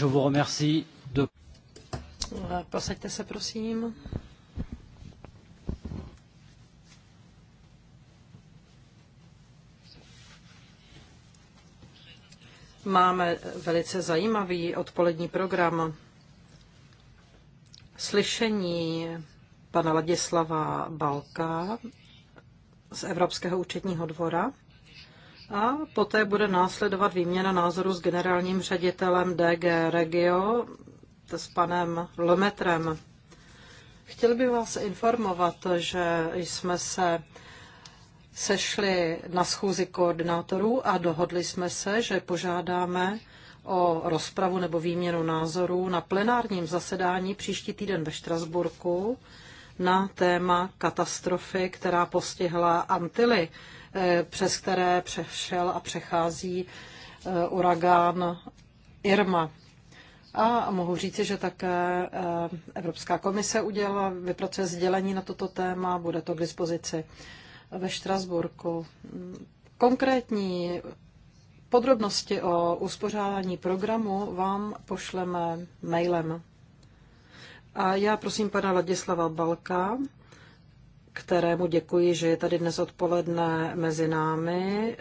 Je vous remercie de... Posaďte se, prosím. Máme velice zajímavý odpolední program. Slyšení pana Ladislava Balka z Evropského účetního dvora. A poté bude následovat výměna názoru s generálním ředitelem DG Regio, s panem Lometrem. Chtěl bych vás informovat, že jsme se sešli na schůzi koordinátorů a dohodli jsme se, že požádáme o rozpravu nebo výměnu názorů na plenárním zasedání příští týden ve Štrasburku na téma katastrofy, která postihla Antily Eh, přes které přešel a přechází eh, uragán Irma. A mohu říci, že také eh, Evropská komise udělala, vypracuje sdělení na toto téma, bude to k dispozici ve Štrasburku. Konkrétní podrobnosti o uspořádání programu vám pošleme mailem. A já prosím pana Ladislava Balka, kterému děkuji, že je tady dnes odpoledne mezi námi,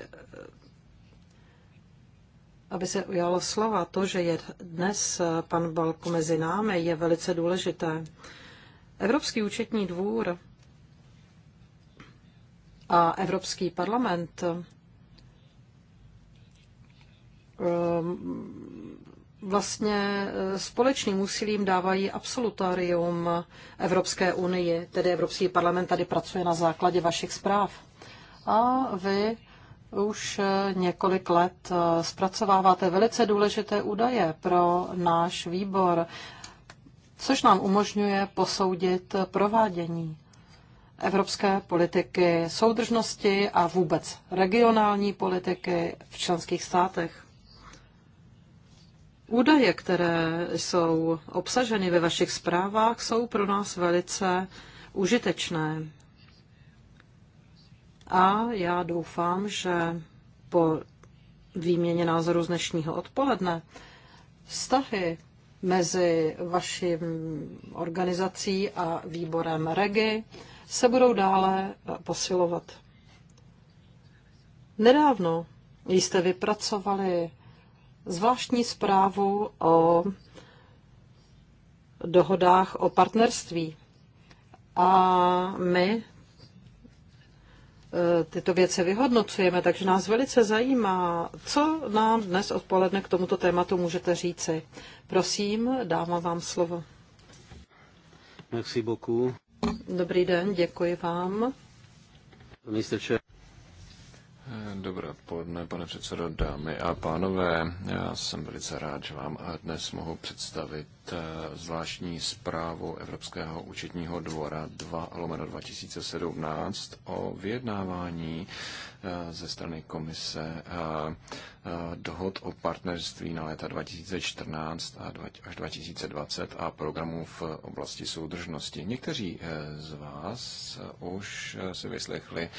aby se ujalo slova. To, že je dnes pan Balko mezi námi, je velice důležité. Evropský účetní dvůr a Evropský parlament ehm, vlastně eh, společným úsilím dávají absolutorium Evropské unii, tedy Evropský parlament tady pracuje na základě vašich zpráv. A vy už eh, několik let eh, zpracováváte velice důležité údaje pro náš výbor, což nám umožňuje posoudit provádění evropské politiky soudržnosti a vůbec regionální politiky v členských státech. Údaje, které jsou obsaženy ve vašich zprávách, jsou pro nás velice užitečné. A já doufám, že po výměně názoru z dnešního odpoledne vztahy mezi vaším organizací a výborem REGI se budou dále posilovat. Nedávno jste vypracovali zvláštní zprávu o dohodách o partnerství. A my e, tyto věci vyhodnocujeme, takže nás velice zajímá, co nám dnes odpoledne k tomuto tématu můžete říci. Prosím, dávám vám slovo. Merci beaucoup. Dobrý den, děkuji vám. Dobré odpoledne, pane předsedo, dámy a pánové. Já jsem velice rád, že vám dnes mohu představit Eh, zvláštní zprávu Evropského účetního dvora 2 lomeno 2017 o vyjednávání eh, ze strany komise eh, dohod o partnerství na léta 2014 až 2020 a programů v oblasti soudržnosti. Někteří z vás už si vyslechli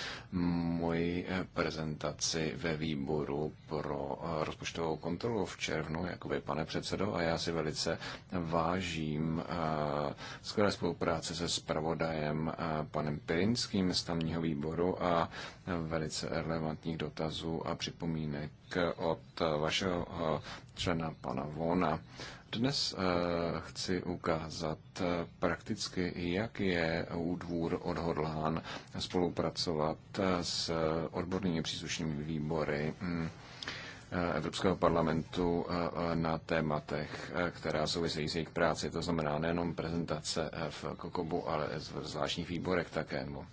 moji prezentaci ve výboru pro rozpočtovou kontrolu v červnu, jako pane předsedo, a já si velice vážím eh, skvělé spolupráce se spravodajem eh, panem Pirinským z tamního výboru a velice relevantních dotazů a připomínek od eh, vašeho člena pana Vona. Dnes chci ukázat prakticky, jak je údvůr odhodlán spolupracovat s odbornými příslušnými výbory hm, Eh, Evropského parlamentu eh, eh, na tématech, která souvisejí s jejich práci. To znamená nejenom prezentace v Kokobu, ale v zvláštních výborech také. No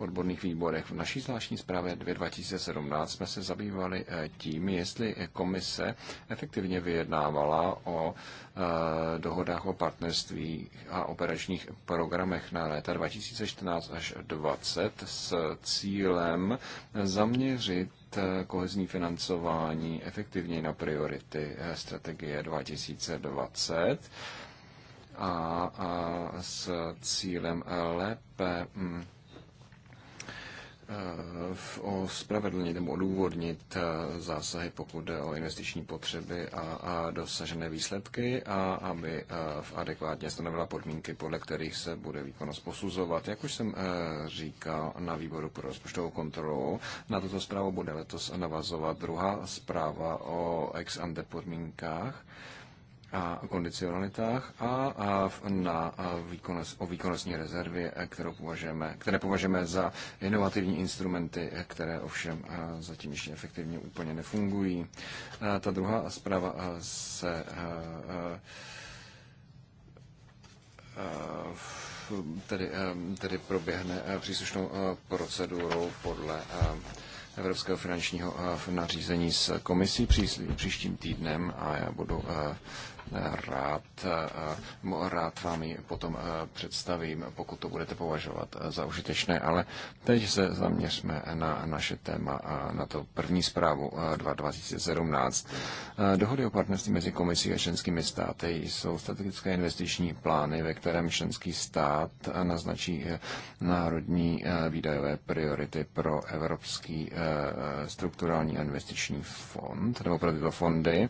v odborných výborech. V naší zvláštní zprávě 2017 jsme se zabývali eh, tím, jestli komise efektivně vyjednávala o eh, dohodách o partnerství a operačních programech na léta 2014 až 2020 s cílem zaměřit eh, kohezní financování efektivněji na priority strategie 2020 a, a s cílem lépe mm, Eh, spravedlnit nebo odůvodnit eh, zásahy, pokud jde o investiční potřeby a, a dosažené výsledky a aby eh, v adekvátně stanovila podmínky, podle kterých se bude výkonnost posuzovat. Jak už jsem říkal na výboru pro rozpočtovou kontrolu, na tuto zprávu bude letos navazovat druhá zpráva o ex ante podmínkách a kondicionalitách a, a na a výkonnost, o výkonnostní rezervě, eh, kterou považujeme, které považujeme za inovativní instrumenty, eh, které ovšem eh, zatím ještě efektivně úplně nefungují. A ta druhá zpráva se tedy, tedy proběhne příslušnou procedurou podle Evropského finančního nařízení s komisí příštím týdnem a já budu rád, eh, rád vám ji potom eh, představím, pokud to budete považovat eh, za užitečné, ale teď se zaměřme na naše téma na to první zprávu 2017. Dohody o partnerství mezi komisí a členskými státy jsou strategické investiční plány, ve kterém členský stát naznačí národní výdajové priority pro Evropský strukturální investiční fond, nebo pro tyto fondy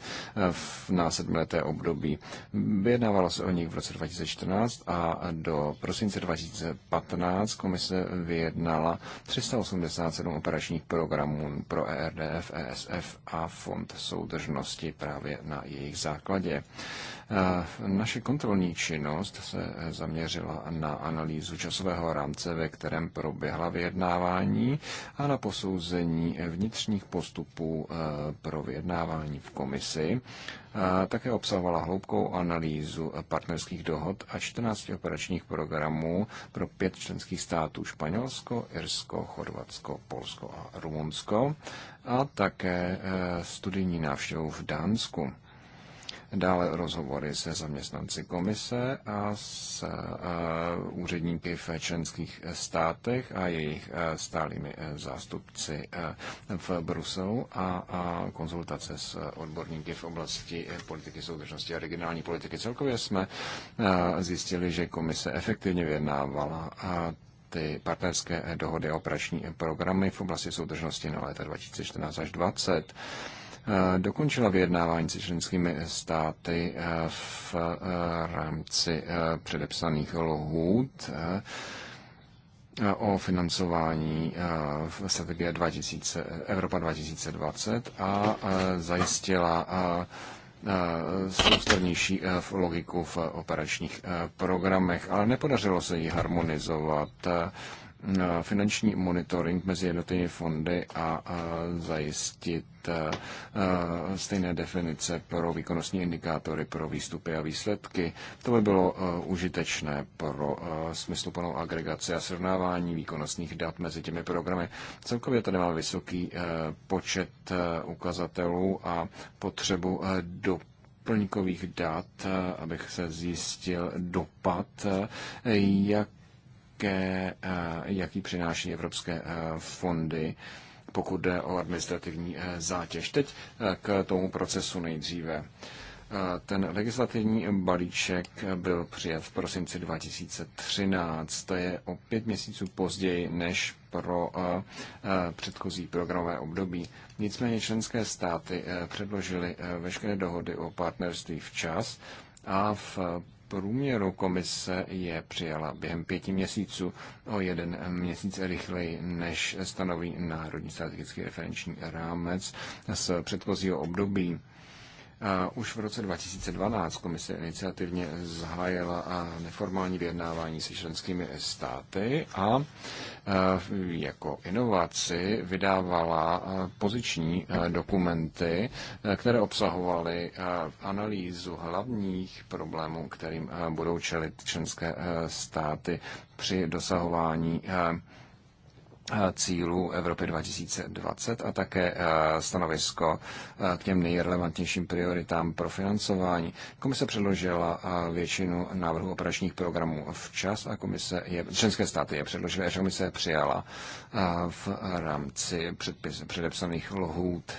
v následné období období. Vyjednávala se o nich v roce 2014 a do prosince 2015 komise vyjednala 387 operačních programů pro ERDF, ESF a Fond soudržnosti právě na jejich základě. Eh, naše kontrolní činnost se eh, zaměřila na analýzu časového rámce, ve kterém proběhla vyjednávání a na posouzení vnitřních postupů eh, pro vyjednávání v komisi. Také obsahovala hloubkou analýzu partnerských dohod a 14 operačních programů pro pět členských států Španělsko, Irsko, Chorvatsko, Polsko a Rumunsko a také studijní návštěvu v Dánsku dále rozhovory se zaměstnanci komise a s eh, úředníky v členských státech a jejich eh, stálými eh, zástupci v Bruselu a konzultace s odborníky v oblasti politiky soudržnosti a regionální politiky. Celkově jsme zjistili, že komise efektivně vyjednávala ty partnerské dohody a operační programy v oblasti soudržnosti na léta 2014 až 2020 Eh, dokončila vyjednávání se členskými státy eh, v eh, rámci předepsaných lhůt o financování v strategie 2000, Evropa 2020 a zajistila soustavnější logiku v operačních programech, ale nepodařilo se ji harmonizovat Eh, finanční monitoring mezi jednotlivými fondy a zajistit eh, eh, stejné definice pro výkonnostní indikátory, pro výstupy a výsledky. To by bylo užitečné pro smysluplnou agregaci a srovnávání výkonnostních dat mezi těmi programy. Celkově tady máme vysoký počet ukazatelů a potřebu do doplňkových dat, abych se zjistil dopad, jak jaké, eh, jaký přináší evropské eh, fondy pokud jde o administrativní eh, zátěž. Teď k tomu procesu nejdříve. Ten legislativní balíček byl přijat v prosinci 2013. To je o pět měsíců později než pro předchozí programové období. Nicméně členské státy předložily veškeré dohody o partnerství včas a v průměru komise je přijala během pěti měsíců o jeden měsíc rychleji, než stanoví Národní strategický referenční rámec z předchozího období. Už v roce 2012 komise iniciativně zahájila neformální vyjednávání se členskými státy a jako inovaci vydávala poziční dokumenty, které obsahovaly analýzu hlavních problémů, kterým budou čelit členské státy při dosahování cílů Evropy 2020 a také eh, stanovisko eh, k těm nejrelevantnějším prioritám pro financování. Komise předložila eh, většinu návrhů operačních programů včas a komise je, členské státy je předložila, a komise je přijala v rámci předpis, předepsaných lhůt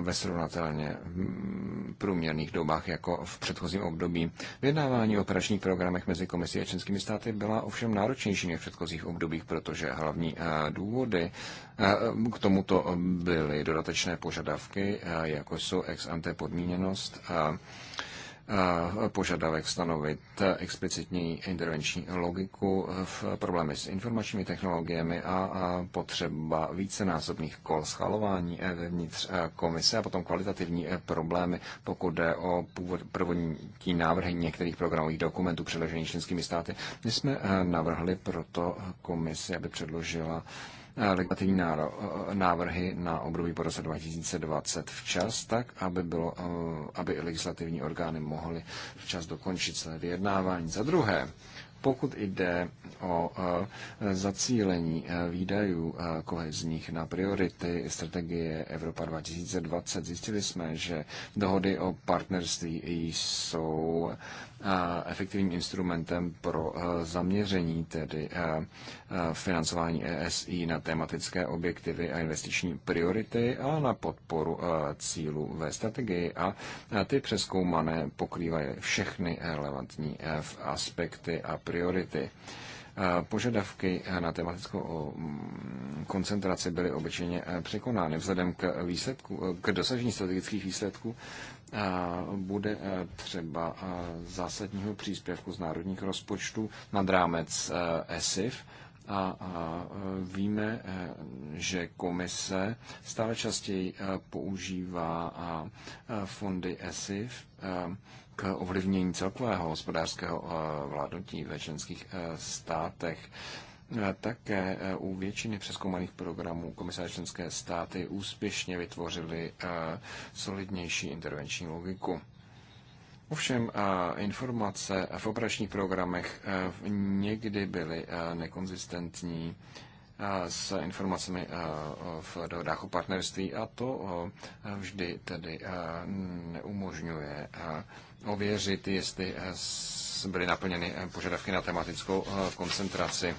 ve srovnatelně hm, průměrných dobách jako v předchozím období. Vyjednávání o operačních programech mezi komisí a členskými státy byla ovšem náročnější než v předchozích obdobích, protože hlavní eh, důvody eh, k tomuto byly dodatečné požadavky, eh, jako jsou ex ante podmíněnost, požadavek stanovit explicitní intervenční logiku v problémy s informačními technologiemi a potřeba vícenásobných kol schvalování eh, vnitř eh, komise a potom kvalitativní eh, problémy, pokud jde o původní prvodní návrhy některých programových dokumentů předložených členskými státy. My jsme navrhli proto komisi, aby předložila Eh, legislativní eh, návrhy na období po roce 2020 včas, tak aby, bylo, eh, aby legislativní orgány mohly včas dokončit své vyjednávání. Za druhé, pokud jde o zacílení výdajů kohezních na priority strategie Evropa 2020, zjistili jsme, že dohody o partnerství jsou efektivním instrumentem pro e, zaměření tedy e, e, financování ESI na tematické objektivy a investiční priority a na podporu cílu ve strategii a ty přeskoumané pokrývají všechny relevantní aspekty a priority. Eh, požadavky eh, na tematickou mm, koncentraci byly obyčejně eh, překonány. Vzhledem k, výsledku, k dosažení strategických výsledků bude třeba zásadního příspěvku z národních rozpočtů nad rámec ESIF, a, víme, že komise stále častěji používá fondy ESIF k ovlivnění celkového hospodářského eh, vládnutí ve členských eh, státech. Eh, také u většiny přeskoumaných programů komisáře členské státy úspěšně vytvořily solidnější intervenční logiku. Ovšem informace v operačních programech někdy byly nekonzistentní Eh, s informacemi eh, v dohodách o partnerství a to eh, vždy tedy neumožňuje ověřit, jestli byly naplněny požadavky na tematickou koncentraci.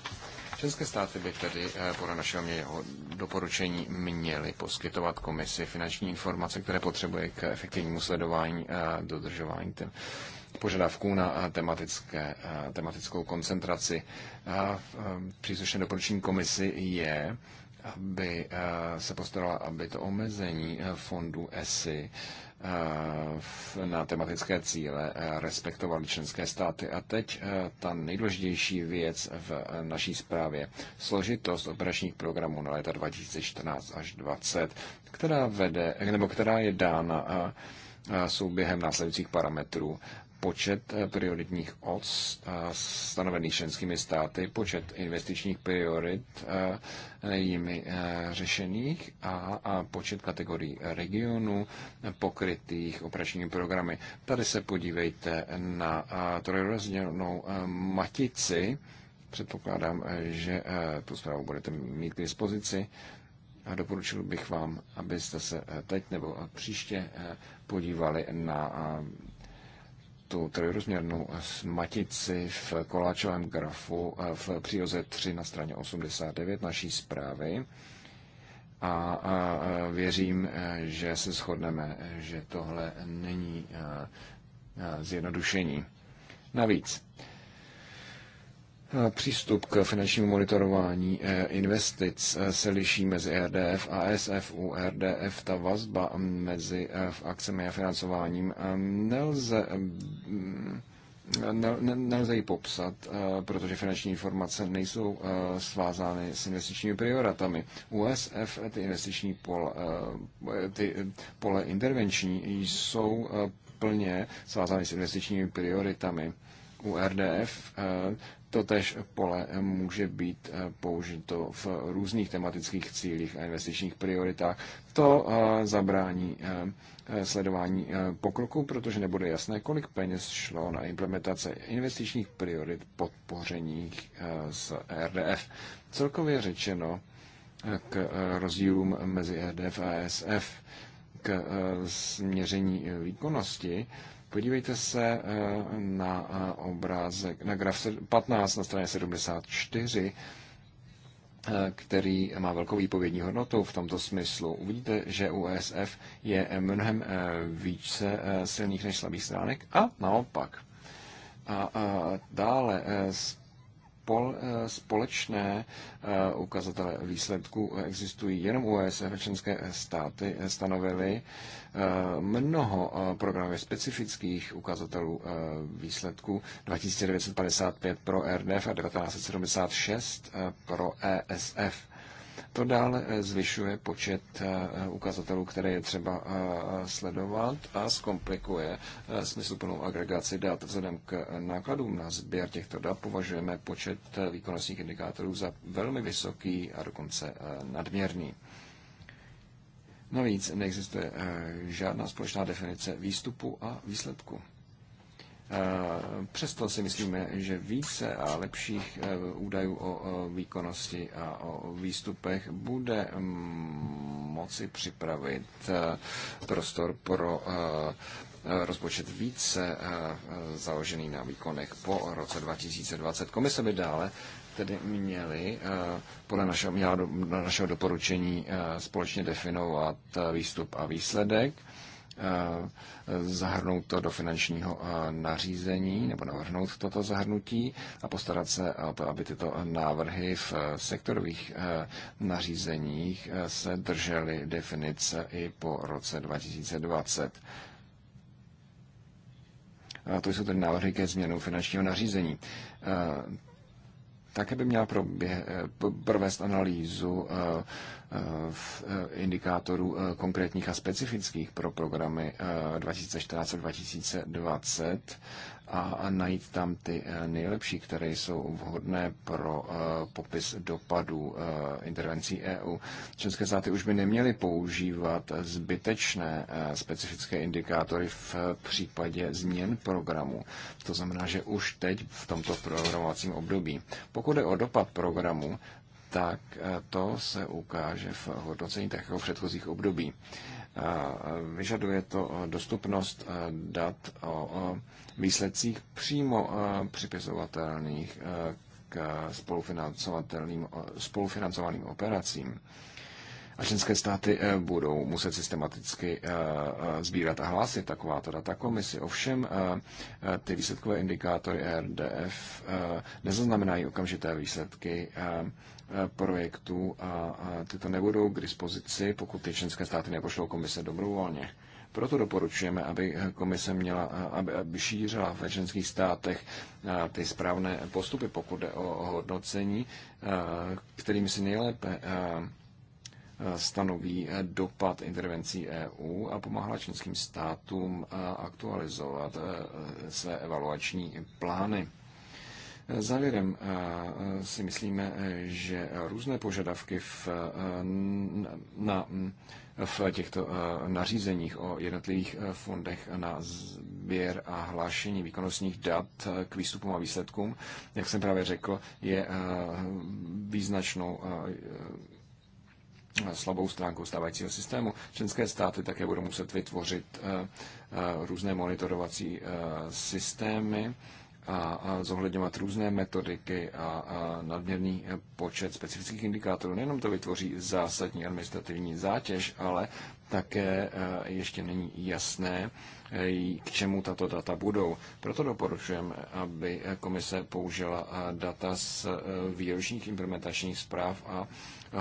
České státy by tedy podle našeho jeho doporučení měly poskytovat komisi finanční informace, které potřebuje k efektivnímu sledování dodržování ten požadavků na eh, tematické, eh, tematickou koncentraci. v eh, příslušné doporučení komisi je, aby se postarala, aby to omezení fondu ESI na tematické cíle respektovaly členské státy. A teď ta nejdůležitější věc v naší zprávě. Složitost operačních programů na léta 2014 až 2020, která vede, nebo která je dána souběhem následujících parametrů počet eh, prioritních os eh, stanovených členskými státy, počet investičních priorit eh, jimi řešených a počet kategorií regionů pokrytých operačními programy. Tady se podívejte na trojrozdělnou matici. Předpokládám, že tu zprávu budete mít k dispozici a doporučil bych vám, abyste se teď nebo příště podívali na tu trojrozměrnou matici v koláčovém grafu eh, v příloze 3 na straně 89 naší zprávy. A, a věřím, eh, že se shodneme, že tohle není eh, zjednodušení. Navíc, Přístup k finančnímu monitorování eh, investic eh, se liší mezi RDF a SF. U RDF ta vazba mezi eh, akcemi a financováním nelze mm, nelze ji popsat, protože finanční informace nejsou svázány s investičními prioritami. U Sf ty investiční pole, ty pole intervenční, jsou plně svázány s investičními prioritami. U RDF Totež pole může být eh, použito v různých tematických cílích a investičních prioritách. To eh, zabrání eh, sledování pokroku, protože nebude jasné, kolik peněz šlo na implementace investičních priorit podpořených z RDF. Celkově řečeno k rozdílům mezi RDF a SF k změření výkonnosti Podívejte se eh, na eh, obrázek, na graf 15 na straně 74, eh, který má velkou výpovědní hodnotu v tomto smyslu. Uvidíte, že USF je mnohem více silných než slabých stránek a naopak. A dále spol, eh, společné eh, ukazatele výsledků existují jenom u ESF. Členské státy eh, stanovily mnoho programově specifických ukazatelů výsledků 2955 pro RDF a 1976 pro ESF. To dále eh, zvyšuje počet eh, eh, ukazatelů, které je třeba sledovat a zkomplikuje smysluplnou agregaci dat. Vzhledem k nákladům na sběr těchto dat považujeme počet výkonnostních indikátorů za velmi vysoký a dokonce nadměrný. Navíc neexistuje žádná společná definice výstupu a výsledku. Eh, přesto si myslíme, že více a lepších eh, údajů o výkonnosti a o výstupech bude mm, moci připravit eh, prostor pro rozpočet více založený na výkonech po roce 2020. Komise by dále tedy měli podle našeho, měla do, našeho doporučení společně definovat výstup a výsledek Eh, zahrnout to do finančního eh, nařízení nebo navrhnout toto zahrnutí a postarat se o to, aby tyto návrhy v eh, sektorových nařízeních se držely definice i po roce 2020. A to jsou tedy návrhy ke změnu finančního nařízení. Také by měla proběh, eh, provést analýzu eh, eh, indikátorů konkrétních a specifických pro programy 2014-2020 a najít tam ty eh, nejlepší, které jsou vhodné pro eh, popis dopadů eh, intervencí EU. České státy už by neměly používat zbytečné specifické indikátory v případě změn programu. To znamená, že už teď v tomto programovacím období. Pokud je o dopad programu, tak to se ukáže v hodnocení takového jako předchozích období. Vyžaduje to dostupnost dat o výsledcích přímo připisovatelných k spolufinancovaným operacím. A členské státy e, budou muset systematicky e, e, sbírat a hlásit takováto data komisi. Ovšem ty výsledkové indikátory RDF nezaznamenají okamžité výsledky projektů a tyto nebudou k dispozici, pokud ty členské státy nepošlou komise dobrovolně. Proto doporučujeme, aby komise měla, aby, aby šířila ve členských státech ty správné postupy, pokud jde o hodnocení, kterým si nejlépe stanoví dopad intervencí EU a pomáhala členským státům aktualizovat své evaluační plány. Závěrem eh, si myslíme, že různé požadavky v, eh, na, v těchto eh, nařízeních o jednotlivých fondech na sběr a hlášení výkonnostních dat k výstupům a výsledkům, jak jsem právě řekl, je význačnou slabou stránkou stávajícího systému. Členské státy také budou muset vytvořit různé monitorovací systémy, a zohledňovat různé metodiky a nadměrný počet specifických indikátorů. Nejenom to vytvoří zásadní administrativní zátěž, ale také e, ještě není jasné, e, k čemu tato data budou. Proto doporučujeme, aby komise použila e, data z výročních implementačních zpráv a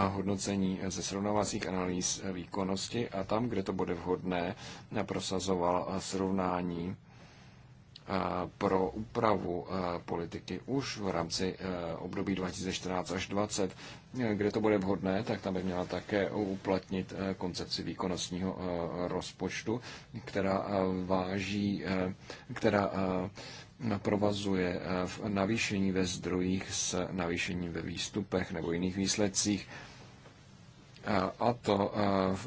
hodnocení ze srovnávacích analýz výkonnosti a tam, kde to bude vhodné, prosazoval srovnání pro úpravu politiky už v rámci období 2014 až 2020, kde to bude vhodné, tak tam by měla také uplatnit koncepci výkonnostního rozpočtu, která váží, která provazuje navýšení ve zdrojích s navýšením ve výstupech nebo jiných výsledcích a to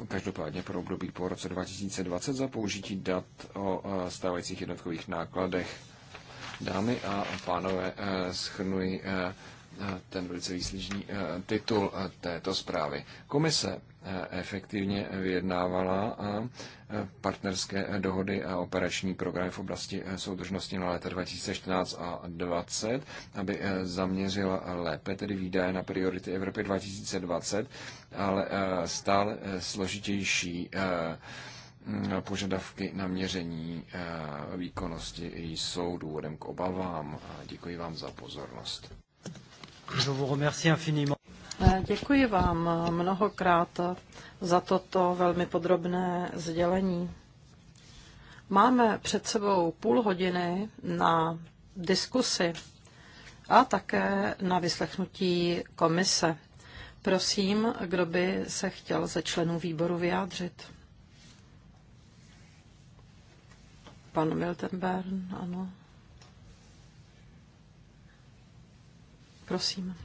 e, každopádně pro období po roce 2020 za použití dat o e, stávajících jednotkových nákladech. Dámy a pánové, e, schrnuji ten velice výslížný titul této zprávy. Komise efektivně vyjednávala partnerské dohody a operační programy v oblasti soudržnosti na léta 2014 a 2020, aby zaměřila lépe tedy výdaje na priority Evropy 2020, ale stále složitější požadavky na měření výkonnosti jsou důvodem k obavám. Děkuji vám za pozornost. Je vous remercie infiniment. Eh, děkuji vám eh, mnohokrát za toto velmi podrobné sdělení. Máme před sebou půl hodiny na diskusy a také na vyslechnutí komise. Prosím, kdo by se chtěl ze členů výboru vyjádřit. Pan Miltenberg, ano. Prosím.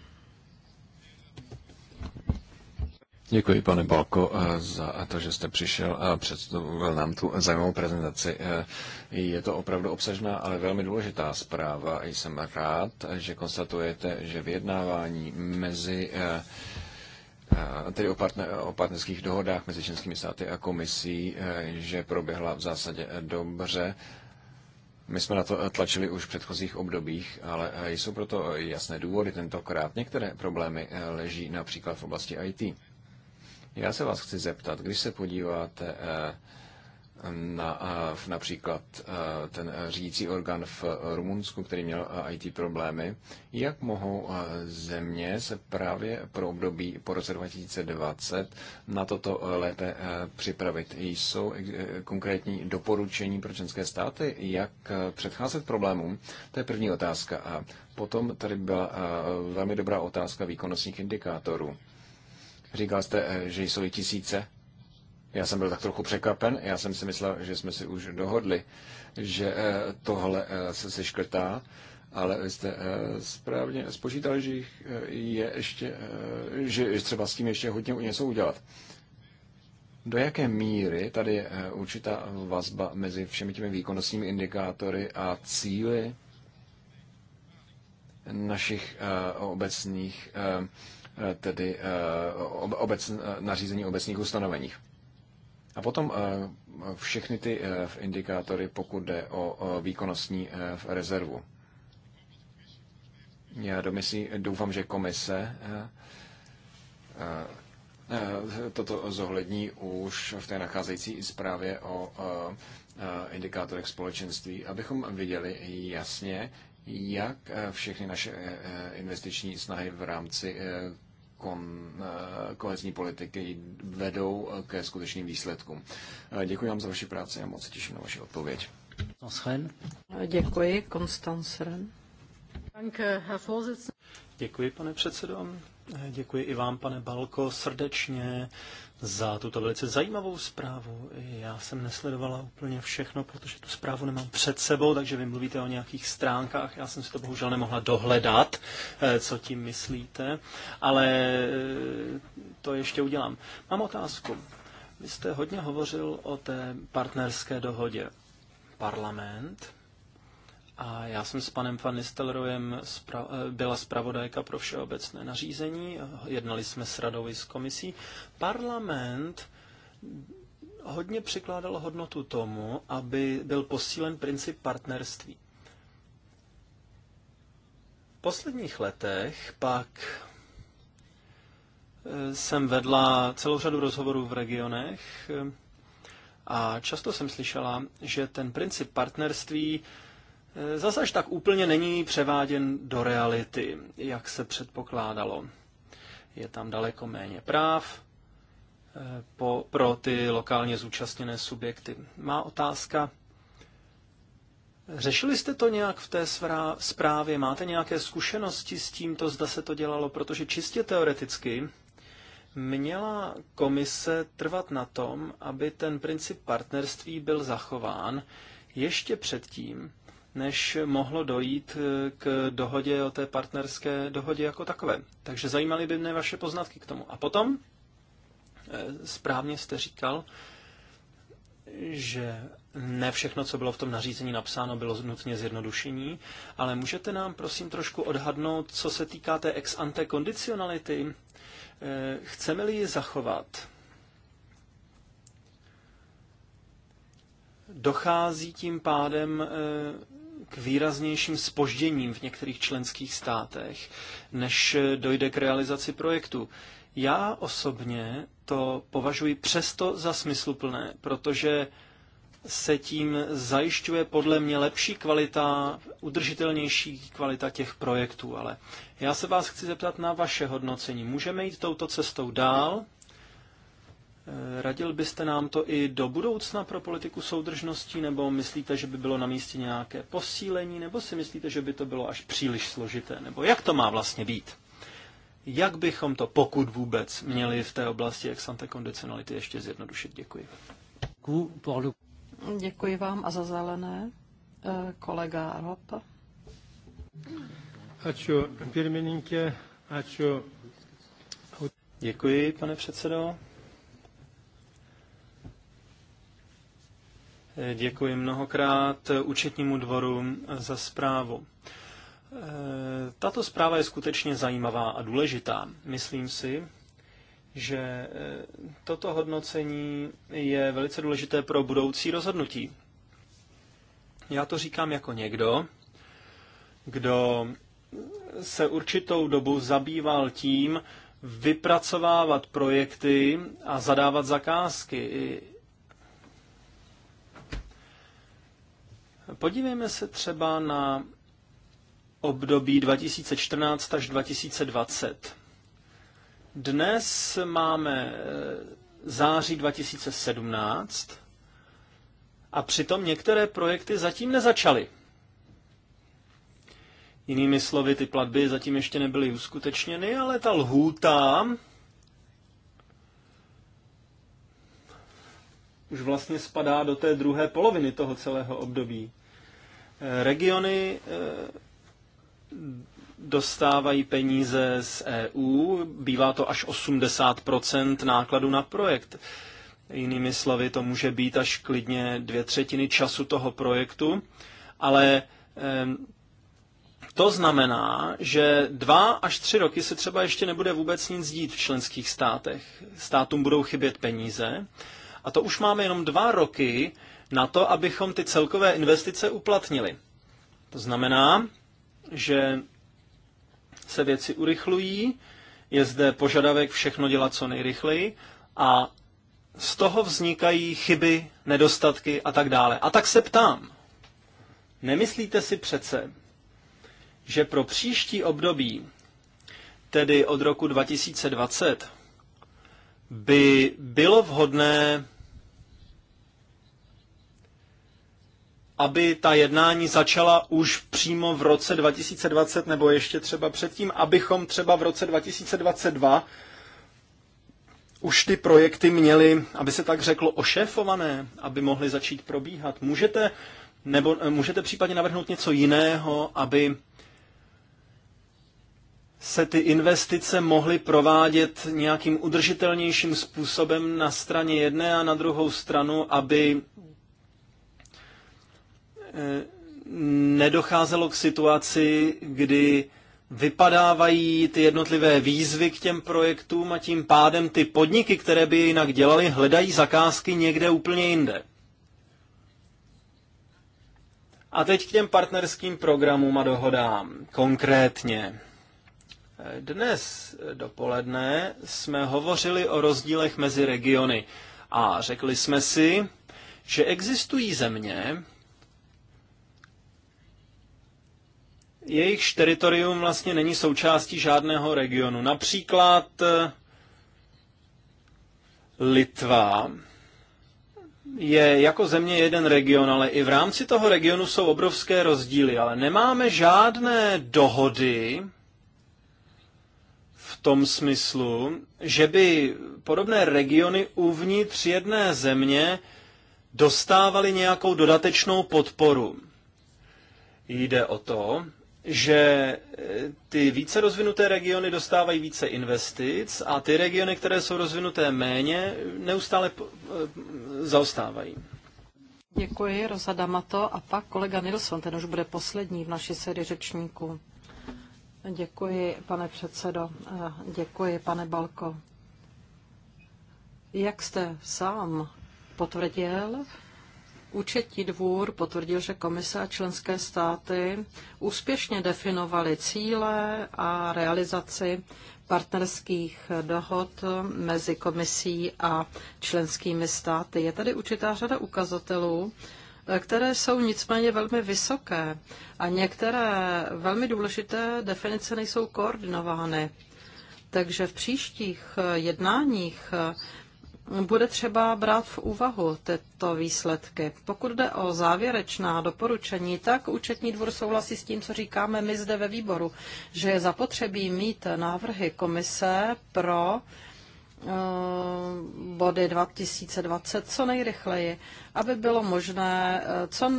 Děkuji, pane Balko, eh, za to, že jste přišel a představil nám tu zajímavou prezentaci. Eh, je to opravdu obsažná, ale velmi důležitá zpráva. Jsem rád, že konstatujete, že vyjednávání mezi eh, tedy o, partner, o partnerských dohodách mezi členskými státy a komisí, že proběhla v zásadě dobře. My jsme na to tlačili už v předchozích obdobích, ale jsou proto jasné důvody tentokrát. Některé problémy leží například v oblasti IT. Já se vás chci zeptat, když se podíváte eh, na eh, například eh, ten řídící orgán v Rumunsku, který měl IT problémy, jak mohou země se právě pro období po roce 2020 na toto lépe připravit? Jsou konkrétní doporučení pro členské státy, jak předcházet problémům? To je první otázka. A potom tady byla velmi dobrá otázka výkonnostních indikátorů. Říkal jste, eh, že jsou i tisíce. Já jsem byl tak trochu překvapen. Já jsem si myslel, že jsme si už dohodli, že eh, tohle eh, se seškrtá, ale vy jste správně spočítali, že jich je ještě, že třeba s tím ještě hodně něco udělat. Do jaké míry tady je určitá vazba mezi všemi těmi výkonnostními indikátory a cíly našich obecných Eh, tedy eh, obec, eh, nařízení obecních ustanoveních. A potom všechny ty indikátory, pokud jde o výkonnostní rezervu. Já domyslí, doufám, že komise toto zohlední už v té nacházející zprávě o indikátorech společenství, abychom viděli jasně, jak eh, všechny naše eh, eh, investiční snahy v rámci kon, kohezní politiky vedou ke skutečným výsledkům. Děkuji vám za vaši práci a moc se těším na vaši odpověď. Děkuji, Konstanz Děkuji, pane předsedo. Děkuji i vám, pane Balko, srdečně za tuto velice zajímavou zprávu. Já jsem nesledovala úplně všechno, protože tu zprávu nemám před sebou, takže vy mluvíte o nějakých stránkách. Já jsem si to bohužel nemohla dohledat, eh, co tím myslíte, ale eh, to ještě udělám. Mám otázku. Vy jste hodně hovořil o té partnerské dohodě. Parlament a já jsem s panem Van Nistelrojem spra- eh, byla zpravodajka pro všeobecné nařízení, jednali jsme s radou i s komisí. Parlament hodně přikládal hodnotu tomu, aby byl posílen princip partnerství. V posledních letech pak eh, jsem vedla celou řadu rozhovorů v regionech eh, a často jsem slyšela, že ten princip partnerství Eh, Zase až tak úplně není převáděn do reality, jak se předpokládalo. Je tam daleko méně práv eh, po, pro ty lokálně zúčastněné subjekty. Má otázka. Řešili jste to nějak v té svra, zprávě? Máte nějaké zkušenosti s tímto, zda se to dělalo? Protože čistě teoreticky měla komise trvat na tom, aby ten princip partnerství byl zachován ještě předtím, než mohlo dojít eh, k dohodě o té partnerské dohodě jako takové. Takže zajímaly by mě vaše poznatky k tomu. A potom, eh, správně jste říkal, že ne všechno, co bylo v tom nařízení napsáno, bylo nutně zjednodušení, ale můžete nám prosím trošku odhadnout, co se týká té ex ante kondicionality. Eh, chceme-li ji zachovat, dochází tím pádem k výraznějším spožděním v některých členských státech, než dojde k realizaci projektu. Já osobně to považuji přesto za smysluplné, protože se tím zajišťuje podle mě lepší kvalita, udržitelnější kvalita těch projektů. Ale já se vás chci zeptat na vaše hodnocení. Můžeme jít touto cestou dál, Radil byste nám to i do budoucna pro politiku soudržností, nebo myslíte, že by bylo na místě nějaké posílení, nebo si myslíte, že by to bylo až příliš složité, nebo jak to má vlastně být? Jak bychom to, pokud vůbec, měli v té oblasti ex ante kondicionality ještě zjednodušit? Děkuji. Děkuji vám a za zelené. Eh, kolega Rop. Děkuji, pane předsedo. Děkuji mnohokrát účetnímu dvoru za zprávu. Tato zpráva je skutečně zajímavá a důležitá. Myslím si, že toto hodnocení je velice důležité pro budoucí rozhodnutí. Já to říkám jako někdo, kdo se určitou dobu zabýval tím, vypracovávat projekty a zadávat zakázky. Podívejme se třeba na období 2014 až 2020. Dnes máme eh, září 2017 a přitom některé projekty zatím nezačaly. Jinými slovy, ty platby zatím ještě nebyly uskutečněny, ale ta lhůta už vlastně spadá do té druhé poloviny toho celého období. Regiony eh, dostávají peníze z EU, bývá to až 80 nákladu na projekt. Jinými slovy, to může být až klidně dvě třetiny času toho projektu, ale to znamená, že dva až tři roky se třeba ještě nebude vůbec nic dít v členských státech. Státům budou chybět peníze. A to už máme jenom dva roky, na to, abychom ty celkové investice uplatnili. To znamená, že se věci urychlují, je zde požadavek všechno dělat co nejrychleji a z toho vznikají chyby, nedostatky a tak dále. A tak se ptám, nemyslíte si přece, že pro příští období, tedy od roku 2020, by bylo vhodné aby ta jednání začala už přímo v roce 2020 nebo ještě třeba předtím, abychom třeba v roce 2022 už ty projekty měli, aby se tak řeklo, ošéfované, aby mohly začít probíhat. Můžete, nebo eh, můžete případně navrhnout něco jiného, aby se ty investice mohly provádět nějakým udržitelnějším způsobem na straně jedné a na druhou stranu, aby Eh, nedocházelo k situaci, kdy vypadávají ty jednotlivé výzvy k těm projektům a tím pádem ty podniky, které by jinak dělali, hledají zakázky někde úplně jinde. A teď k těm partnerským programům a dohodám. Konkrétně. Eh, dnes dopoledne jsme hovořili o rozdílech mezi regiony a řekli jsme si, že existují země, jejichž teritorium vlastně není součástí žádného regionu. Například eh, Litva je jako země jeden region, ale i v rámci toho regionu jsou obrovské rozdíly, ale nemáme žádné dohody v tom smyslu, že by podobné regiony uvnitř jedné země dostávaly nějakou dodatečnou podporu. Jde o to, že eh, ty více rozvinuté regiony dostávají více investic a ty regiony, které jsou rozvinuté méně, neustále eh, zaostávají. Děkuji, Rosa Damato. A pak kolega Nilsson, ten už bude poslední v naší sérii řečníků. Děkuji, pane předsedo. Eh, děkuji, pane Balko. Jak jste sám potvrdil, Účetní dvůr potvrdil, že komise a členské státy úspěšně definovaly cíle a realizaci partnerských dohod mezi komisí a členskými státy. Je tady určitá řada ukazatelů, které jsou nicméně velmi vysoké a některé velmi důležité definice nejsou koordinovány. Takže v příštích jednáních bude třeba brát v úvahu tyto výsledky. Pokud jde o závěrečná doporučení, tak účetní dvůr souhlasí s tím, co říkáme my zde ve výboru, že je zapotřebí mít návrhy komise pro uh, Eh, body 2020 co nejrychleji, aby bylo možné eh, co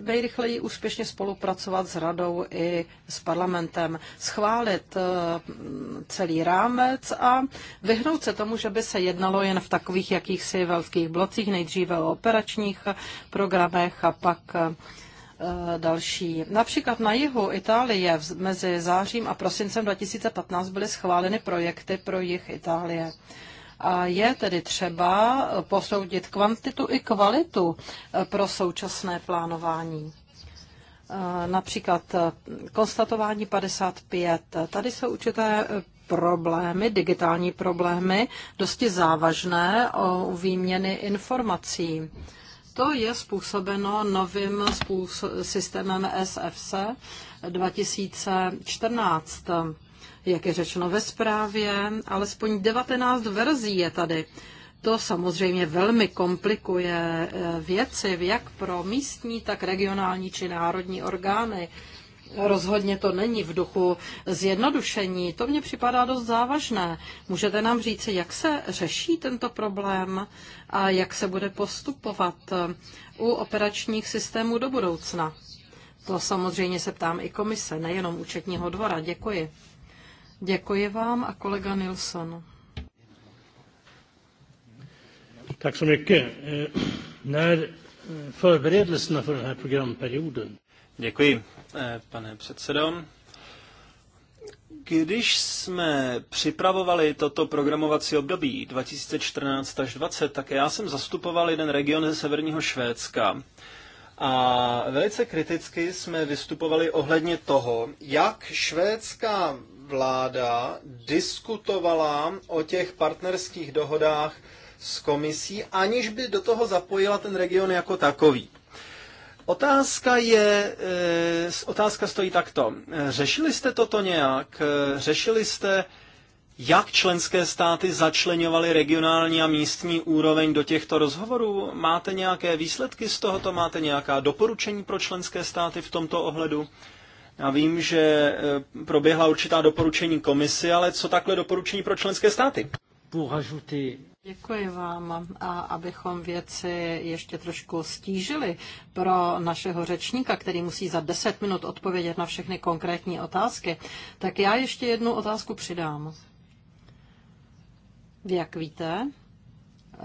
nejrychleji úspěšně spolupracovat s radou i s parlamentem, schválit eh, celý rámec a vyhnout se tomu, že by se jednalo jen v takových jakýchsi velkých blocích, nejdříve o operačních programech a pak Eh, další. Například na jihu Itálie mezi zářím a prosincem 2015 byly schváleny projekty pro jih Itálie. A je tedy třeba eh, posoudit kvantitu i kvalitu eh, pro současné plánování. Například konstatování 55. Tady jsou určité problémy, digitální problémy, dosti závažné o výměny informací. To je způsobeno novým způso- systémem SFC 2014. Jak je řečeno ve zprávě, alespoň 19 verzí je tady. To samozřejmě velmi komplikuje eh, věci, jak pro místní, tak regionální či národní orgány. Rozhodně to není v duchu zjednodušení. To mně připadá dost závažné. Můžete nám říct, jak se řeší tento problém a jak se bude postupovat u operačních systémů do budoucna? To samozřejmě se ptám i komise, nejenom účetního dvora. Děkuji. Děkuji vám a kolega Nilsson. Tak jsem mycket. Eh, när eh, förberedelserna för den här programperioden Děkuji pane předsedo. Když jsme připravovali toto programovací období 2014 až 2020, tak já jsem zastupoval jeden region ze severního Švédska. A velice kriticky jsme vystupovali ohledně toho, jak švédská vláda diskutovala o těch partnerských dohodách s komisí, aniž by do toho zapojila ten region jako takový. Otázka je, eh, otázka stojí takto. Řešili jste toto nějak? Řešili jste, jak členské státy začlenovaly regionální a místní úroveň do těchto rozhovorů? Máte nějaké výsledky z tohoto? Máte nějaká doporučení pro členské státy v tomto ohledu? Já vím, že eh, proběhla určitá doporučení komisy, ale co takhle doporučení pro členské státy? Pour ajouter Děkuji vám. A abychom věci ještě trošku stížili pro našeho řečníka, který musí za 10 minut odpovědět na všechny konkrétní otázky, tak já ještě jednu otázku přidám. Jak víte, eh,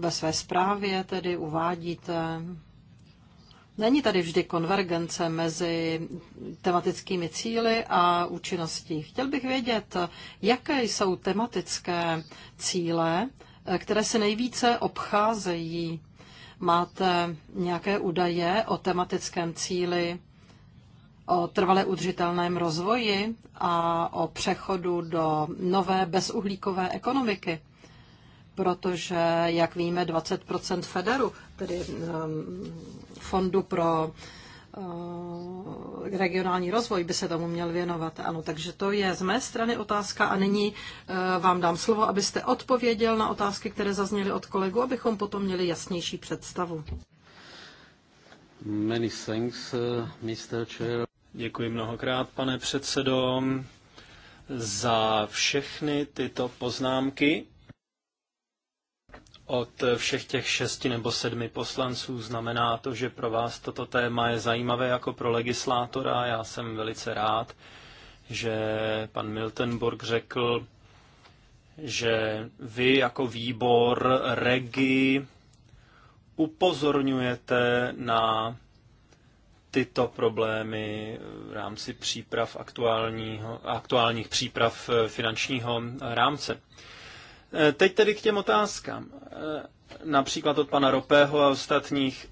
ve své zprávě tedy uvádíte, není tady vždy konvergence mezi tematickými cíly a účinností. Chtěl bych vědět, jaké jsou tematické cíle, eh, které se nejvíce obcházejí. Máte nějaké údaje o tematickém cíli, o trvale udržitelném rozvoji a o přechodu do nové bezuhlíkové ekonomiky? Protože, jak víme, 20 Federu, tedy ehm, Fondu pro Eh, regionální rozvoj by se tomu měl věnovat. Ano, takže to je z mé strany otázka a nyní eh, vám dám slovo, abyste odpověděl na otázky, které zazněly od kolegu, abychom potom měli jasnější představu. Many thanks, eh, Mr. Chair. Děkuji mnohokrát, pane předsedo, za všechny tyto poznámky od všech těch šesti nebo sedmi poslanců. Znamená to, že pro vás toto téma je zajímavé jako pro legislátora. Já jsem velice rád, že pan Miltenburg řekl, že vy jako výbor REGI upozorňujete na tyto problémy v rámci příprav aktuálního, aktuálních příprav finančního rámce. Eh, teď tedy k těm otázkám. Eh, například od pana Ropého a ostatních.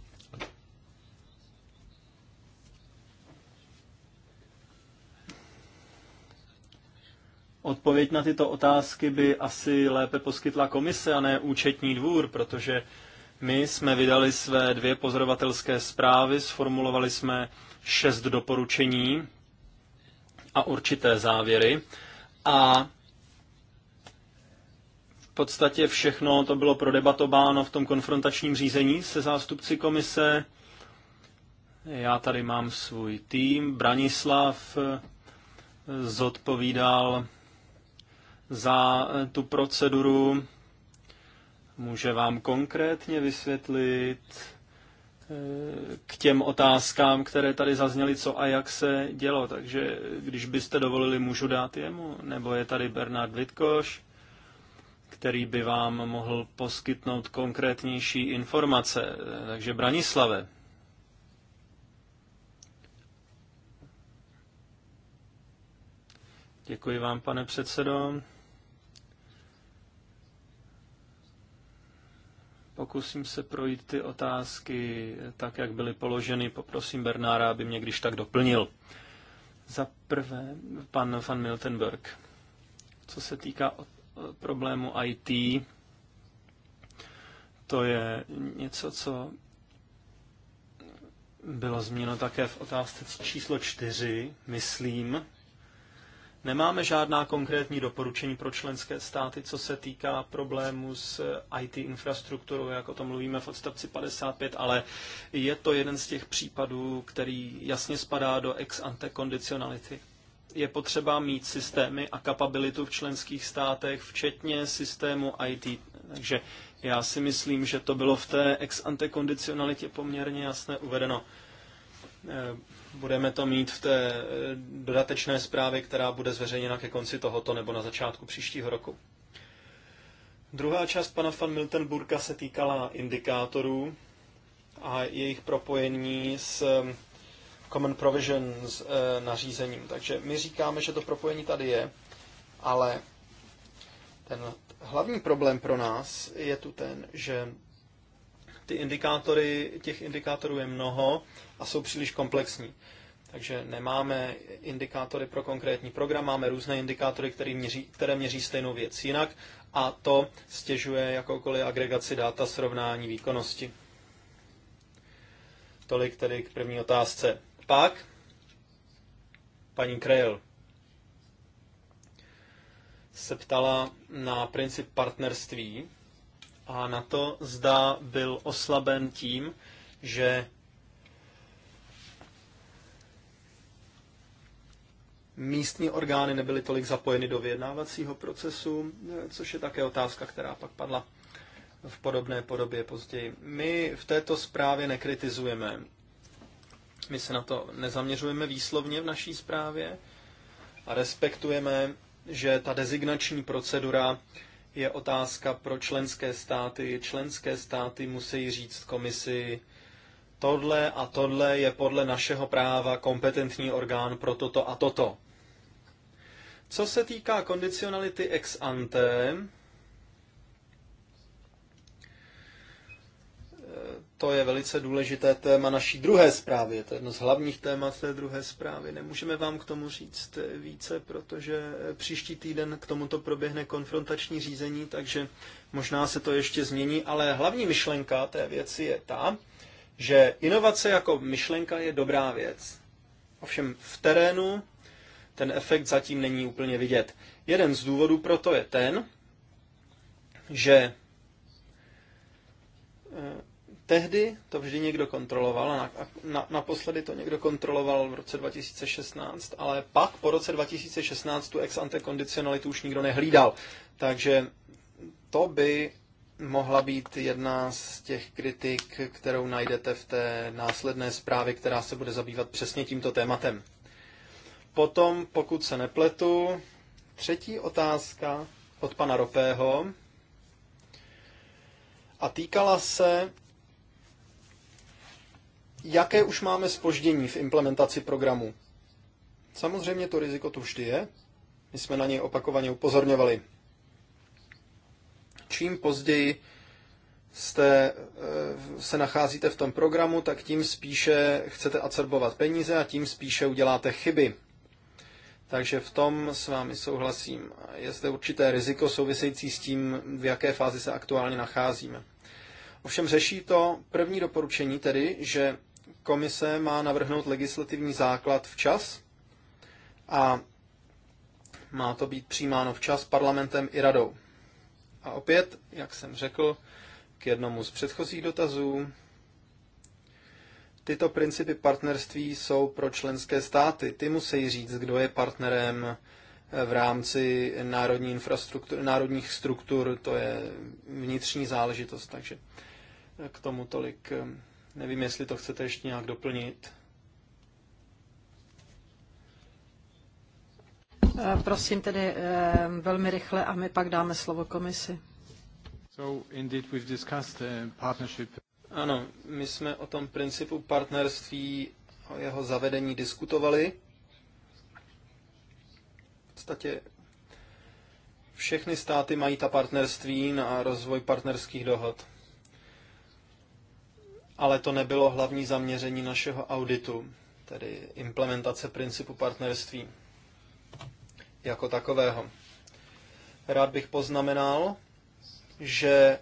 Odpověď na tyto otázky by asi lépe poskytla komise a ne účetní dvůr, protože my jsme vydali své dvě pozorovatelské zprávy, sformulovali jsme šest doporučení a určité závěry. A podstatě všechno to bylo prodebatováno v tom konfrontačním řízení se zástupci komise. Já tady mám svůj tým. Branislav eh, zodpovídal za eh, tu proceduru. Může vám konkrétně vysvětlit eh, k těm otázkám, které tady zazněly, co a jak se dělo. Takže když byste dovolili, můžu dát jemu. Nebo je tady Bernard Vitkoš který by vám mohl poskytnout konkrétnější informace. Takže Branislave. Děkuji vám, pane předsedo. Pokusím se projít ty otázky tak, jak byly položeny. Poprosím Bernára, aby mě když tak doplnil. Za prvé, pan van Miltenberg. Co se týká problému IT. To je něco, co bylo zmíněno také v otázce číslo čtyři, myslím. Nemáme žádná konkrétní doporučení pro členské státy, co se týká problému s IT infrastrukturou, jak o tom mluvíme v odstavci 55, ale je to jeden z těch případů, který jasně spadá do ex ante kondicionality je potřeba mít systémy a kapabilitu v členských státech, včetně systému IT. Takže já si myslím, že to bylo v té ex ante kondicionalitě poměrně jasné uvedeno. Eh, budeme to mít v té eh, dodatečné zprávě, která bude zveřejněna ke konci tohoto nebo na začátku příštího roku. Druhá část pana van Miltenburka se týkala indikátorů a jejich propojení s Common Provision s e, eh, nařízením. Takže my říkáme, že to propojení tady je, ale ten hlavní problém pro nás je tu ten, že ty indikátory, těch indikátorů je mnoho a jsou příliš komplexní. Takže nemáme indikátory pro konkrétní program, máme různé indikátory, které měří, které měří stejnou věc jinak a to stěžuje jakoukoliv agregaci data srovnání výkonnosti. Tolik tedy k první otázce pak paní Krejl se ptala na princip partnerství a na to, zda byl oslaben tím, že místní orgány nebyly tolik zapojeny do vyjednávacího procesu, což je také otázka, která pak padla v podobné podobě později. My v této zprávě nekritizujeme my se na to nezaměřujeme výslovně v naší zprávě a respektujeme, že ta designační procedura je otázka pro členské státy. Členské státy musí říct komisi, tohle a tohle je podle našeho práva kompetentní orgán pro toto a toto. Co se týká kondicionality ex ante, to je velice důležité téma naší druhé zprávy. Je to jedno z hlavních témat té druhé zprávy. Nemůžeme vám k tomu říct více, protože příští týden k tomuto proběhne konfrontační řízení, takže možná se to ještě změní. Ale hlavní myšlenka té věci je ta, že inovace jako myšlenka je dobrá věc. Ovšem v terénu ten efekt zatím není úplně vidět. Jeden z důvodů pro to je ten, že eh, Tehdy to vždy někdo kontroloval, na, na, naposledy to někdo kontroloval v roce 2016, ale pak po roce 2016 tu ex ante kondicionalitu už nikdo nehlídal. Takže to by mohla být jedna z těch kritik, kterou najdete v té následné zprávě, která se bude zabývat přesně tímto tématem. Potom, pokud se nepletu, třetí otázka od pana Ropého a týkala se jaké už máme spoždění v implementaci programu. Samozřejmě to riziko tu vždy je, my jsme na něj opakovaně upozorňovali. Čím později jste, eh, se nacházíte v tom programu, tak tím spíše chcete acerbovat peníze a tím spíše uděláte chyby. Takže v tom s vámi souhlasím. Je zde určité riziko související s tím, v jaké fázi se aktuálně nacházíme. Ovšem řeší to první doporučení, tedy, že komise má navrhnout legislativní základ včas a má to být přijímáno včas parlamentem i radou. A opět, jak jsem řekl, k jednomu z předchozích dotazů, tyto principy partnerství jsou pro členské státy. Ty musí říct, kdo je partnerem v rámci národní infrastruktur, národních struktur, to je vnitřní záležitost, takže k tomu tolik Nevím, jestli to chcete ještě nějak doplnit. Eh, prosím tedy eh, velmi rychle a my pak dáme slovo komisi. So indeed we've discussed eh, partnership. Ano, my jsme o tom principu partnerství o jeho zavedení diskutovali. V podstatě všechny státy mají ta partnerství na rozvoj partnerských dohod ale to nebylo hlavní zaměření našeho auditu, tedy implementace principu partnerství jako takového. Rád bych poznamenal, že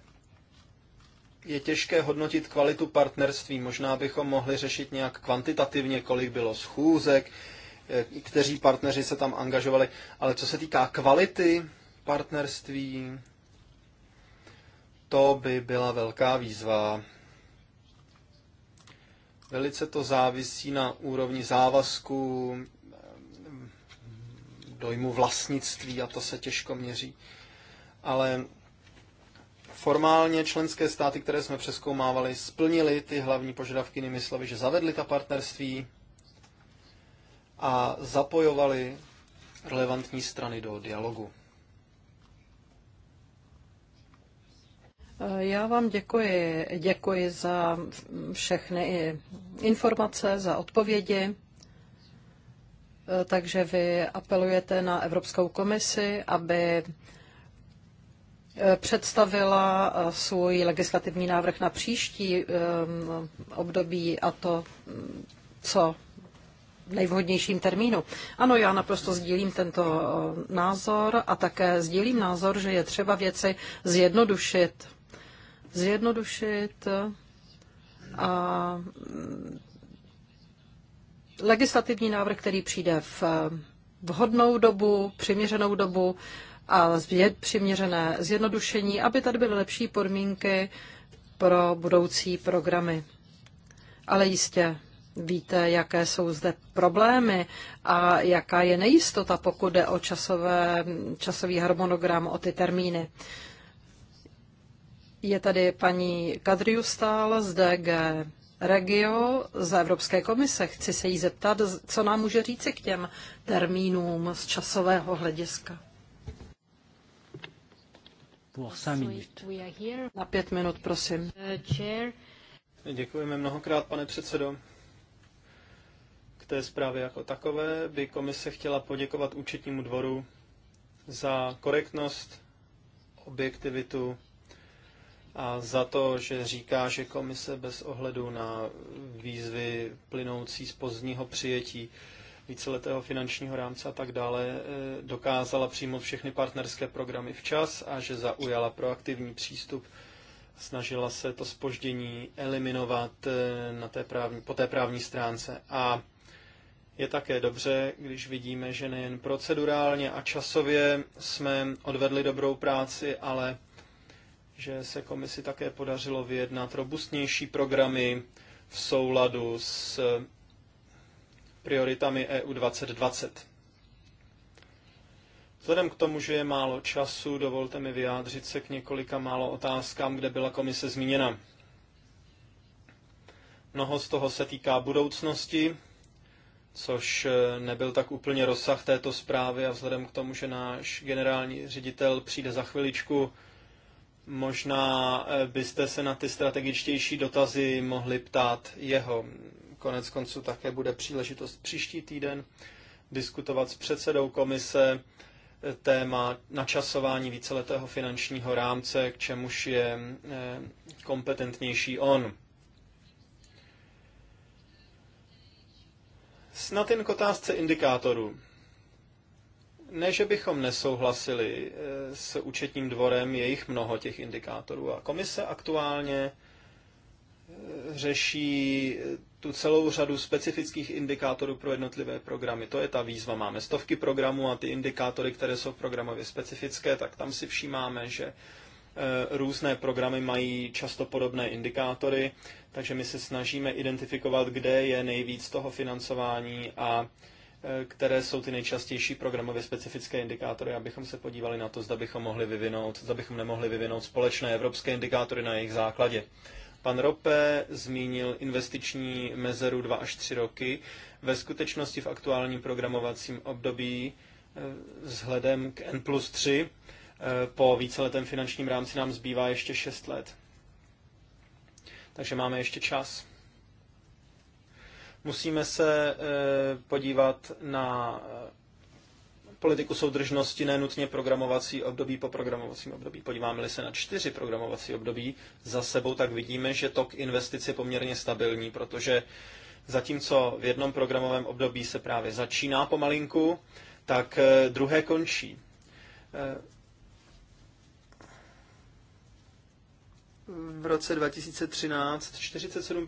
je těžké hodnotit kvalitu partnerství. Možná bychom mohli řešit nějak kvantitativně, kolik bylo schůzek, eh, kteří partneři se tam angažovali. Ale co se týká kvality partnerství, to by byla velká výzva. Velice to závisí na úrovni závazku, dojmu vlastnictví a to se těžko měří. Ale formálně členské státy, které jsme přeskoumávali, splnili ty hlavní požadavky, jinými slovy, že zavedli ta partnerství a zapojovali relevantní strany do dialogu. Já vám děkuji. Děkuji za všechny informace, za odpovědi. Takže vy apelujete na Evropskou komisi, aby eh, představila eh, svůj legislativní návrh na příští eh, období a to, mm, co nejvhodnějším termínu. Ano, já naprosto sdílím tento názor a také sdílím názor, že je třeba věci zjednodušit zjednodušit a mm, legislativní návrh, který přijde v vhodnou dobu, přiměřenou dobu a přiměřené zjednodušení, aby tady byly lepší podmínky pro budoucí programy. Ale jistě víte, jaké jsou zde problémy a jaká je nejistota, pokud jde o časové, časový harmonogram, o ty termíny. Je tady paní Kadriustál z DG Regio z Evropské komise. Chci se jí zeptat, co nám může říci k těm termínům z časového hlediska. Na pět minut, prosím. Uh, Děkujeme mnohokrát, pane předsedo. K té zprávě jako takové by komise chtěla poděkovat účetnímu dvoru za korektnost, objektivitu a za to, že říká, že komise bez ohledu na výzvy plynoucí z pozdního přijetí víceletého finančního rámce a tak dále eh, dokázala přímo všechny partnerské programy včas a že zaujala proaktivní přístup snažila se to spoždění eliminovat eh, na té právní, po té právní stránce. A je také dobře, když vidíme, že nejen procedurálně a časově jsme odvedli dobrou práci, ale že se komisi také podařilo vyjednat robustnější programy v souladu s prioritami EU 2020. Vzhledem k tomu, že je málo času, dovolte mi vyjádřit se k několika málo otázkám, kde byla komise zmíněna. Mnoho z toho se týká budoucnosti, což eh, nebyl tak úplně rozsah této zprávy a vzhledem k tomu, že náš generální ředitel přijde za chviličku, Možná eh, byste se na ty strategičtější dotazy mohli ptát jeho. Konec konců také bude příležitost příští týden diskutovat s předsedou komise eh, téma načasování víceletého finančního rámce, k čemuž je eh, kompetentnější on. Snad jen k otázce indikátorů. Ne, že bychom nesouhlasili eh, s účetním dvorem, je jich mnoho těch indikátorů a komise aktuálně eh, řeší eh, tu celou řadu specifických indikátorů pro jednotlivé programy. To je ta výzva. Máme stovky programů a ty indikátory, které jsou programově specifické, tak tam si všímáme, že různé programy mají často podobné indikátory, takže my se snažíme identifikovat, kde je nejvíc toho financování a které jsou ty nejčastější programově specifické indikátory, abychom se podívali na to, zda bychom mohli vyvinout, zda bychom nemohli vyvinout společné evropské indikátory na jejich základě. Pan Rope zmínil investiční mezeru 2 až 3 roky. Ve skutečnosti v aktuálním programovacím období eh, vzhledem k N plus 3 eh, po víceletém finančním rámci nám zbývá ještě 6 let. Takže máme ještě čas. Musíme se eh, podívat na eh, politiku soudržnosti, ne nutně programovací období po programovacím období. Podíváme-li se na čtyři programovací období za sebou, tak vidíme, že tok investic je poměrně stabilní, protože zatímco v jednom programovém období se právě začíná pomalinku, tak eh, druhé končí. V roce 2013 47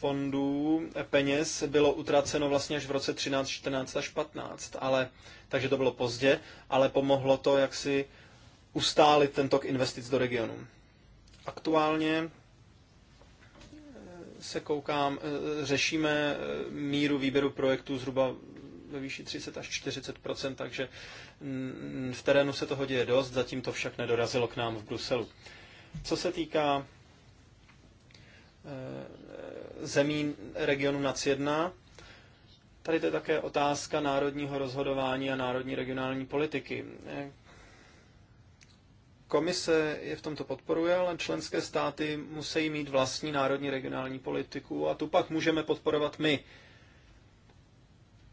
fondů eh, peněz bylo utraceno vlastně až v roce 13, 14 až 15, ale, takže to bylo pozdě, ale pomohlo to, jak si ustálit ten tok investic do regionu. Aktuálně eh, se koukám, eh, řešíme míru výběru projektů zhruba ve výši 30 až 40 takže v terénu se toho děje dost, zatím to však nedorazilo k nám v Bruselu. Co se týká Eh, zemí regionu NAC 1. Tady to je také otázka národního rozhodování a národní regionální politiky. Eh, komise je v tomto podporuje, ale členské státy musí mít vlastní národní regionální politiku a tu pak můžeme podporovat my.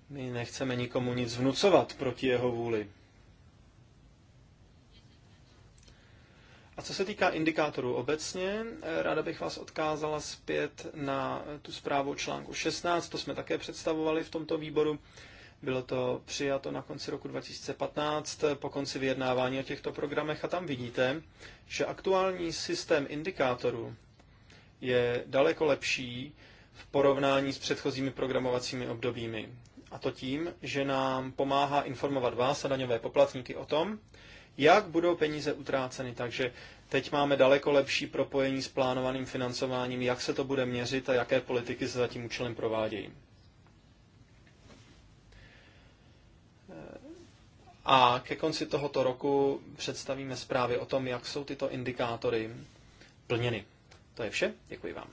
My nechceme nikomu nic vnucovat proti jeho vůli. A co se týká indikátorů obecně, eh, ráda bych vás odkázala zpět na tu zprávu článku 16, to jsme také představovali v tomto výboru. Bylo to přijato na konci roku 2015 eh, po konci vyjednávání o těchto programech a tam vidíte, že aktuální systém indikátorů je daleko lepší v porovnání s předchozími programovacími obdobími. A to tím, že nám pomáhá informovat vás a daňové poplatníky o tom, jak budou peníze utráceny. Takže teď máme daleko lepší propojení s plánovaným financováním, jak se to bude měřit a jaké politiky se za tím účelem provádějí. A ke konci tohoto roku představíme zprávy o tom, jak jsou tyto indikátory plněny. To je vše. Děkuji vám.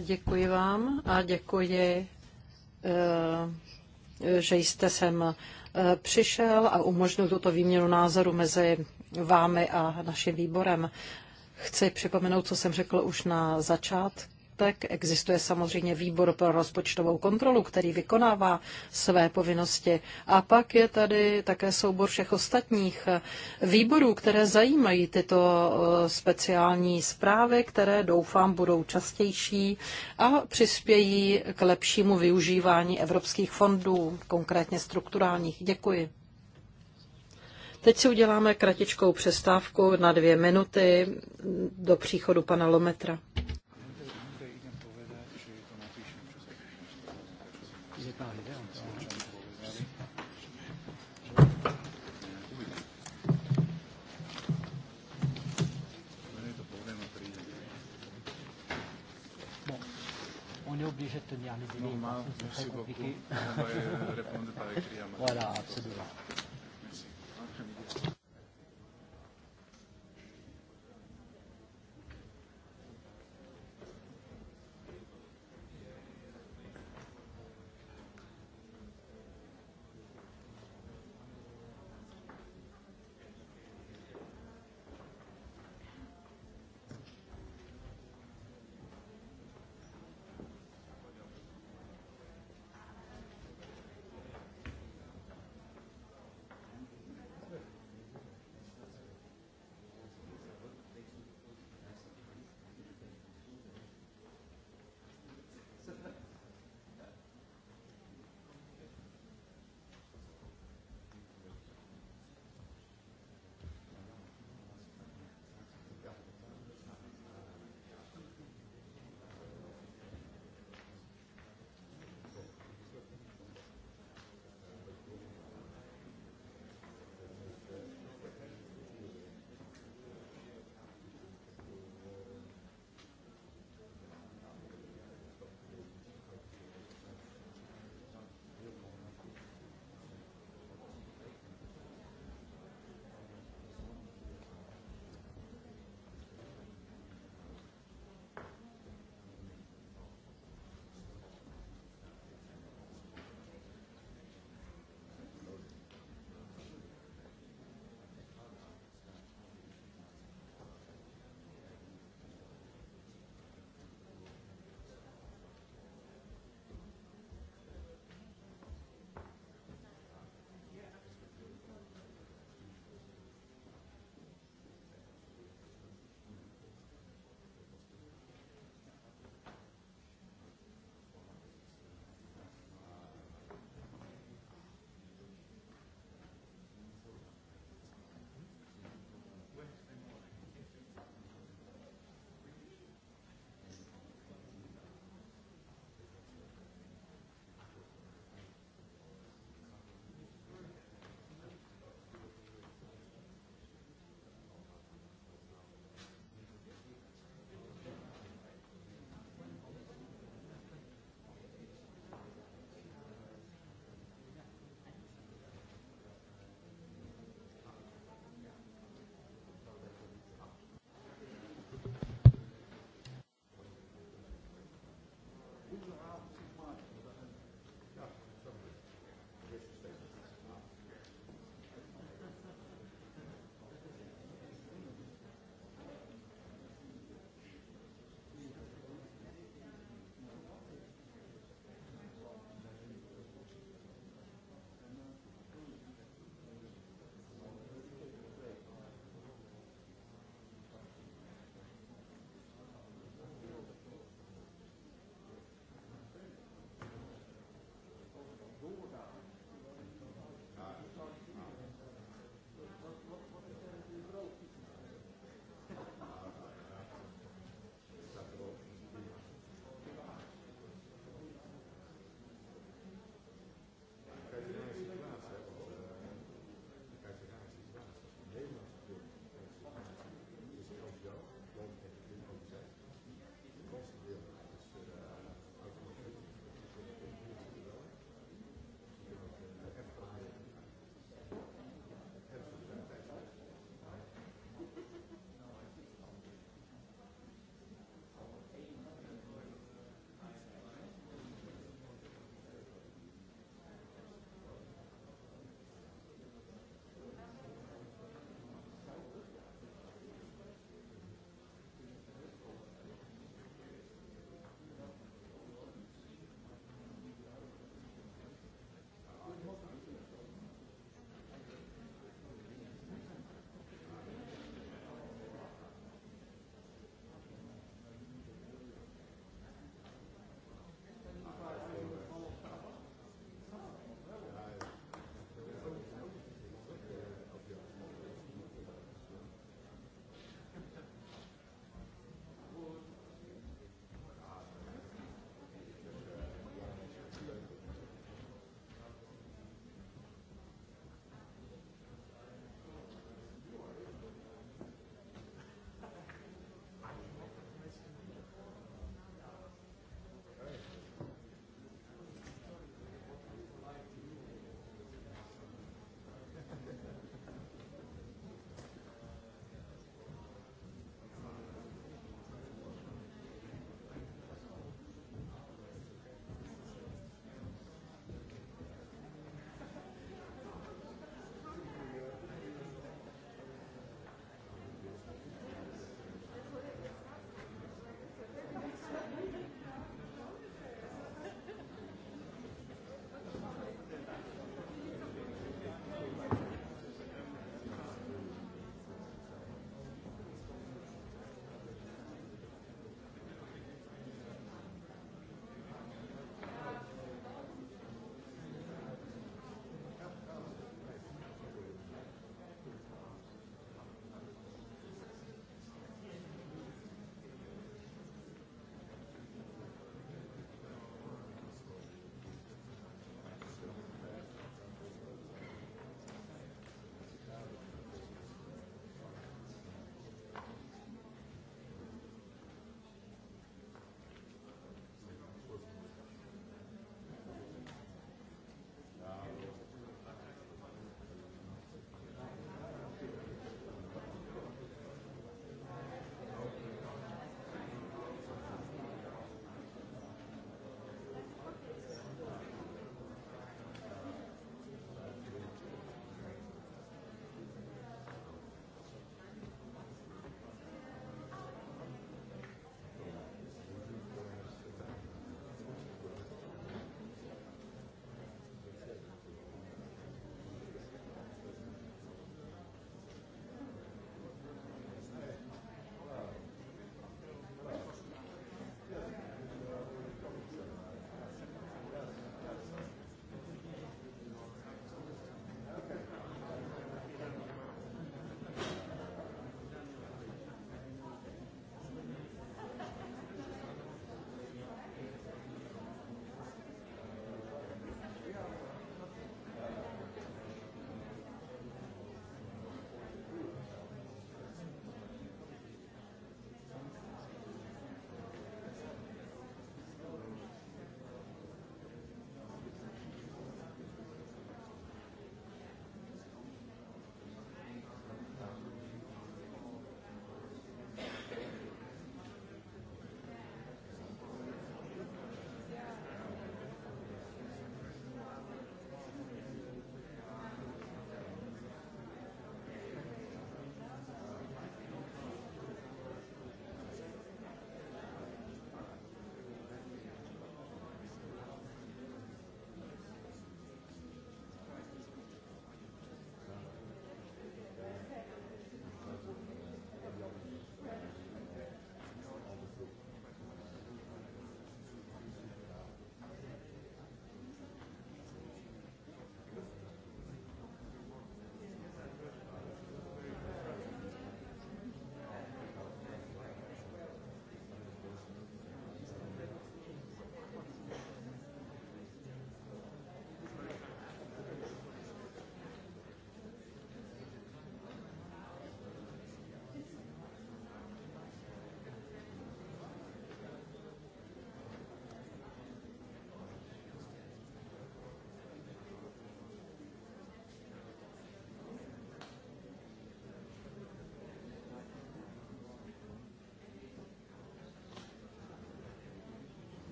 Děkuji vám a děkuji, eh, že jste sem Eh, přišel a umožnil tuto výměnu názoru mezi vámi a naším výborem. Chci připomenout, co jsem řekl už na začátku majetek. Existuje samozřejmě výbor pro rozpočtovou kontrolu, který vykonává své povinnosti. A pak je tady také soubor všech ostatních výborů, které zajímají tyto eh, speciální zprávy, které doufám budou častější a přispějí k lepšímu využívání evropských fondů, konkrétně strukturálních. Děkuji. Teď si uděláme kratičkou přestávku na dvě minuty do příchodu pana Lometra. No, je vais tenir les délais. merci beaucoup. Voilà, absolument. Prostě-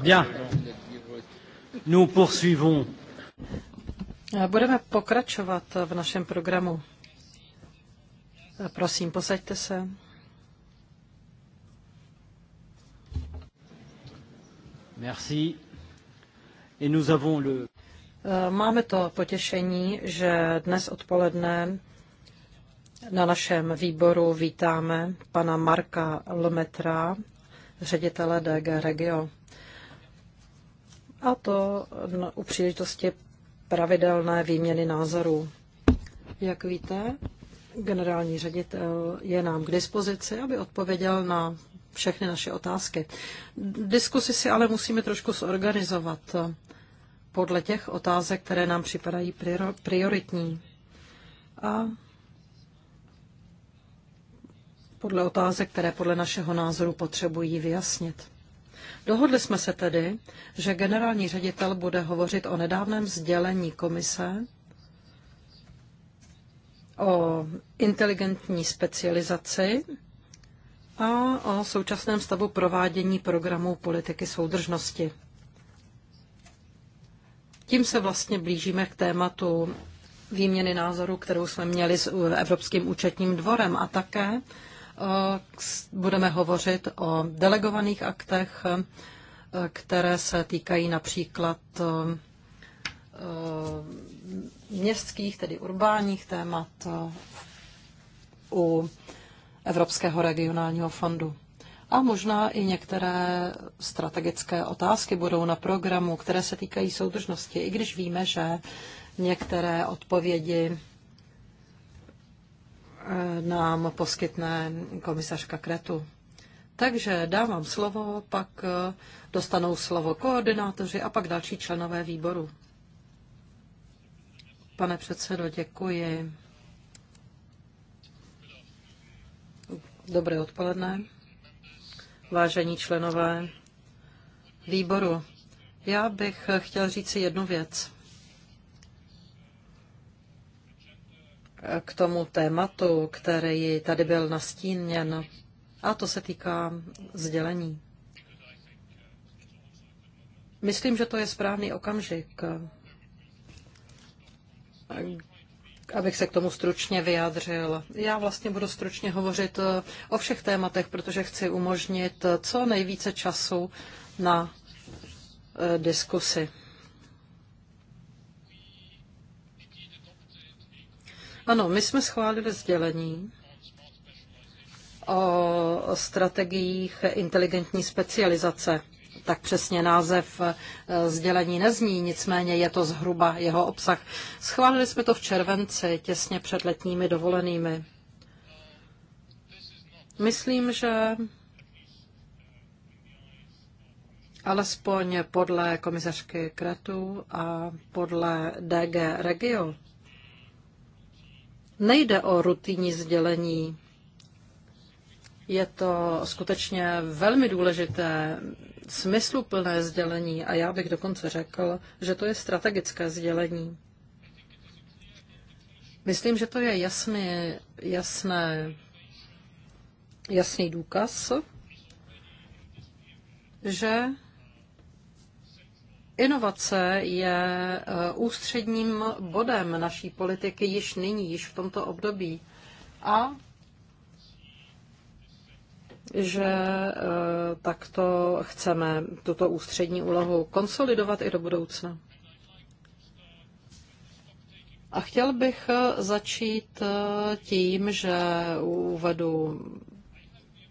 Bien. Nous poursuivons. Budeme pokračovat v našem programu. Prosím, posaďte se. Merci. Et nous avons le... Máme to potěšení, že dnes odpoledne na našem výboru vítáme pana Marka Lometra, ředitele DG Regio a to u příležitosti pravidelné výměny názorů. Jak víte, generální ředitel je nám k dispozici, aby odpověděl na všechny naše otázky. Diskusy si ale musíme trošku zorganizovat podle těch otázek, které nám připadají prioritní. A podle otázek, které podle našeho názoru potřebují vyjasnit. Dohodli jsme se tedy, že generální ředitel bude hovořit o nedávném sdělení komise o inteligentní specializaci a o současném stavu provádění programu politiky soudržnosti. Tím se vlastně blížíme k tématu výměny názorů, kterou jsme měli s Evropským účetním dvorem a také budeme hovořit o delegovaných aktech, které se týkají například eh, městských, tedy urbánních témat eh, u Evropského regionálního fondu. A možná i některé strategické otázky budou na programu, které se týkají soudržnosti, i když víme, že některé odpovědi nám poskytne komisařka Kretu. Takže dávám slovo, pak eh, dostanou slovo koordinátoři a pak další členové výboru. Pane předsedo, děkuji. Dobré odpoledne, vážení členové výboru. Já bych chtěl říct si jednu věc. k tomu tématu, který tady byl nastíněn, a to se týká sdělení. Myslím, že to je správný okamžik, abych se k tomu stručně vyjádřil. Já vlastně budu stručně hovořit o všech tématech, protože chci umožnit co nejvíce času na eh, diskusy. Ano, my jsme schválili sdělení o strategiích inteligentní specializace. Tak přesně název eh, sdělení nezní, nicméně je to zhruba jeho obsah. Schválili jsme to v červenci, těsně před letními dovolenými. Myslím, že alespoň podle komisařky Kretu a podle DG Regio Nejde o rutinní sdělení. Je to skutečně velmi důležité, smysluplné sdělení a já bych dokonce řekl, že to je strategické sdělení. Myslím, že to je jasný, jasné, jasný důkaz, že Inovace je eh, ústředním bodem naší politiky již nyní, již v tomto období. A že eh, takto chceme tuto ústřední úlohu konsolidovat i do budoucna. A chtěl bych eh, začít tím, že uvedu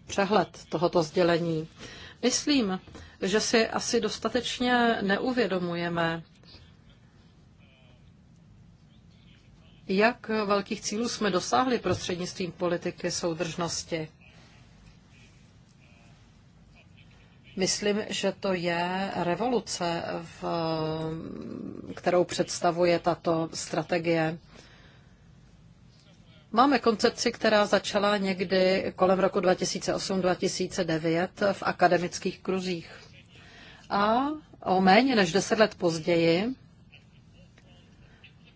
přehled tohoto sdělení. Myslím, že si asi dostatečně neuvědomujeme, jak velkých cílů jsme dosáhli prostřednictvím politiky soudržnosti. Myslím, že to je revoluce, v, kterou představuje tato strategie. Máme koncepci, která začala někdy kolem roku 2008-2009 v akademických kruzích a o méně než deset let později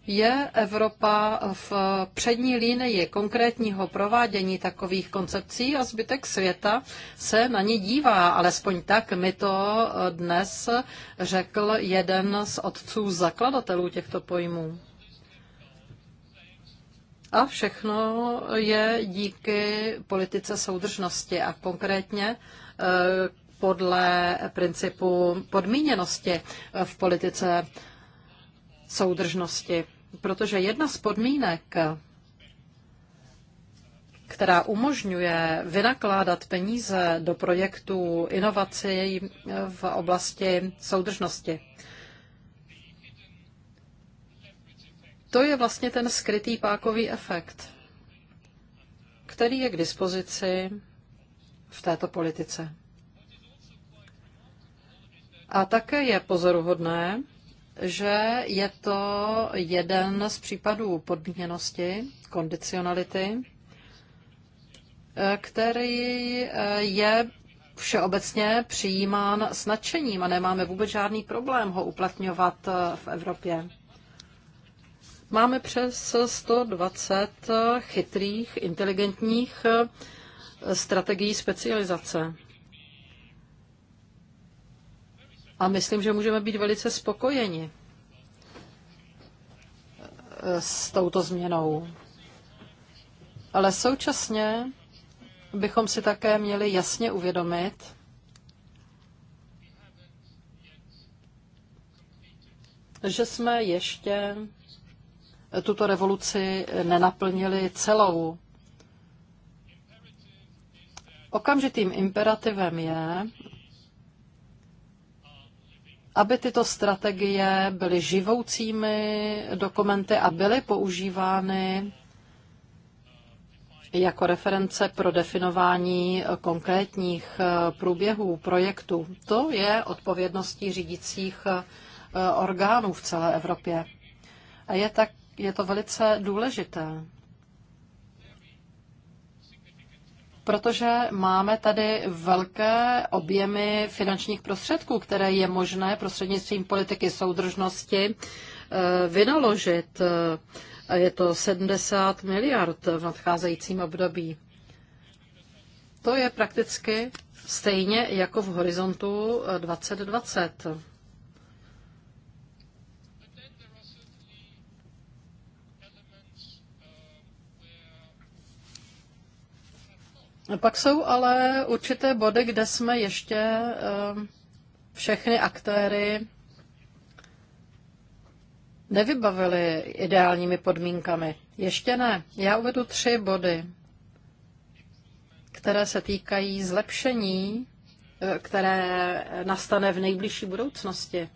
je Evropa v přední línii konkrétního provádění takových koncepcí a zbytek světa se na ně dívá, alespoň tak mi to dnes řekl jeden z otců zakladatelů těchto pojmů. A všechno je díky politice soudržnosti a konkrétně eh, podle principu podmíněnosti v politice soudržnosti, protože jedna z podmínek, která umožňuje vynakládat peníze do projektů inovací v oblasti soudržnosti, to je vlastně ten skrytý pákový efekt, který je k dispozici v této politice. A také je pozoruhodné, že je to jeden z případů podmíněnosti, kondicionality, eh, který eh, je všeobecně přijímán s nadšením a nemáme vůbec žádný problém ho uplatňovat eh, v Evropě. Máme přes 120 chytrých, inteligentních strategií specializace. a myslím, že můžeme být velice spokojeni eh, s touto změnou. Ale současně bychom si také měli jasně uvědomit, že jsme ještě tuto revoluci nenaplnili celou. Okamžitým imperativem je, aby tyto strategie byly živoucími dokumenty a byly používány jako reference pro definování konkrétních eh, průběhů projektů. To je odpovědností řídících eh, orgánů v celé Evropě. A je, tak, je to velice důležité. protože máme tady velké objemy finančních prostředků, které je možné prostřednictvím politiky soudržnosti eh, vynaložit. Eh, je to 70 miliard v nadcházejícím období. To je prakticky stejně jako v horizontu 2020. Eh, Pak jsou ale určité body, kde jsme ještě eh, všechny aktéry nevybavili ideálními podmínkami. Ještě ne. Já uvedu tři body, které se týkají zlepšení, eh, které nastane v nejbližší budoucnosti.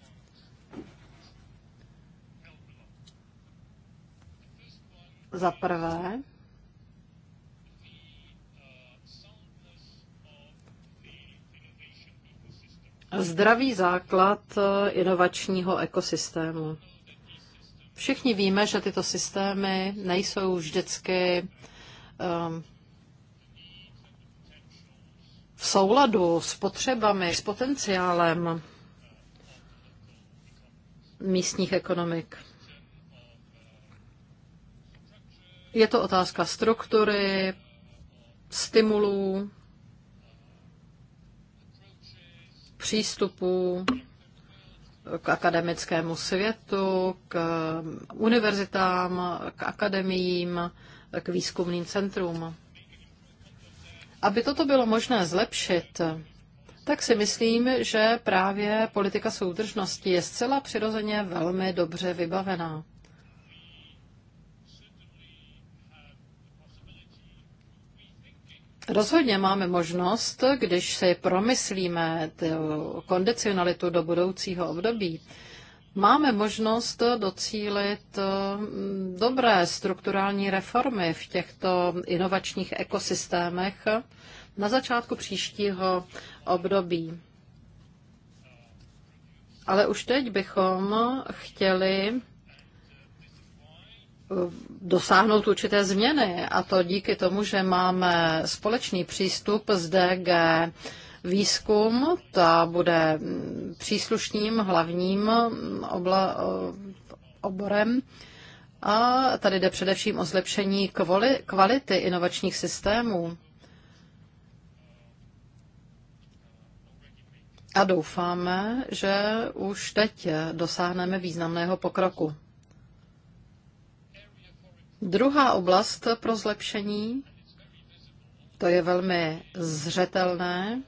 Za prvé, zdravý základ eh, inovačního ekosystému. Všichni víme, že tyto systémy nejsou vždycky ehm, v souladu s potřebami, s potenciálem místních ekonomik. Je to otázka struktury, stimulů, přístupu k akademickému světu, k univerzitám, k akademiím, k výzkumným centrům. Aby toto bylo možné zlepšit, tak si myslím, že právě politika soudržnosti je zcela přirozeně velmi dobře vybavená. Rozhodně máme možnost, když si promyslíme kondicionalitu do budoucího období, máme možnost docílit mm, dobré strukturální reformy v těchto inovačních ekosystémech na začátku příštího období. Ale už teď bychom chtěli dosáhnout určité změny a to díky tomu, že máme společný přístup z DG výzkum, ta bude příslušným hlavním obla, oborem a tady jde především o zlepšení kvali, kvality inovačních systémů. A doufáme, že už teď dosáhneme významného pokroku. Druhá oblast pro zlepšení, to je velmi zřetelné,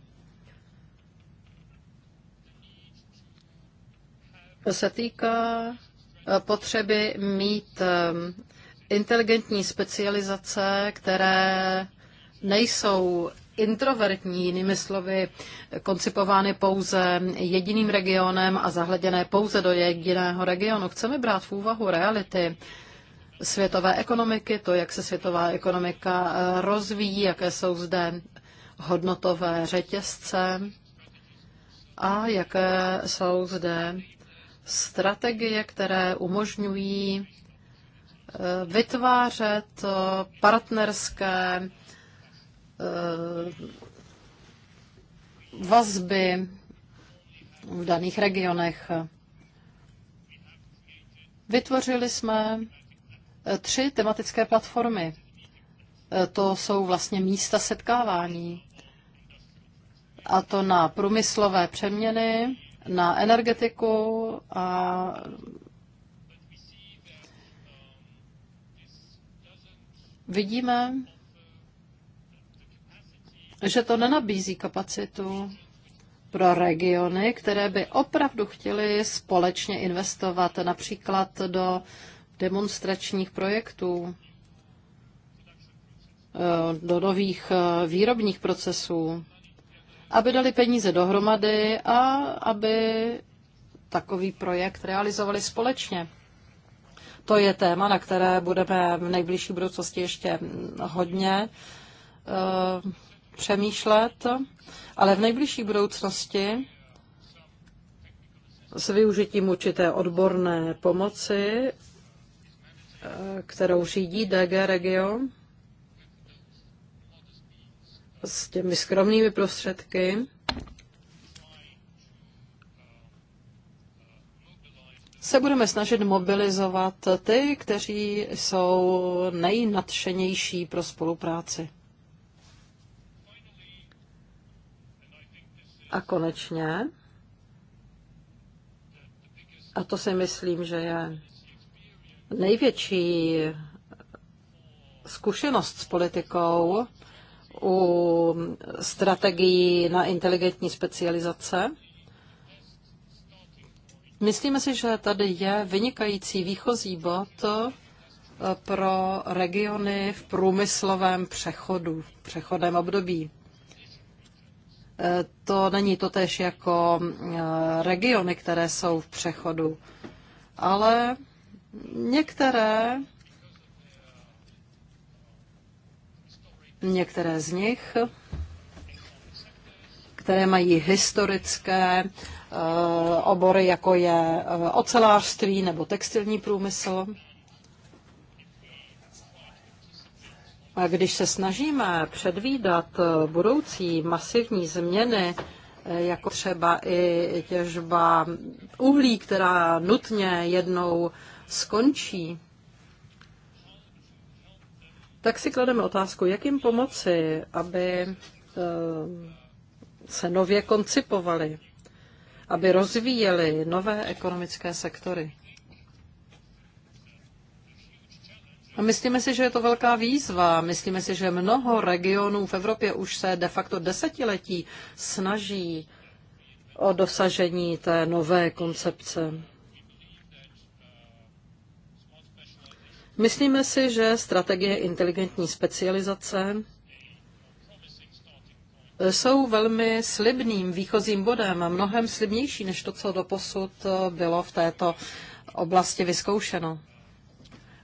se týká eh, potřeby mít eh, inteligentní specializace, které nejsou introvertní, jinými slovy, koncipovány pouze jediným regionem a zahleděné pouze do jediného regionu. Chceme brát v úvahu reality světové ekonomiky, to, jak se světová ekonomika eh, rozvíjí, jaké jsou zde hodnotové řetězce a jaké jsou zde strategie, které umožňují eh, vytvářet eh, partnerské vazby v daných regionech. Vytvořili jsme Eh, tři tematické platformy. Eh, to jsou vlastně místa setkávání. A to na průmyslové přeměny, na energetiku a vidíme, že to nenabízí kapacitu pro regiony, které by opravdu chtěly společně investovat například do demonstračních projektů, eh, do nových eh, výrobních procesů, aby dali peníze dohromady a aby takový projekt realizovali společně. To je téma, na které budeme v nejbližší budoucnosti ještě hodně eh, přemýšlet, ale v nejbližší budoucnosti s využitím určité odborné pomoci kterou řídí DG Regio s těmi skromnými prostředky. se budeme snažit mobilizovat ty, kteří jsou nejnadšenější pro spolupráci. A konečně, a to si myslím, že je největší zkušenost s politikou u strategií na inteligentní specializace. Myslíme si, že tady je vynikající výchozí bod eh, pro regiony v průmyslovém přechodu, přechodném období. Eh, to není totež jako eh, regiony, které jsou v přechodu, ale Některé Některé z nich, které mají historické eh, obory, jako je eh, ocelářství nebo textilní průmysl. A když se snažíme předvídat eh, budoucí masivní změny, jako třeba i těžba uhlí, která nutně jednou skončí, tak si klademe otázku, jak jim pomoci, aby eh, se nově koncipovali, aby rozvíjeli nové ekonomické sektory. A myslíme si, že je to velká výzva. Myslíme si, že mnoho regionů v Evropě už se de facto desetiletí snaží o dosažení té nové koncepce. Myslíme si, že strategie inteligentní specializace jsou velmi slibným výchozím bodem a mnohem slibnější než to, co doposud bylo v této oblasti vyzkoušeno.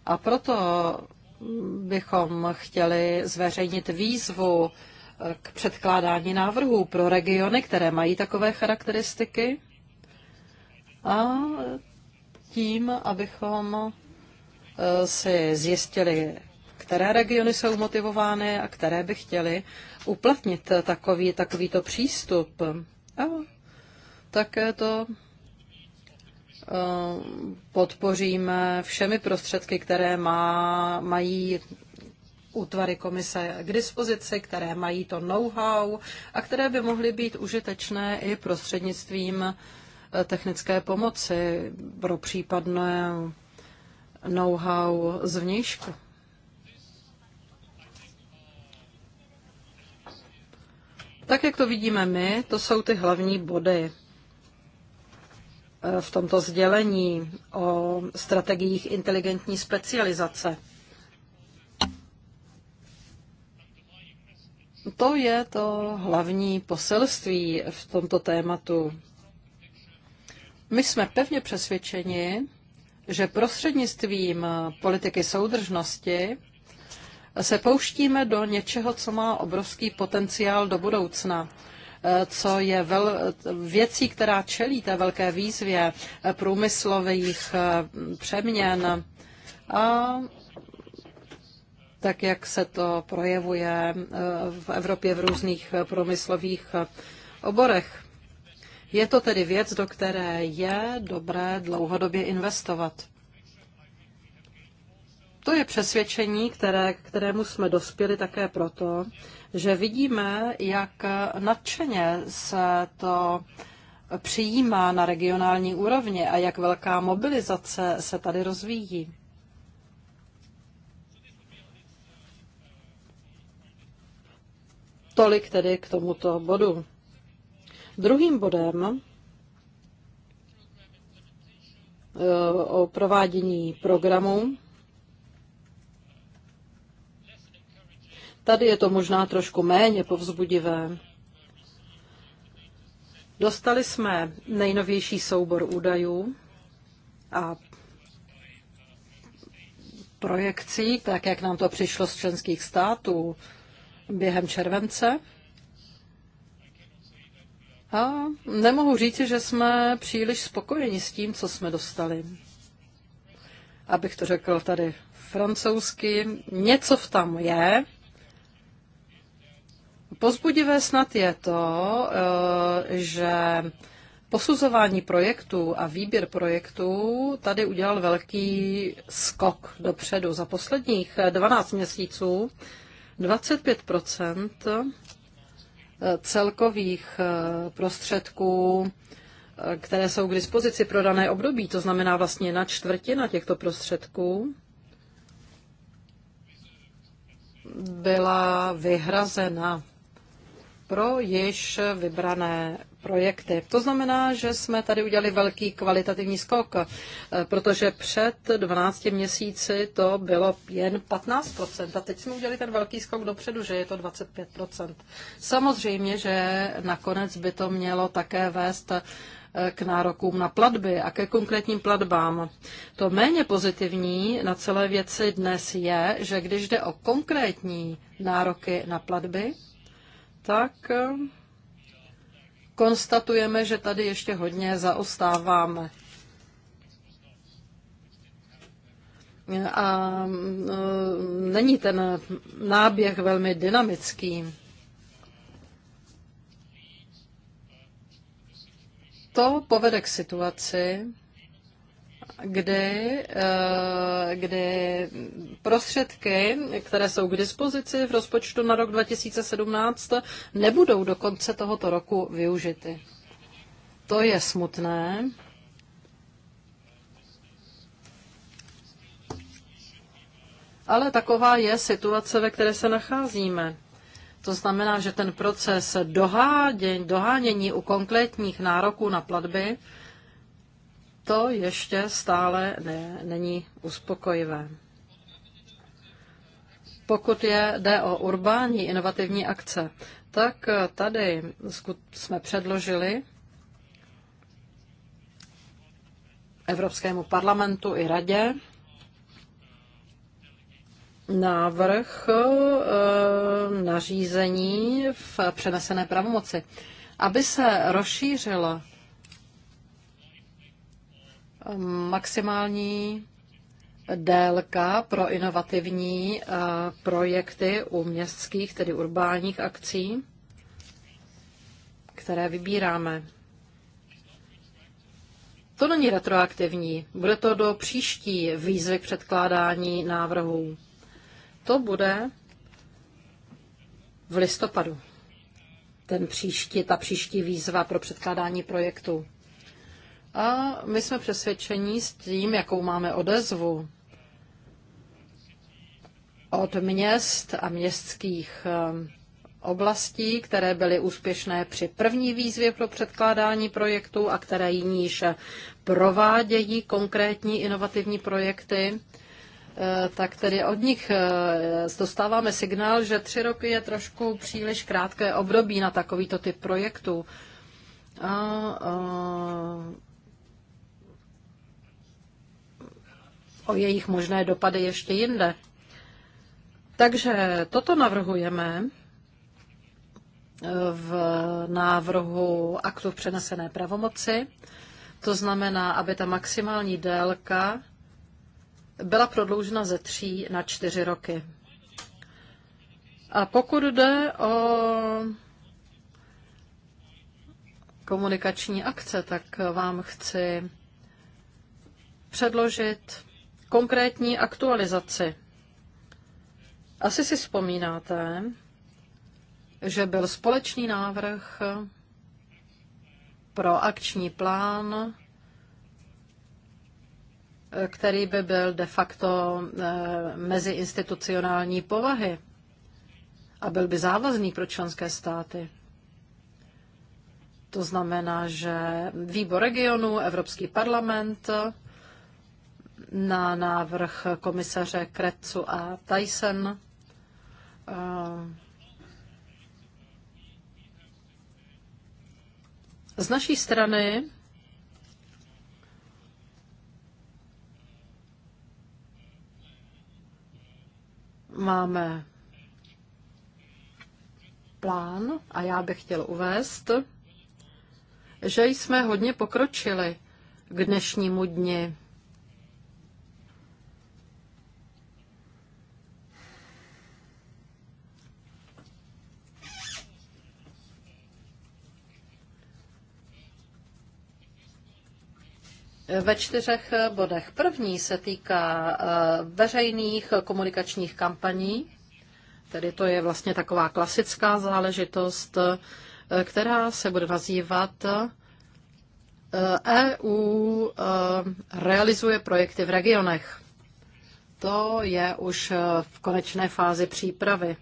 A proto bychom chtěli zveřejnit výzvu k předkládání návrhů pro regiony, které mají takové charakteristiky a tím, abychom Eh, si zjistili, které regiony jsou motivovány a které by chtěli uplatnit takový, takovýto přístup. A také to eh, podpoříme všemi prostředky, které má, mají útvary komise k dispozici, které mají to know-how a které by mohly být užitečné i prostřednictvím eh, technické pomoci pro případné know-how zvnějšku. Tak, jak to vidíme my, to jsou ty hlavní body eh, v tomto sdělení o strategiích inteligentní specializace. To je to hlavní poselství v tomto tématu. My jsme pevně přesvědčeni, že prostřednictvím politiky soudržnosti se pouštíme do něčeho, co má obrovský potenciál do budoucna eh, co je vel, věcí, která čelí té velké výzvě eh, průmyslových eh, přeměn a tak, jak se to projevuje v Evropě v různých průmyslových oborech. Je to tedy věc, do které je dobré dlouhodobě investovat. To je přesvědčení, které, kterému jsme dospěli také proto, že vidíme, jak nadšeně se to přijímá na regionální úrovni a jak velká mobilizace se tady rozvíjí. Tolik tedy k tomuto bodu. Druhým bodem eh, o provádění programu. Tady je to možná trošku méně povzbudivé. Dostali jsme nejnovější soubor údajů a projekcí, tak jak nám to přišlo z členských států během července. A nemohu říct, že jsme příliš spokojeni s tím, co jsme dostali. Abych to řekl tady francouzsky, něco v tam je. Pozbudivé snad je to, eh, že posuzování projektů a výběr projektů tady udělal velký skok dopředu. Za posledních 12 měsíců 25 celkových eh, prostředků, eh, které jsou k dispozici pro dané období, to znamená vlastně na čtvrtina těchto prostředků, byla vyhrazena pro již vybrané projekty. To znamená, že jsme tady udělali velký kvalitativní skok, eh, protože před 12 měsíci to bylo jen 15%. A teď jsme udělali ten velký skok dopředu, že je to 25%. Samozřejmě, že nakonec by to mělo také vést eh, k nárokům na platby a ke konkrétním platbám. To méně pozitivní na celé věci dnes je, že když jde o konkrétní nároky na platby, tak eh, konstatujeme, že tady ještě hodně zaostáváme. A e, není ten náběh velmi dynamický. To povede k situaci, kdy, eh, kdy prostředky, které jsou k dispozici v rozpočtu na rok 2017, nebudou do konce tohoto roku využity. To je smutné. Ale taková je situace, ve které se nacházíme. To znamená, že ten proces dohádění, dohánění u konkrétních nároků na platby to ještě stále ne, není uspokojivé. Pokud je, jde o urbání inovativní akce, tak tady jsme předložili Evropskému parlamentu i radě návrh eh, nařízení v přenesené pravomoci, aby se rozšířila maximální délka pro inovativní eh, projekty u městských, tedy urbánních akcí, které vybíráme. To není retroaktivní. Bude to do příští výzvy k předkládání návrhů. To bude v listopadu. Ten příští, ta příští výzva pro předkládání projektu. A my jsme přesvědčeni s tím, jakou máme odezvu od měst a městských ehm, oblastí, které byly úspěšné při první výzvě pro předkládání projektů a které jiníž provádějí konkrétní inovativní projekty, eh, tak tedy od nich eh, dostáváme signál, že tři roky je trošku příliš krátké období na takovýto typ projektů. A, a eh, o jejich možné dopady ještě jinde. Takže toto navrhujeme eh, v návrhu aktu v přenesené pravomoci. To znamená, aby ta maximální délka byla prodloužena ze tří na čtyři roky. A pokud jde o komunikační akce, tak vám chci předložit konkrétní aktualizaci. Asi si vzpomínáte, že byl společný návrh pro akční plán, který by byl de facto eh, meziinstitucionální povahy a byl by závazný pro členské státy. To znamená, že výbor regionu, Evropský parlament na návrh komisaře Kretsu a Tyson. Eh, z naší strany máme plán a já bych chtěl uvést, že jsme hodně pokročili k dnešnímu dni. ve čtyřech bodech. První se týká eh, veřejných komunikačních kampaní, tedy to je vlastně taková klasická záležitost, eh, která se bude nazývat EU eh, e realizuje projekty v regionech. To je už v konečné fázi přípravy.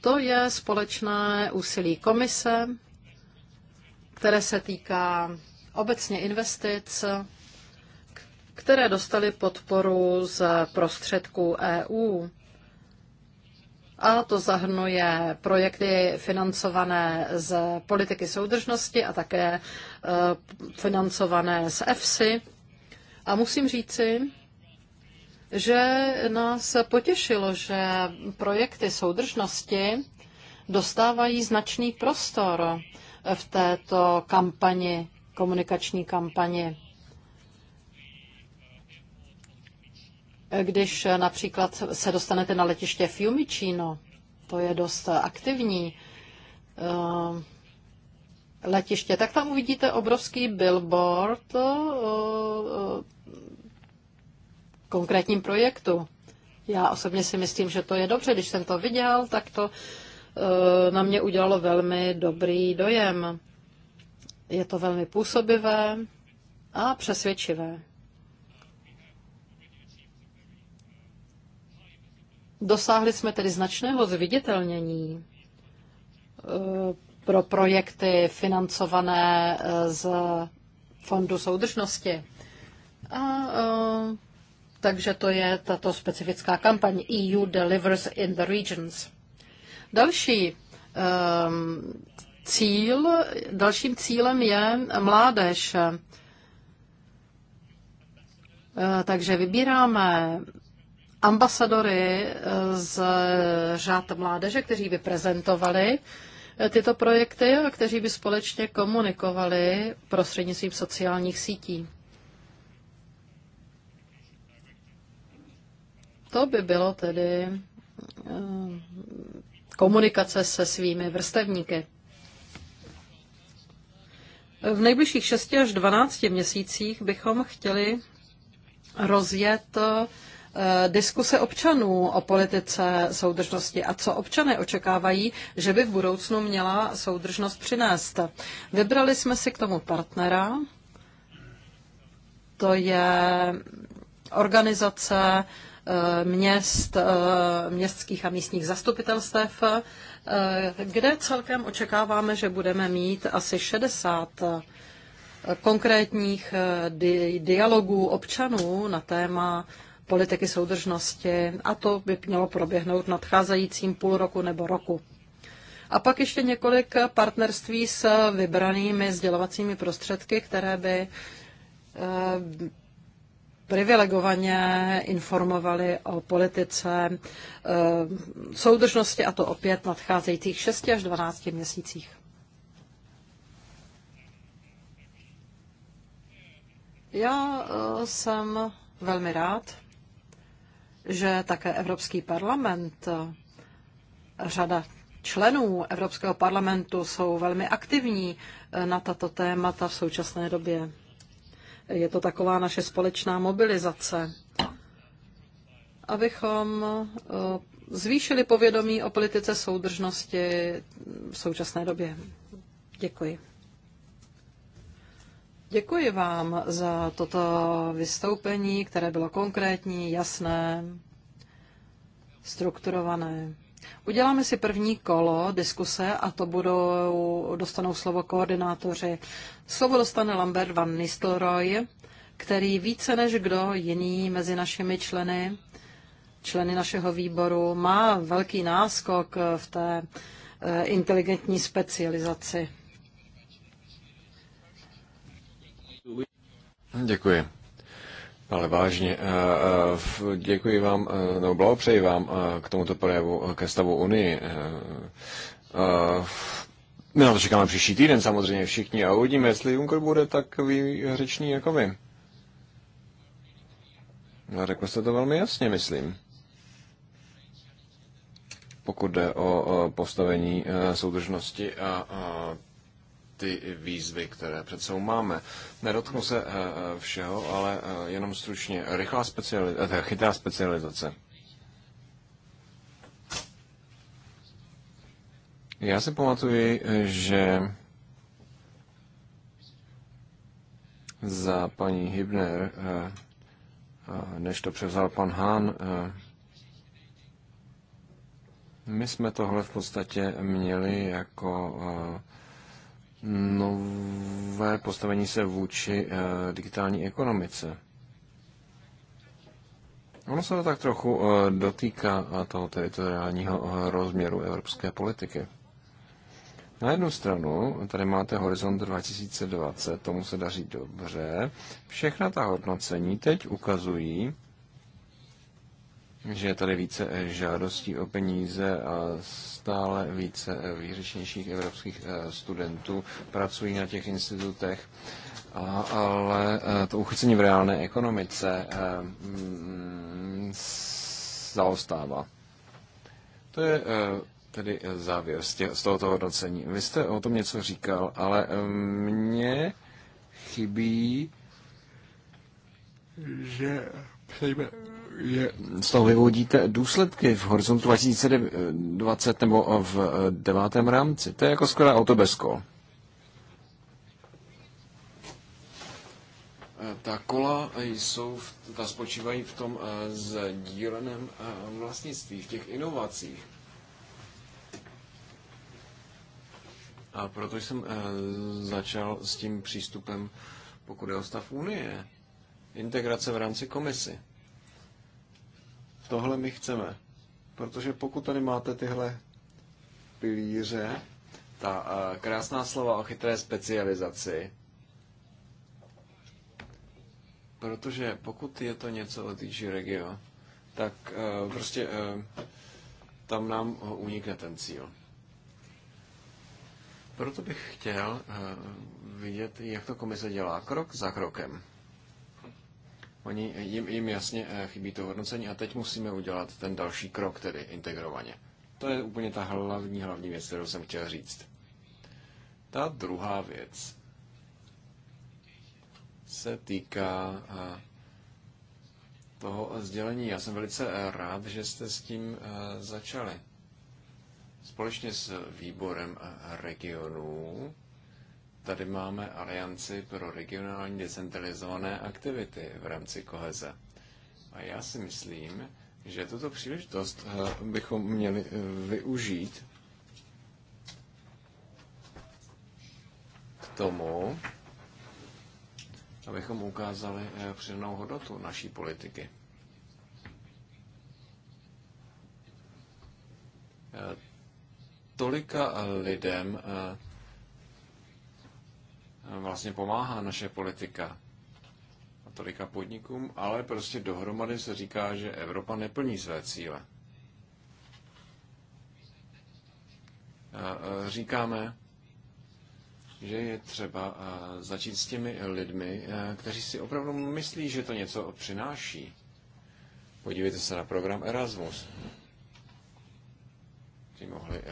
To je společné úsilí komise, které se týká obecně investic, které dostaly podporu z prostředků EU. A to zahrnuje projekty financované z politiky soudržnosti a také e, financované z EFSI. A musím říci, že nás potěšilo, že projekty soudržnosti dostávají značný prostor v této kampani, komunikační kampani. Když například se dostanete na letiště Fiumicino, to je dost aktivní eh, letiště, tak tam uvidíte obrovský billboard konkrétním projektu. Já osobně si myslím, že to je dobře, když jsem to viděl, tak to Eh, na mě udělalo velmi dobrý dojem. Je to velmi působivé a přesvědčivé. Dosáhli jsme tedy značného zviditelnění eh, pro projekty financované eh, z Fondu soudržnosti. A, takže to je tato specifická kampaň EU Delivers in the Regions. Další ehm, cíl, dalším cílem je mládež. Eh, takže vybíráme ambasadory eh, z řád mládeže, kteří by prezentovali eh, tyto projekty a kteří by společně komunikovali prostřednictvím sociálních sítí. To by bylo tedy komunikace se svými vrstevníky. V nejbližších 6 až 12 měsících bychom chtěli rozjet eh, diskuse občanů o politice soudržnosti a co občané očekávají, že by v budoucnu měla soudržnost přinést. Vybrali jsme si k tomu partnera, to je organizace Eh, měst, eh, městských a místních zastupitelstev, eh, kde celkem očekáváme, že budeme mít asi 60 konkrétních di- dialogů občanů na téma politiky soudržnosti a to by mělo proběhnout nadcházejícím půl roku nebo roku. A pak ještě několik partnerství s vybranými sdělovacími prostředky, které by privilegovaně informovali o politice eh, soudržnosti a to opět v nadcházejících 6 až 12 měsících. Já eh, jsem velmi rád, že také Evropský parlament, eh, řada členů Evropského parlamentu jsou velmi aktivní na tato témata v současné době. Je to taková naše společná mobilizace, abychom eh, zvýšili povědomí o politice soudržnosti v současné době. Děkuji. Děkuji vám za toto vystoupení, které bylo konkrétní, jasné, strukturované. Uděláme si první kolo diskuse a to budou, dostanou slovo koordinátoři. Slovo dostane Lambert van Nistelrooy, který více než kdo jiný mezi našimi členy, členy našeho výboru, má velký náskok v té eh, inteligentní specializaci. Děkuji. Ale vážně, eh, eh, děkuji vám, eh, nebo blahopřeji vám k tomuto projevu, ke stavu Unii. My na to čekáme příští týden samozřejmě všichni a uvidíme, jestli Juncker bude takový řečný jako vy. A no, řekl jste to velmi jasně, myslím. Pokud jde o postavení soudržnosti a ty výzvy, které před sebou máme. Nedotknu se eh, eh, všeho, ale eh, jenom stručně. Rychlá specializace, chytrá specializace. Já si pamatuju, že za paní Hibner, než to převzal pan Hahn, my jsme tohle v podstatě měli jako nové postavení se vůči eh, digitální ekonomice. Ono se to tak trochu eh, dotýká eh, toho teritoriálního rozměru evropské politiky. Na jednu stranu tady máte horizont 2020, tomu se daří dobře. Všechna ta hodnocení teď ukazují, že je tady více eh, žádostí o peníze a stále více eh, výřečnějších evropských eh, studentů pracují na těch institutech. A, ale to uchycení v reálné ekonomice mm, zaostává. To je tedy závěr z, z tohoto hodnocení. Vy jste o tom něco říkal, ale mně chybí, že přejme je, z toho vyvodíte důsledky v horizontu 2020 nebo v eh, devátém rámci. To je jako skoro auto bez kol. Eh, ta kola jsou, ta spočívají v tom eh, sdíleném vlastnictví, v těch inovacích. A proto jsem začal s tím přístupem, pokud je o stav Unie, integrace v rámci komisy. Tohle my chceme. Protože pokud tady máte tyhle pilíře, ta eh, krásná slova o chytré specializaci, protože pokud je to něco o DG regio, tak eh, prostě eh, tam nám unikne ten cíl. Proto bych chtěl vidět, jak to komise dělá krok za krokem. Oni, jim, jim jasně eh, chybí to hodnocení a teď musíme udělat ten další krok, tedy integrovaně. To je úplně ta hlavní, hlavní věc, kterou jsem chtěl říct. Ta druhá věc se týká eh, toho sdělení. Já jsem velice eh, rád, že jste s tím začali. Společně s výborem regionů tady máme alianci pro regionální decentralizované aktivity v rámci koheze. A já si myslím, že tuto příležitost eh, bychom měli eh, využít k tomu, abychom ukázali eh, přidanou hodnotu naší politiky. Tolika lidem vlastně pomáhá naše politika a tolika podnikům, ale prostě dohromady se říká, že Evropa neplní své cíle. Říkáme, že je třeba začít s těmi lidmi, kteří si opravdu myslí, že to něco přináší. Podívejte se na program Erasmus. Ti mohli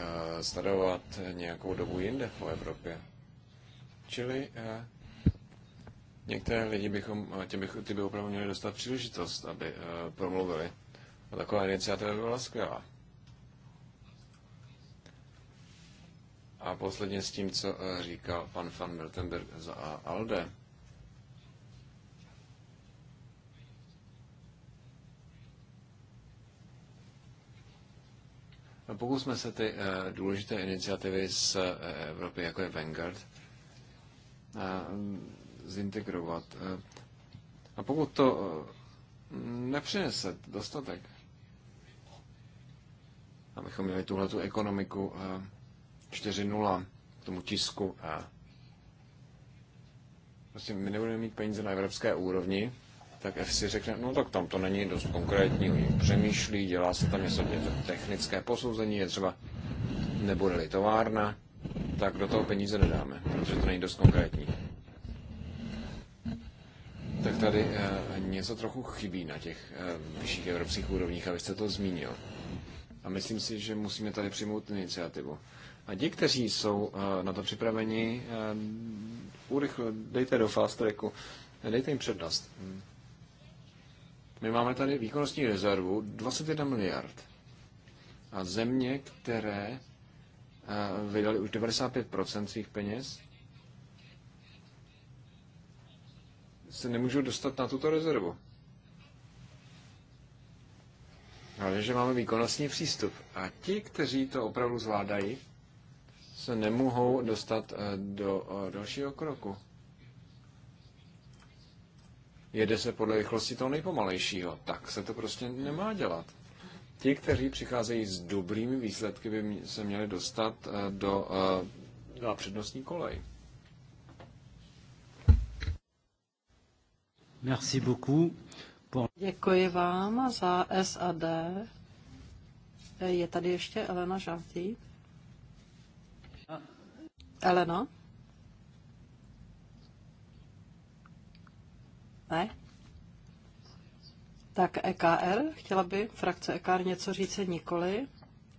sledovat nějakou dobu jinde po Evropě. Čili eh, některé lidi bychom, eh, tě bych, ty by opravdu měli dostat příležitost, aby eh, promluvili. A taková iniciativa by byla skvělá. A posledně s tím, co říkal pan van Miltenberg za ALDE. No, pokusme se ty důležité iniciativy z Evropy, jako je Vanguard, zintegrovat. A pokud to e, nepřinese dostatek, abychom měli tuhle tu ekonomiku 4.0 e, k tomu tisku a e. prostě my nebudeme mít peníze na evropské úrovni, tak F si řekne, no tak tam to není dost konkrétní, oni přemýšlí, dělá se tam něco technické posouzení, je třeba nebude-li továrna, tak do toho peníze nedáme, protože to není dost konkrétní. Tak tady eh, něco trochu chybí na těch eh, vyšších evropských úrovních, abyste to zmínil. A myslím si, že musíme tady přijmout iniciativu. A ti, kteří jsou eh, na to připraveni, urychle, dejte do fast tracku, dejte jim přednost. My máme tady výkonnostní rezervu 21 miliard. A země, které Eh, vydali už 95% svých peněz, se nemůžou dostat na tuto rezervu. Ale že máme výkonnostní přístup. A ti, kteří to opravdu zvládají, se nemohou dostat eh, do eh, dalšího kroku. Jede se podle rychlosti toho nejpomalejšího. Tak se to prostě nemá dělat. Ti, kteří přicházejí s dobrými výsledky, by se měli dostat eh, do, eh, na přednostní kolej. Merci beaucoup. Pour... Děkuji vám za SAD. Je tady ještě Elena Žavtý. Elena? Ne? Tak EKR, chtěla by frakce EKR něco říct nikoli,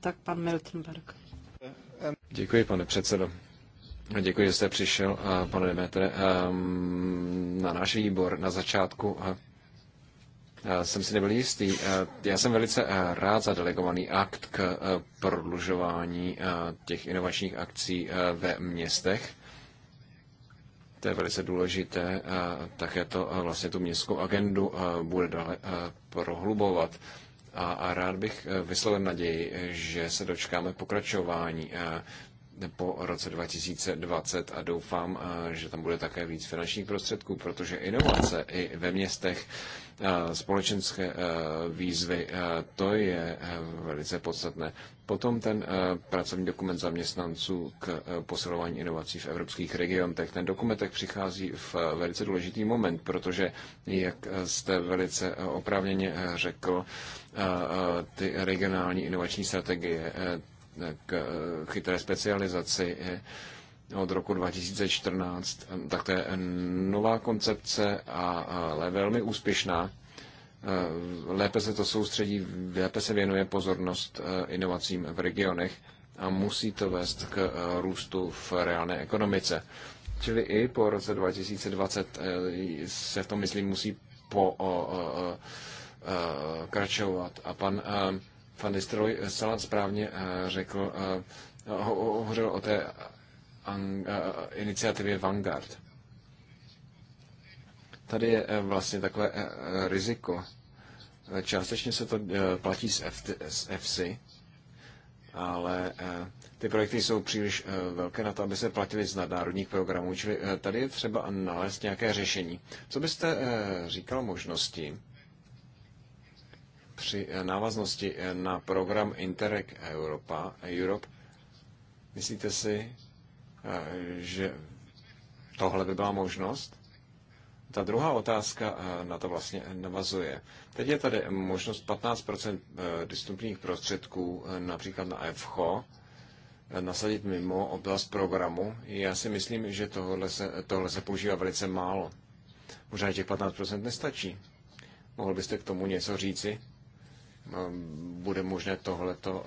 tak pan Miltenberg. Děkuji, pane předsedo. Děkuji, že jste přišel, pane Demetre, ehm, na náš výbor na začátku. Jsem si nebyl jistý. Já jsem velice rád za delegovaný akt k prodlužování těch inovačních akcí ve městech to je velice důležité, také to vlastně tu městskou agendu bude dále prohlubovat. A, a rád bych e, vyslovil naději, že se dočkáme pokračování e, po roce 2020 a doufám, e, že tam bude také víc finančních prostředků, protože inovace i ve městech Eh, společenské eh, výzvy, eh, to je velice podstatné. Potom ten pracovní dokument zaměstnanců k posilování inovací v evropských regionech. Ten dokument tak přichází v velice důležitý moment, protože, jak jste velice oprávněně řekl, ty regionální inovační strategie k chytré specializaci od roku 2014, tak to je nová koncepce, ale velmi úspěšná. E, lépe se to soustředí, lépe se věnuje pozornost e, inovacím v regionech a musí to vést k e, růstu v reálné ekonomice. Čili i po roce 2020 se v tom, myslím, musí po, o, o, o, kračovat. A pan Fandistroj zcela správně řekl, hovořil o té iniciativě Vanguard. Tady je eh, vlastně takové eh, eh, riziko. Částečně se to platí z, FT, z ale ty projekty jsou příliš velké na to, aby se platily z nadnárodních programů, čili tady je třeba nalézt nějaké řešení. Co byste říkal možnosti při návaznosti na program Interreg Europa, Europe? Myslíte si, Eh, že tohle by byla možnost? Ta druhá otázka eh, na to vlastně navazuje. Teď je tady možnost 15% eh, dostupných prostředků, například na EFCHO, nasadit mimo oblast programu. Já si myslím, že tohle se, tohle se používá velice málo. Možná těch 15% nestačí. Mohl byste k tomu něco říci? Bude možné tohleto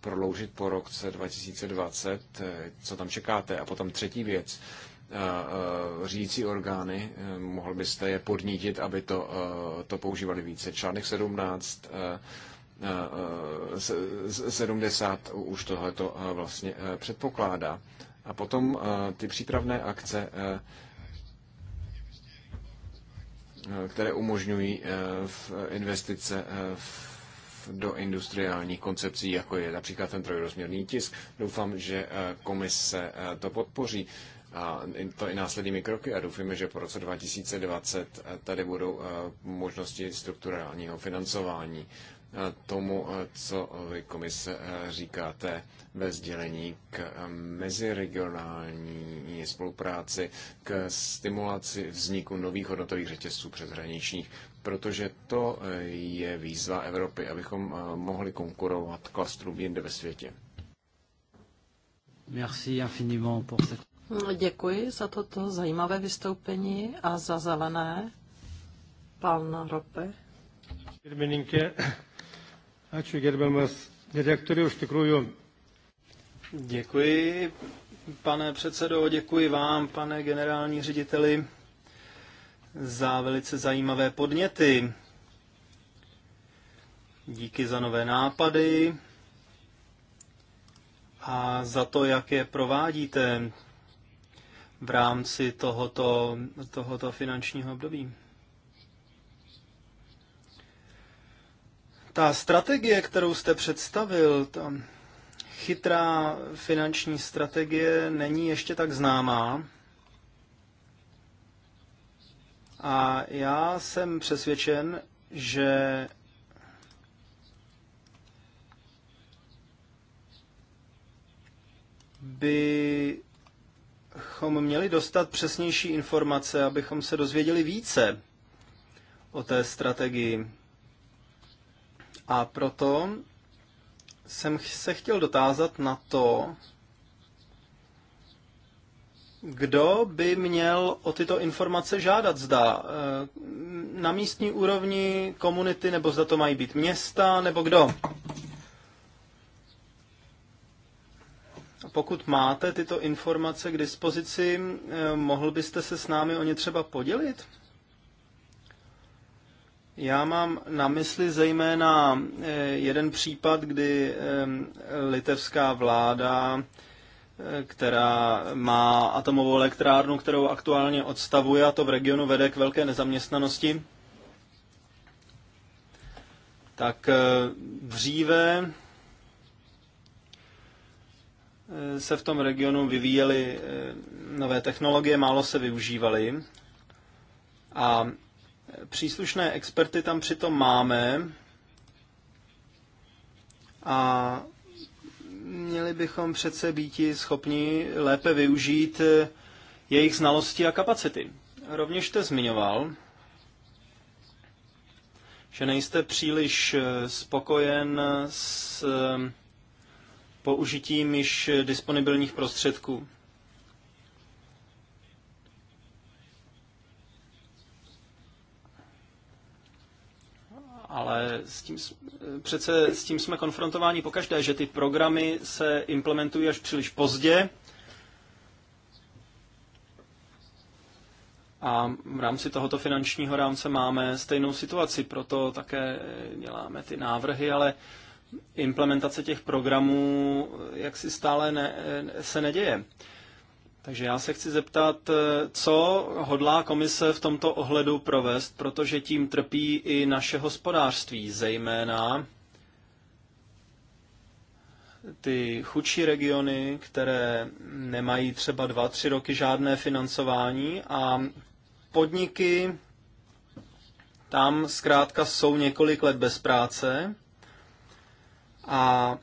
prodloužit po roce 2020, eh, co tam čekáte. A potom třetí věc, eh, eh, řídící orgány, mohl byste je podnítit, aby to, to používali více. Článek 17, 70 už tohleto vlastně předpokládá. A potom ty přípravné akce, které umožňují v investice v do industriálních koncepcí, jako je například ten trojrozměrný tisk. Doufám, že eh, komise eh, to podpoří a to i následnými kroky a doufíme, že po roce 2020 eh, tady budou možnosti strukturálního financování tomu, co vy komise říkáte ve sdělení k meziregionální spolupráci, k stimulaci vzniku nových hodnotových řetězců přeshraničních protože to eh, je výzva Evropy, abychom eh, mohli konkurovat klastrům jinde ve světě. Merci infiniment pour cette... Děkuji za toto zajímavé vystoupení a za zelené. Pan Rope. už Děkuji, pane předsedo, děkuji vám, pane generální řediteli za velice zajímavé podněty. Díky za nové nápady a za to, jak je provádíte v rámci tohoto, tohoto finančního období. Ta strategie, kterou jste představil, ta chytrá finanční strategie není ještě tak známá. A já jsem přesvědčen, že bychom měli dostat přesnější informace, abychom se dozvěděli více o té strategii. A proto jsem se chtěl dotázat na to, kdo by měl o tyto informace žádat, zda eh, na místní úrovni komunity, nebo zda to mají být města, nebo kdo. Pokud máte tyto informace k dispozici, eh, mohl byste se s námi o ně třeba podělit? Já mám na mysli zejména eh, jeden případ, kdy litevská vláda která má atomovou elektrárnu, kterou aktuálně odstavuje a to v regionu vede k velké nezaměstnanosti, tak eh, dříve eh, se v tom regionu vyvíjely eh, nové technologie, málo se využívaly. A příslušné experty tam přitom máme. A měli bychom přece být schopni lépe využít eh, jejich znalosti a kapacity. Rovněž jste zmiňoval, že nejste příliš eh, spokojen s eh, použitím již disponibilních prostředků. ale s tím, přece s tím jsme konfrontováni pokaždé, že ty programy se implementují až příliš pozdě. A v rámci tohoto finančního rámce máme stejnou situaci, proto také děláme ty návrhy, ale implementace těch programů jaksi stále ne, se neděje. Takže já se chci zeptat, eh, co hodlá komise v tomto ohledu provést, protože tím trpí i naše hospodářství, zejména ty chudší regiony, které nemají třeba dva, tři roky žádné financování a podniky tam zkrátka jsou několik let bez práce a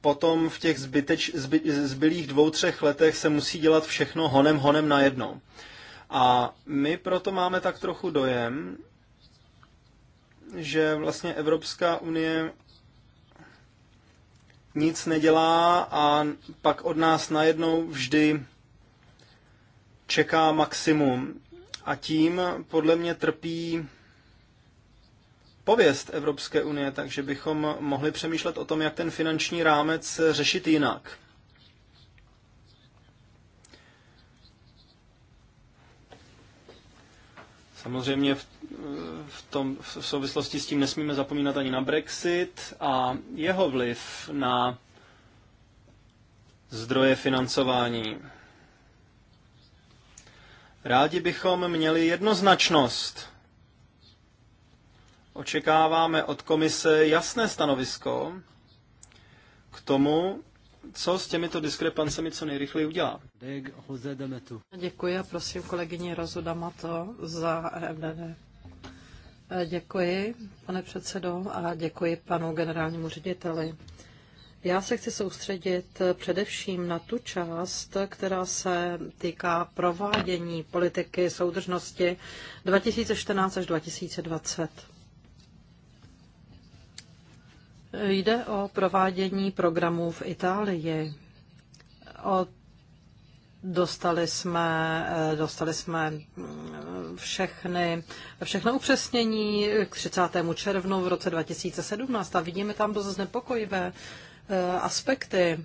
potom v těch zbyteč, zby, zbylých dvou, třech letech se musí dělat všechno honem, honem najednou. A my proto máme tak trochu dojem, že vlastně Evropská unie nic nedělá a pak od nás najednou vždy čeká maximum. A tím podle mě trpí pověst Evropské unie, takže bychom mohli přemýšlet o tom, jak ten finanční rámec řešit jinak. Samozřejmě v, v, tom, v souvislosti s tím nesmíme zapomínat ani na Brexit a jeho vliv na zdroje financování. Rádi bychom měli jednoznačnost Očekáváme od komise jasné stanovisko k tomu, co s těmito diskrepancemi co nejrychleji udělá. Děkuji a prosím kolegyně Rozu Damato za RDD. E e, děkuji, pane předsedo, a děkuji panu generálnímu řediteli. Já se chci soustředit především na tu část, která se týká provádění politiky soudržnosti 2014 až 2020. Jde o provádění programů v Itálii. O, Dostali jsme, eh, dostali jsme mm, všechny, všechno upřesnění k 30. červnu v roce 2017 a vidíme tam dost znepokojivé eh, aspekty.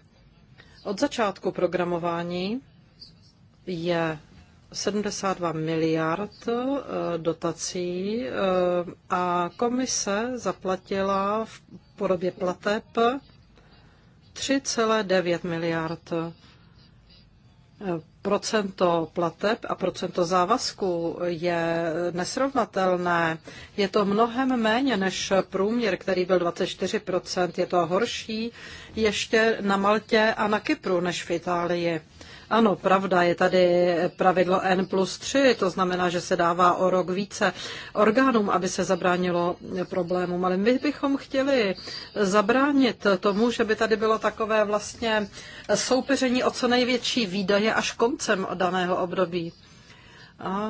Od začátku programování je 72 miliard eh, dotací a komise zaplatila v podobě plateb 3,9 miliard. Eh, procento plateb a procento závazků je nesrovnatelné. Je to mnohem méně než průměr, který byl 24%. Je to horší ještě na Maltě a na Kypru než v Itálii. Ano, pravda, je tady pravidlo N plus 3, to znamená, že se dává o rok více orgánům, aby se zabránilo problémům. Ale my bychom chtěli zabránit tomu, že by tady bylo takové vlastně soupeření o co největší výdaje až koncem daného období. A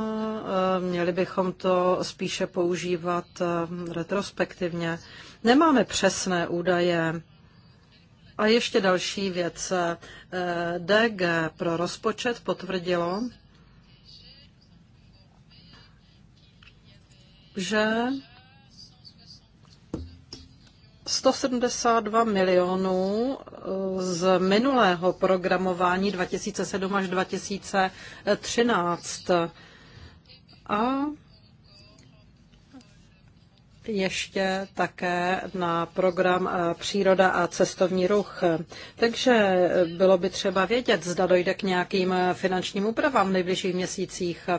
e, měli bychom to spíše používat e, retrospektivně. Nemáme přesné údaje a ještě další věc. Eh, DG pro rozpočet potvrdilo, že 172 milionů eh, z minulého programování 2007 až 2013 a ještě také na program eh, Příroda a cestovní ruch. Takže eh, bylo by třeba vědět, zda dojde k nějakým eh, finančním úpravám v nejbližších měsících.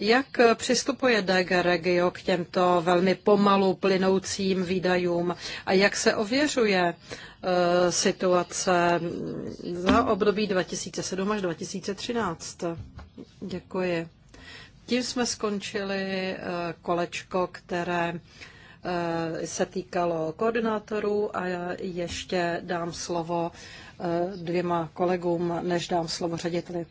Jak přistupuje DG Regio k těmto velmi pomalu plynoucím výdajům a jak se ověřuje situace mm, za období 2007 až 2013? Děkuji. Tím jsme skončili eh, kolečko, které eh, se týkalo koordinátorů a já ještě dám slovo eh, dvěma kolegům, než dám slovo řediteli.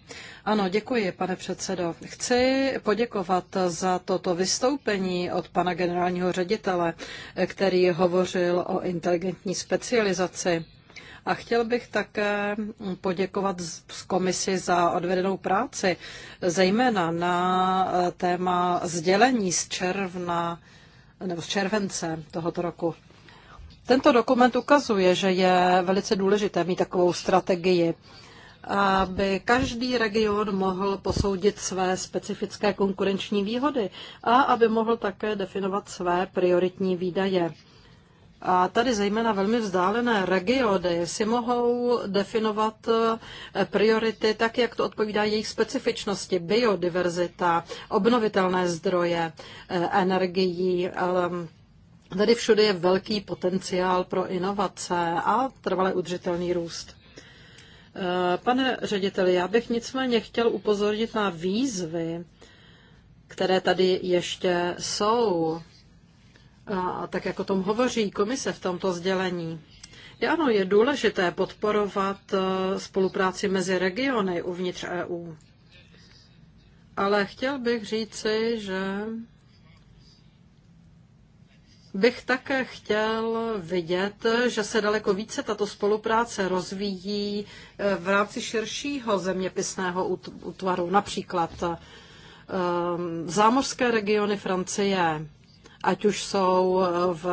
Ano, děkuji, pane předsedo. Chci poděkovat za toto vystoupení od pana generálního ředitele, který hovořil o inteligentní specializaci. A chtěl bych také poděkovat z komisi za odvedenou práci, zejména na eh, téma sdělení z června nebo z července tohoto roku. Tento dokument ukazuje, že je velice důležité mít takovou strategii, aby každý region mohl posoudit své specifické konkurenční výhody a aby mohl také definovat své prioritní výdaje. A tady zejména velmi vzdálené regiony si mohou definovat eh, priority tak, jak to odpovídá jejich specifičnosti, biodiverzita, obnovitelné zdroje eh, energií. Ehm, tady všude je velký potenciál pro inovace a trvalé udržitelný růst. Eh, pane řediteli, já bych nicméně chtěl upozornit na výzvy, které tady ještě jsou a tak jako tom hovoří komise v tomto sdělení. Je ano, je důležité podporovat eh, spolupráci mezi regiony uvnitř EU. Ale chtěl bych říci, že bych také chtěl vidět, že se daleko více tato spolupráce rozvíjí eh, v rámci širšího zeměpisného útvaru, například eh, zámořské regiony Francie, ať už jsou v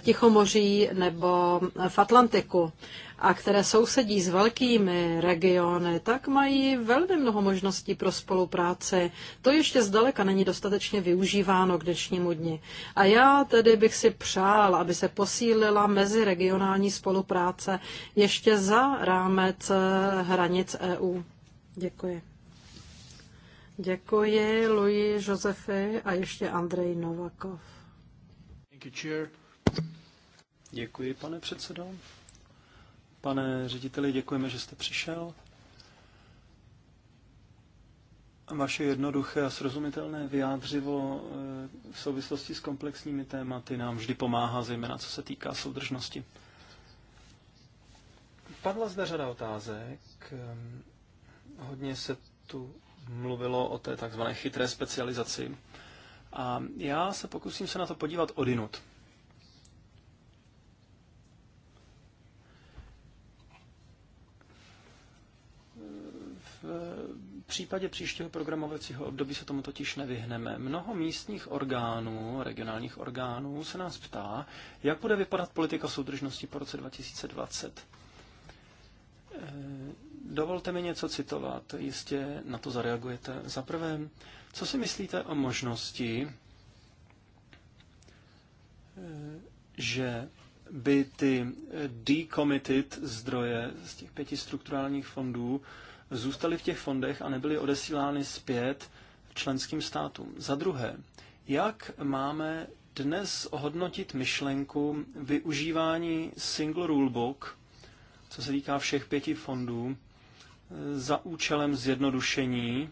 Tichomoří nebo v Atlantiku, a které sousedí s velkými regiony, tak mají velmi mnoho možností pro spolupráci. To ještě zdaleka není dostatečně využíváno k dnešnímu dni. A já tedy bych si přál, aby se posílila meziregionální spolupráce ještě za rámec hranic EU. Děkuji. Děkuji Louis Josefe a ještě Andrej Novakov. Děkuji, pane předsedo. Pane řediteli, děkujeme, že jste přišel. Vaše jednoduché a srozumitelné vyjádřivo eh, v souvislosti s komplexními tématy nám vždy pomáhá, zejména co se týká soudržnosti. Padla zde řada otázek. Ehm, hodně se tu mluvilo o té takzvané chytré specializaci. A já se pokusím se na to podívat odinut. V případě příštího programovacího období se tomu totiž nevyhneme. Mnoho místních orgánů, regionálních orgánů se nás ptá, jak bude vypadat politika soudržnosti po roce 2020. Dovolte mi něco citovat, jistě na to zareagujete. Za prvé, co si myslíte o možnosti, eh, že by ty eh, decommitted zdroje z těch pěti strukturálních fondů zůstaly v těch fondech a nebyly odesílány zpět členským státům. Za druhé, jak máme dnes ohodnotit myšlenku využívání single rulebook, co se týká všech pěti fondů, za účelem zjednodušení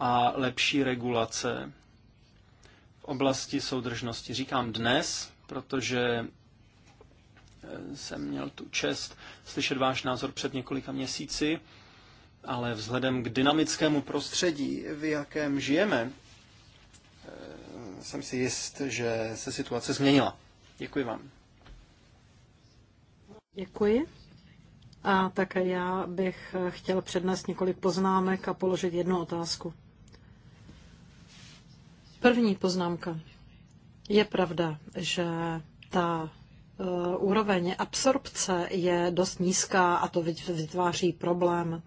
a lepší regulace v oblasti soudržnosti. Říkám dnes, protože eh, jsem měl tu čest slyšet váš názor před několika měsíci, ale vzhledem k dynamickému prostředí, v jakém žijeme, eh, jsem si jist, že se situace změnila. Děkuji vám. Děkuji. A také já bych eh, chtěl přednést několik poznámek a položit jednu otázku. První poznámka. Je pravda, že ta eh, úroveň absorpce je dost nízká a to vytváří problém.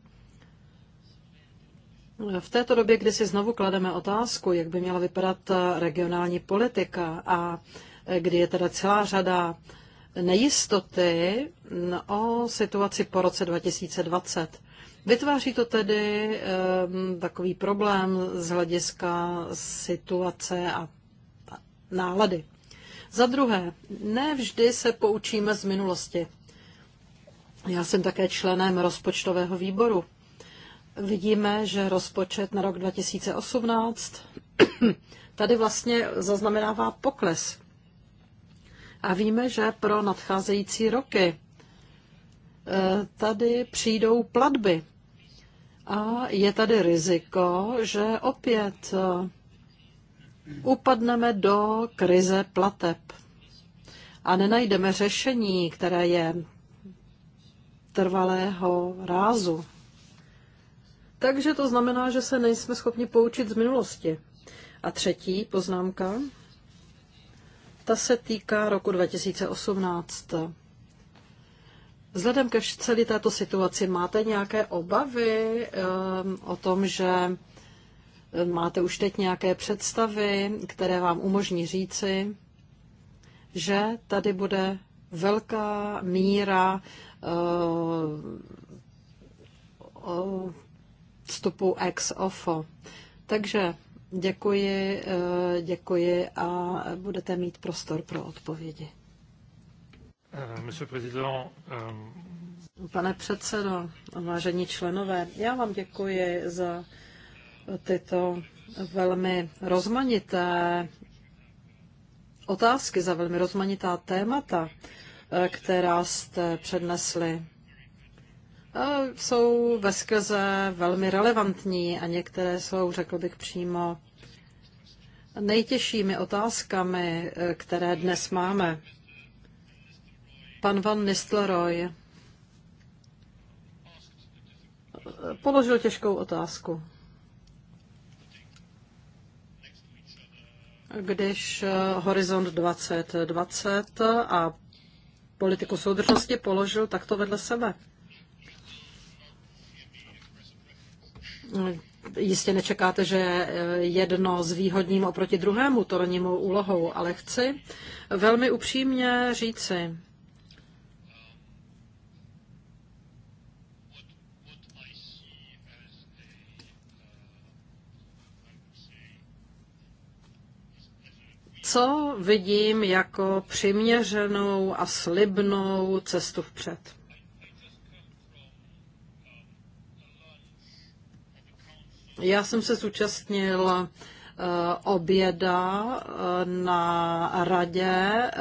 V této době, kdy si znovu klademe otázku, jak by měla vypadat regionální politika a eh, kdy je teda celá řada nejistoty no, o situaci po roce 2020. Vytváří to tedy um, takový problém z hlediska situace a nálady. Za druhé, ne vždy se poučíme z minulosti. Já jsem také členem rozpočtového výboru. Vidíme, že rozpočet na rok 2018 tady vlastně zaznamenává pokles a víme, že pro nadcházející roky eh, tady přijdou platby. A je tady riziko, že opět eh, upadneme do krize plateb a nenajdeme řešení, které je trvalého rázu. Takže to znamená, že se nejsme schopni poučit z minulosti. A třetí poznámka. Ta se týká roku 2018. Vzhledem ke celé této situaci, máte nějaké obavy um, o tom, že ehm, máte už teď nějaké představy, které vám umožní říci, že tady bude velká míra uh, vstupu ex ofo. Takže Děkuji, eh, děkuji a budete mít prostor pro odpovědi. Eh, eh, Pane předsedo, vážení členové, já vám děkuji za tyto velmi rozmanité otázky, za velmi rozmanitá témata, která jste přednesli jsou veskrze velmi relevantní a některé jsou, řekl bych přímo, nejtěžšími otázkami, eh, které dnes máme. Pan Van Nistelrooy eh, položil těžkou otázku. Když eh, Horizont 2020 a politiku soudržnosti položil takto vedle sebe. Jistě nečekáte, že eh, jedno z výhodním oproti druhému, to není mou úlohou, ale chci velmi upřímně říci, co vidím jako přiměřenou a slibnou cestu vpřed. Já jsem se zúčastnil eh, oběda eh, na radě eh,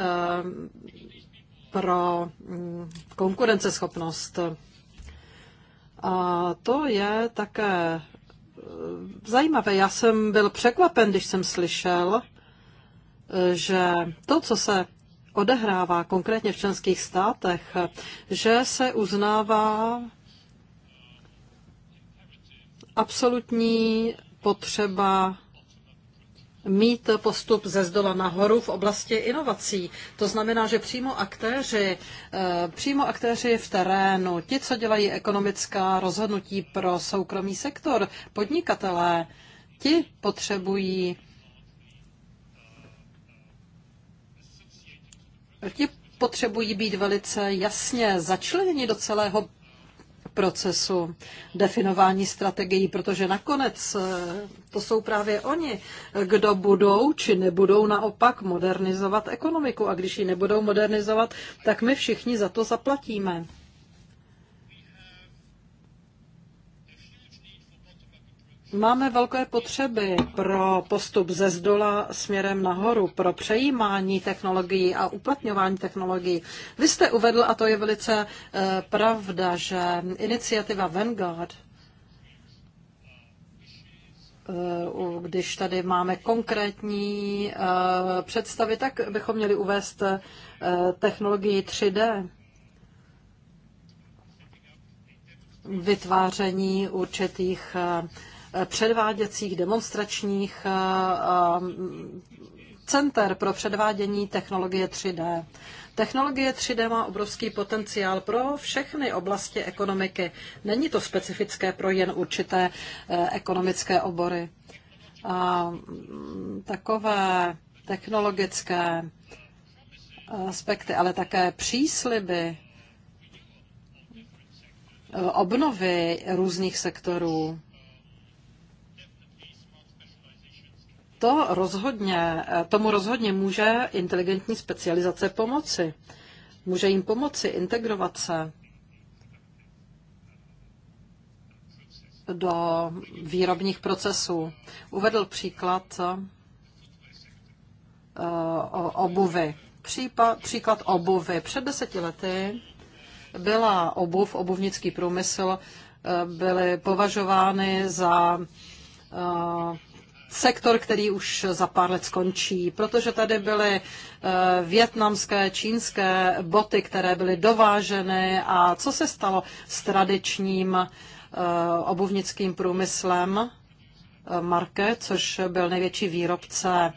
pro mm, konkurenceschopnost. A to je také zajímavé. Já jsem byl překvapen, když jsem slyšel, že to, co se odehrává konkrétně v členských státech, že se uznává absolutní potřeba mít postup ze zdola nahoru v oblasti inovací. To znamená, že přímo aktéři, eh, přímo aktéři v terénu, ti, co dělají ekonomická rozhodnutí pro soukromý sektor, podnikatelé, ti potřebují ti potřebují být velice jasně začleněni do celého procesu definování strategií, protože nakonec eh, to jsou právě oni, kdo budou či nebudou naopak modernizovat ekonomiku. A když ji nebudou modernizovat, tak my všichni za to zaplatíme. Máme velké potřeby pro postup ze zdola směrem nahoru, pro přejímání technologií a uplatňování technologií. Vy jste uvedl, a to je velice eh, pravda, že iniciativa Vanguard, eh, když tady máme konkrétní eh, představy, tak bychom měli uvést technologii 3D. vytváření určitých Eh, předváděcích demonstračních eh, eh, center pro předvádění technologie 3D. Technologie 3D má obrovský potenciál pro všechny oblasti ekonomiky. Není to specifické pro jen určité ekonomické obory. A mm, takové technologické aspekty, ale také přísliby obnovy různých sektorů to rozhodně, tomu rozhodně může inteligentní specializace pomoci. Může jim pomoci integrovat se do výrobních procesů. Uvedl příklad eh, obuvy. Případ, příklad obuvy. Před deseti lety byla obuv, obuvnický průmysl, eh, byly považovány za eh, sektor, který už za pár let skončí, protože tady byly eh, větnamské, čínské boty, které byly dováženy a co se stalo s tradičním eh, obuvnickým průmyslem eh, Marke, což byl největší výrobce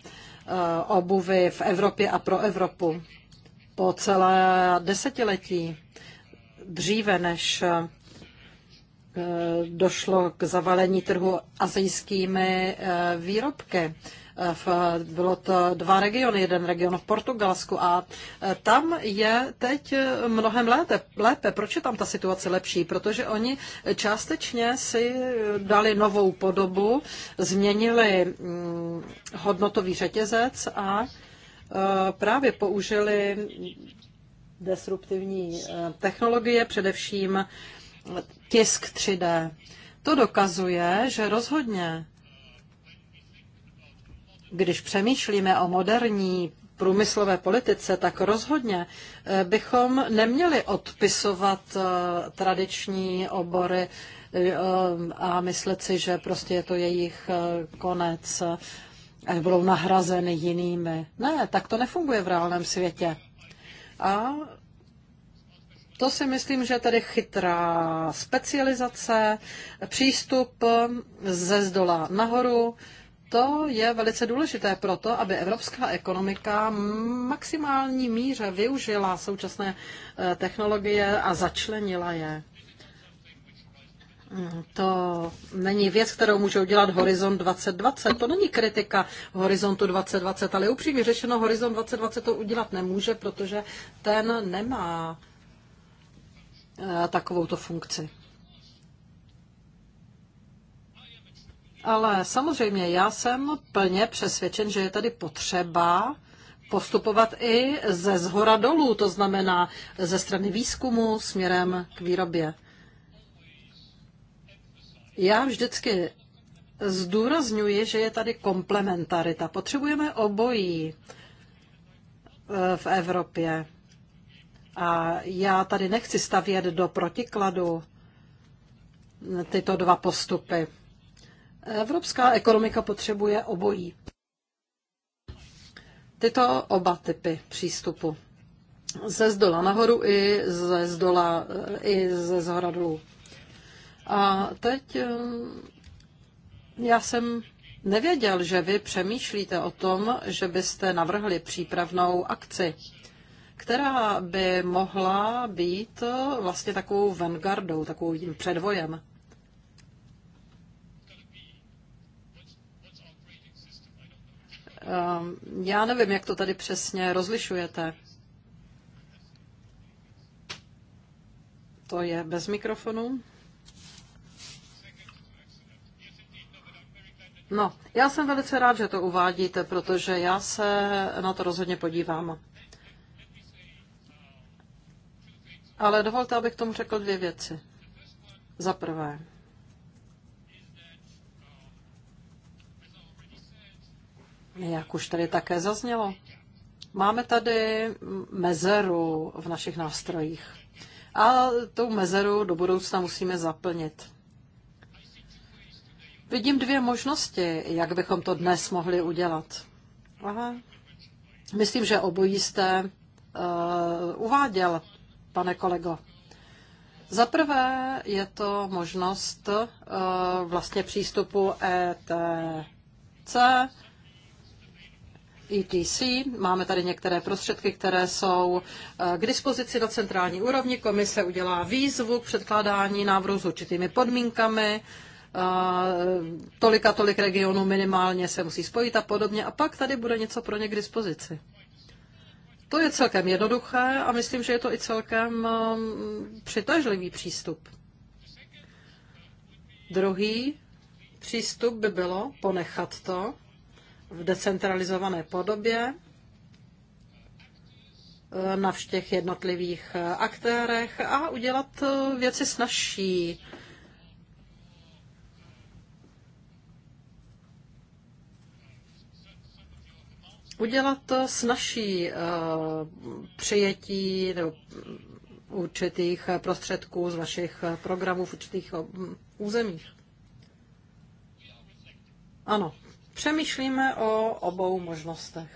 obuvy v Evropě a pro Evropu po celé desetiletí dříve, než Eh, došlo k zavalení trhu azijskými eh, výrobky. Eh, bylo to dva regiony, jeden region v Portugalsku a tam je teď mnohem lépe. lépe. Proč je tam ta situace lepší? Protože oni částečně si dali novou podobu, změnili mm, hodnotový řetězec a právě použili disruptivní technologie, především tisk 3D. To dokazuje, že rozhodně, když přemýšlíme o moderní průmyslové politice, tak rozhodně eh, bychom neměli odpisovat eh, tradiční obory eh, a myslet si, že prostě je to jejich konec a budou nahrazeny jinými. Ne, tak to nefunguje v reálném světě. A to si myslím, že tedy chytrá specializace, přístup mm, ze zdola nahoru, to je velice důležité proto, aby evropská ekonomika maximální míře využila současné eh, technologie a začlenila je. Mm, to není věc, kterou může udělat Horizon 2020. To není kritika Horizontu 2020, ale upřímně řečeno Horizon 2020 to udělat nemůže, protože ten nemá Eh, takovouto funkci. Ale samozřejmě já jsem plně přesvědčen, že je tady potřeba postupovat i ze zhora dolů, to znamená ze strany výzkumu směrem k výrobě. Já vždycky zdůrazňuji, že je tady komplementarita. Potřebujeme obojí eh, v Evropě. A já tady nechci stavět do protikladu tyto dva postupy. Evropská ekonomika potřebuje obojí. Tyto oba typy přístupu. Ze zdola nahoru i ze zdola, i ze zhora dolů. A teď eh, já jsem nevěděl, že vy přemýšlíte o tom, že byste navrhli přípravnou akci která by mohla být vlastně takovou vanguardou, takovým předvojem. Ehm, já nevím, jak to tady přesně rozlišujete. To je bez mikrofonu. No, já jsem velice rád, že to uvádíte, protože já se na to rozhodně podívám. Ale dovolte, abych tomu řekl dvě věci. Za prvé, jak už tady také zaznělo, máme tady mezeru v našich nástrojích. A tou mezeru do budoucna musíme zaplnit. Vidím dvě možnosti, jak bychom to dnes mohli udělat. Aha. Myslím, že obojí jste uh, uváděl pane kolego. Za prvé je to možnost eh, vlastně přístupu ETC, ETC. Máme tady některé prostředky, které jsou eh, k dispozici na centrální úrovni. Komise udělá výzvu k předkládání návrhu s určitými podmínkami. Eh, a tolik regionů minimálně se musí spojit a podobně. A pak tady bude něco pro ně k dispozici. To je celkem jednoduché a myslím, že je to i celkem um, přitažlivý přístup. Druhý přístup by bylo ponechat to v decentralizované podobě eh, na všech jednotlivých eh, aktérech a udělat eh, věci snažší udělat s naší eh, přijetí nebo mm, určitých prostředků z našich programů v určitých eh, mm, územích. Ano, přemýšlíme o obou možnostech.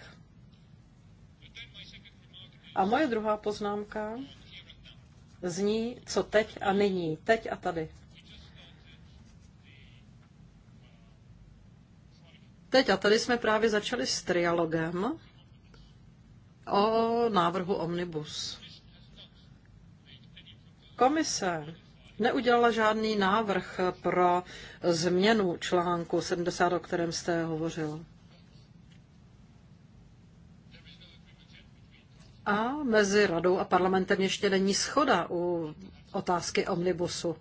A moje druhá poznámka zní, co teď a nyní, teď a tady. Teď a tady jsme právě začali s trialogem o návrhu Omnibus. Komise neudělala žádný návrh pro změnu článku 70, o kterém jste hovořil. A mezi radou a parlamentem ještě není schoda u otázky omnibusu.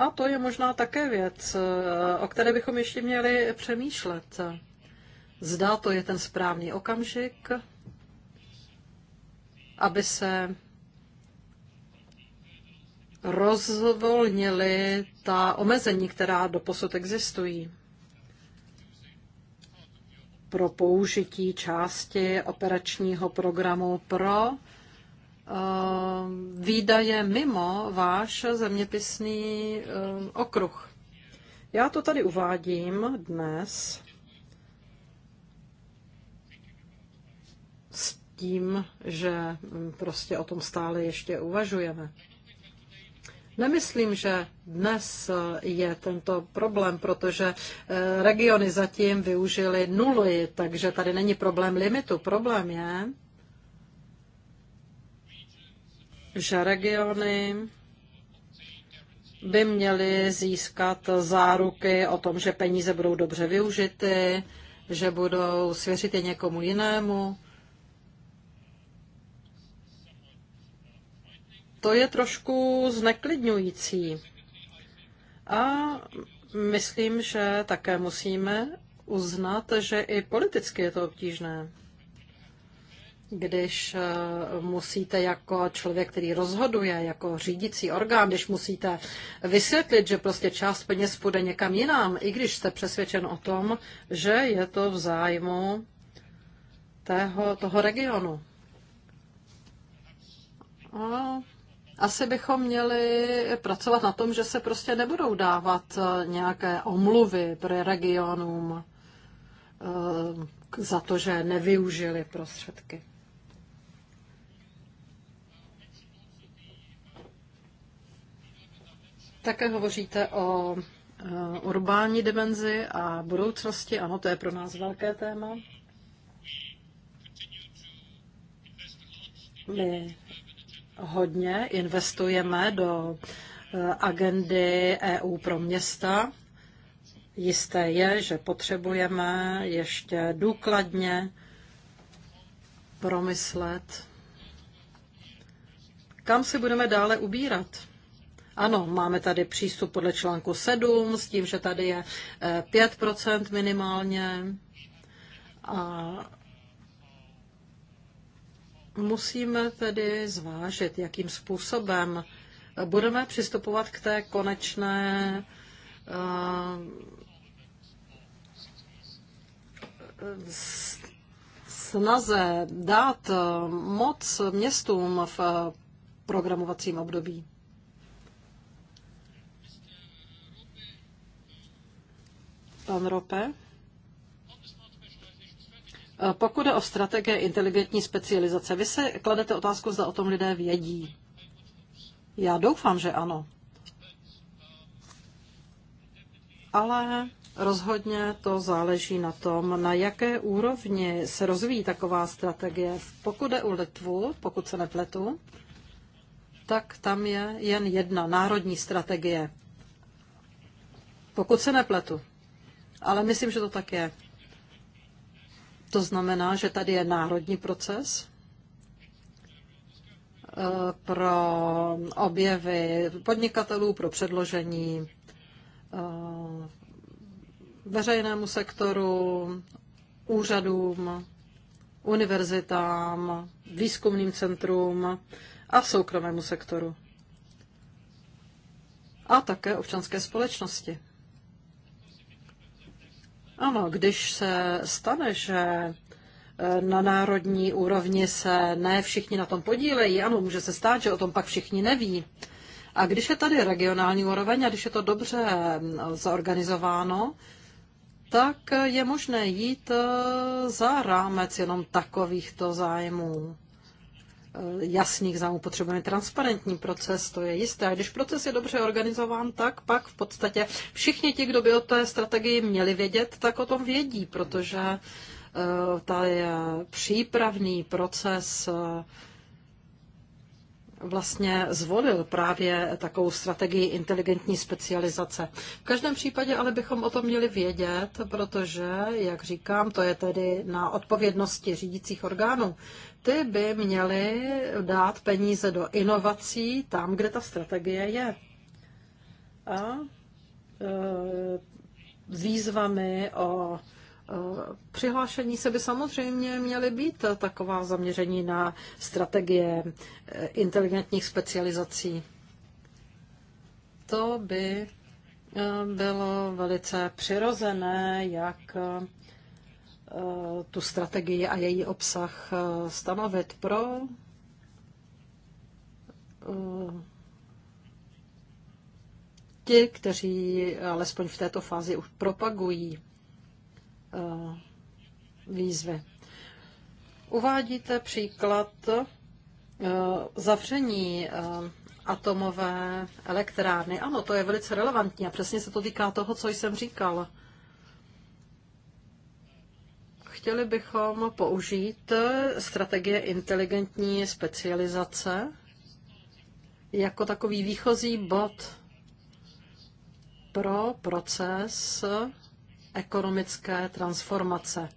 A to je možná také věc, eh, o které bychom ještě měli přemýšlet. Zdá to je ten správný okamžik, aby se rozvolnili ta omezení, která doposud existují pro použití části operačního programu pro Eh, výdaje mimo váš zeměpisný eh, okruh. Já to tady uvádím dnes s tím, že hm, prostě o tom stále ještě uvažujeme. Nemyslím, že dnes eh, je tento problém, protože regiony zatím využily nuly, takže tady není problém limitu. Problém je, že regiony by měly získat záruky o tom, že peníze budou dobře využity, že budou je někomu jinému. To je trošku zneklidňující. A myslím, že také musíme uznat, že i politicky je to obtížné když eh, musíte jako člověk, který rozhoduje, jako řídící orgán, když musíte vysvětlit, že prostě část peněz půjde někam jinam, i když jste přesvědčen o tom, že je to v zájmu tého, toho regionu. A asi bychom měli pracovat na tom, že se prostě nebudou dávat eh, nějaké omluvy pro regionům eh, za to, že nevyužili prostředky. Také hovoříte o eh, urbání dimenzi a budoucnosti. Ano, to je pro nás velké téma. My hodně investujeme do eh, agendy EU pro města. Jisté je, že potřebujeme ještě důkladně promyslet, kam se budeme dále ubírat ano, máme tady přístup podle článku 7 s tím, že tady je 5% eh, minimálně. A musíme tedy zvážit, jakým způsobem budeme přistupovat k té konečné eh, snaze dát eh, moc městům v programovacím období. pan Rope. E, pokud je o strategie inteligentní specializace, vy se kladete otázku, zda o tom lidé vědí. Já doufám, že ano. Ale rozhodně to záleží na tom, na jaké úrovni se rozvíjí taková strategie. Pokud je u Litvu, pokud se nepletu, tak tam je jen jedna národní strategie. Pokud se nepletu ale myslím, že to tak je. To znamená, že tady je národní proces eh, pro objevy podnikatelů, pro předložení eh, veřejnému sektoru, úřadům, univerzitám, výzkumným centrům a soukromému sektoru. A také občanské společnosti. Ano, když se stane, že e, na národní úrovni se ne všichni na tom podílejí, ano, může se stát, že o tom pak všichni neví. A když je tady regionální úroveň a když je to dobře zorganizováno, tak je možné jít e, za rámec jenom takovýchto zájmů. Eh, jasných zájmů, potřebujeme transparentní proces, to je jisté. A když proces je dobře organizován, tak pak v podstatě všichni ti, kdo by o té strategii měli vědět, tak o tom vědí, protože eh, ta je přípravný proces eh, vlastně zvolil právě takovou strategii inteligentní specializace. V každém případě ale bychom o tom měli vědět, protože, jak říkám, to je tedy na odpovědnosti řídících orgánů. Ty by měly dát peníze do inovací tam, kde ta strategie je. A e, výzvami o Eh, přihlášení se by samozřejmě měly být taková zaměření na strategie eh, inteligentních specializací. To by eh, bylo velice přirozené, jak tu strategii a její obsah stanovit pro ti, kteří alespoň v této fázi už propagují Eh, výzvy. Uvádíte příklad eh, zavření eh, atomové elektrárny. Ano, to je velice relevantní a přesně se to týká toho, co jsem říkal. Chtěli bychom použít strategie inteligentní specializace jako takový výchozí bod pro proces ekonomické transformace.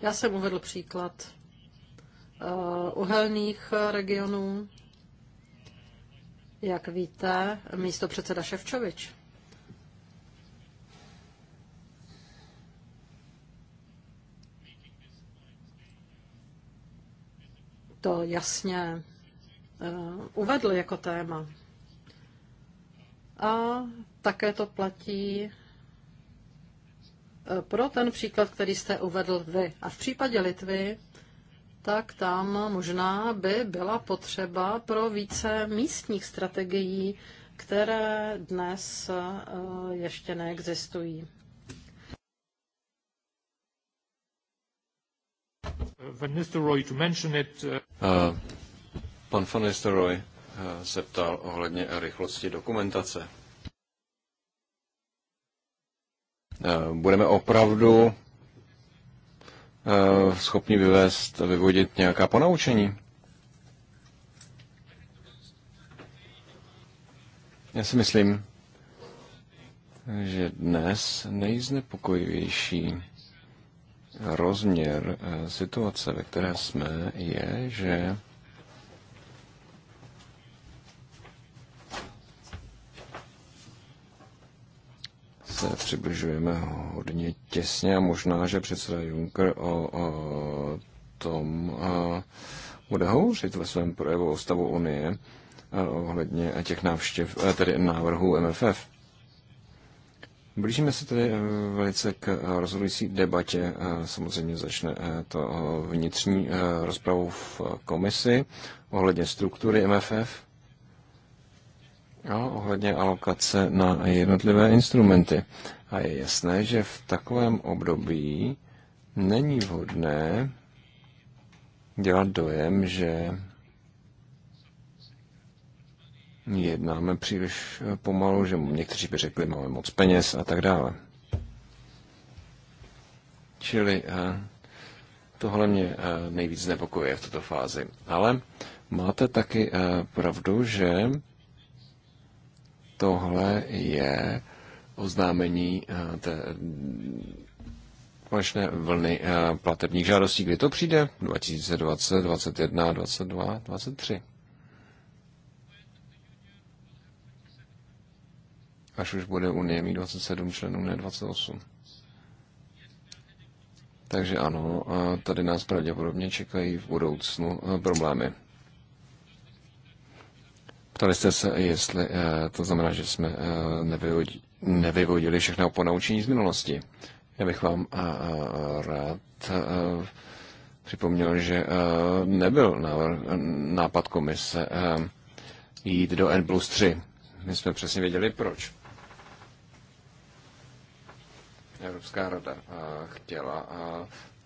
Já jsem uvedl příklad eh, uhelných regionů. Jak víte, místo předseda Ševčovič to jasně eh, uvedl jako téma. A také to platí pro ten příklad, který jste uvedl vy. A v případě Litvy, tak tam možná by byla potřeba pro více místních strategií, které dnes eh, ještě neexistují. to Uh, eh, pan Van Nistelrooy eh, se ptal ohledně rychlosti dokumentace. Eh, budeme opravdu eh, schopni vyvést, vyvodit nějaká ponaučení? Já si myslím, že dnes nejznepokojivější rozměr eh, situace, ve které jsme, je, že se přibližujeme hodně těsně a možná, že předseda Juncker o, o tom a, bude hovořit ve svém projevu o stavu Unie a, ohledně těch návštěv, tedy návrhů MFF. Blížíme se tedy e, velice k rozhodující debatě. E, samozřejmě začne e, to vnitřní rozpravu v komisi ohledně struktury MFF. Jo, ohledně alokace na jednotlivé instrumenty. A je jasné, že v takovém období není vhodné dělat dojem, že jednáme příliš pomalu, že někteří by řekli, máme moc peněz a tak dále. Čili eh, tohle mě eh, nejvíc znepokojuje v této fázi. Ale máte taky eh, pravdu, že tohle je oznámení eh, té konečné vlny eh, platebních žádostí. Kdy to přijde? 2020, 21, 22, 23. Až už bude Unie mít 27 členů, ne 28. Takže ano, eh, tady nás pravděpodobně čekají v budoucnu problémy. Ptali jste se, jestli eh, to znamená, že jsme eh, nevyvodili, nevyvodili všechno ponaučení z minulosti. Já bych vám eh, rád připomněl, že nebyl nápad komise jít do N plus 3. My jsme přesně věděli, proč. Evropská rada chtěla,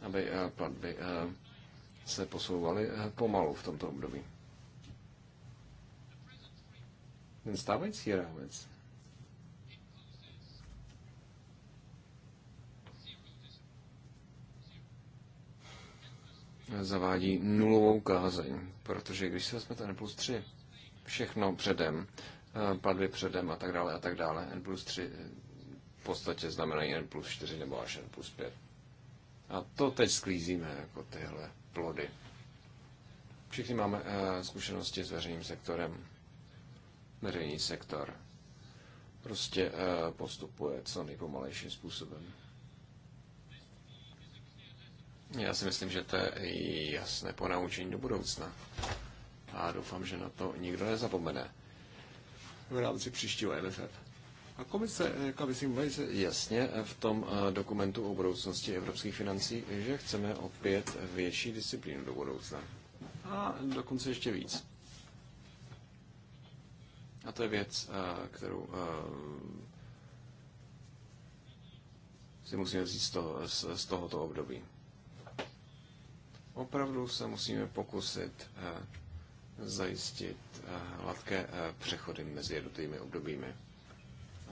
aby platby se posouvaly pomalu v tomto období ten stávající rámec zavádí nulovou kázeň, protože když se vezmete N plus 3, všechno předem, eh, padly předem a tak dále a tak dále, N plus 3 eh, v podstatě znamenají N plus 4 nebo až N plus 5. A to teď sklízíme jako tyhle plody. Všichni máme eh, zkušenosti s veřejným sektorem veřejný sektor prostě eh, postupuje co nejpomalejším způsobem. Já si myslím, že to je jasné ponaučení do budoucna. A doufám, že na to nikdo nezapomene v rámci příštího MFF. A komise, eh, jako si se... jasně eh, v tom dokumentu o budoucnosti evropských financí, že chceme opět větší disciplínu do budoucna. A dokonce ještě víc. A to je věc, eh, kterou eh, si musíme vzít z, toho, z tohoto období. Opravdu se musíme pokusit eh, zajistit hladké přechody mezi jednotlivými obdobími,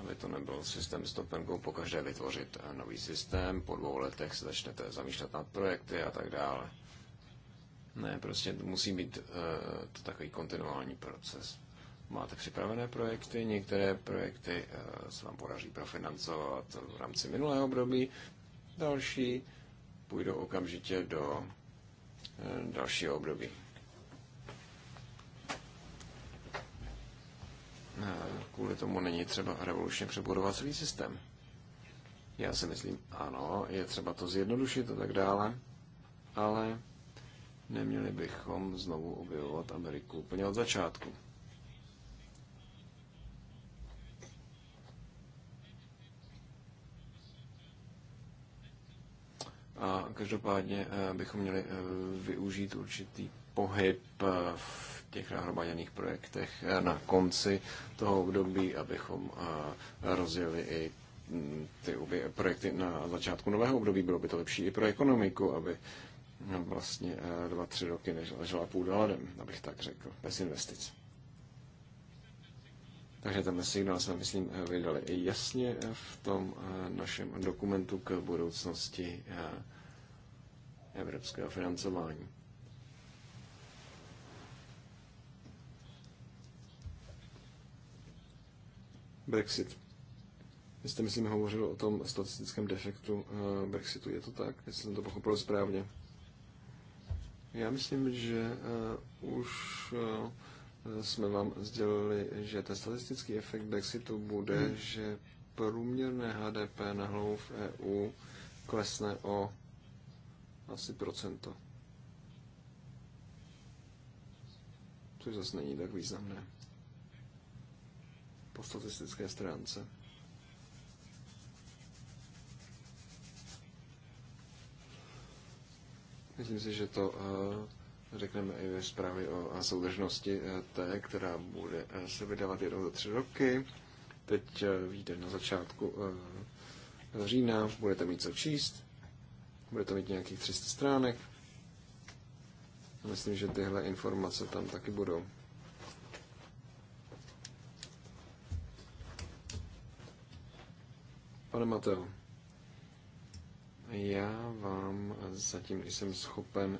aby to nebyl systém stopenku. po vytvořit nový systém, po dvou letech se začnete zamýšlet nad projekty a tak dále. Ne, prostě musí být to takový kontinuální proces máte připravené projekty, některé projekty eh, se vám podaří profinancovat v rámci minulého období, další půjdou okamžitě do eh, dalšího období. Eh, kvůli tomu není třeba revolučně přebudovat celý systém. Já si myslím, ano, je třeba to zjednodušit a tak dále, ale neměli bychom znovu objevovat Ameriku úplně od začátku. A každopádně eh, bychom měli eh, využít určitý pohyb eh, v těch nahromaděných projektech na konci toho období, abychom rozjeli i mm, ty projekty na začátku nového období. Bylo by to lepší i pro ekonomiku, aby no, vlastně dva, tři roky ležela půl dolarem, abych tak řekl, bez investic. Takže ten signál jsme, myslím, vydali jasně v tom eh, našem dokumentu k budoucnosti eh, evropského financování. Brexit. Vy jste, myslím, hovořil o tom statistickém defektu eh, Brexitu. Je to tak? Jestli jsem to pochopil správně. Já myslím, že už jsme vám sdělili, že ten statistický efekt Brexitu bude, hmm. že průměrné HDP na hlavu v EU klesne o asi procento. Což zase není tak významné po statistické stránce. Myslím si, že to eh, řekneme i ve zprávě o soudržnosti eh, té, která bude eh, se vydávat jednou za tři roky. Teď eh, vyjde na začátku října, budete mít co číst, bude to mít nějakých 300 stránek. Myslím, že tyhle informace tam taky budou. Pane Mateo, já vám zatím jsem schopen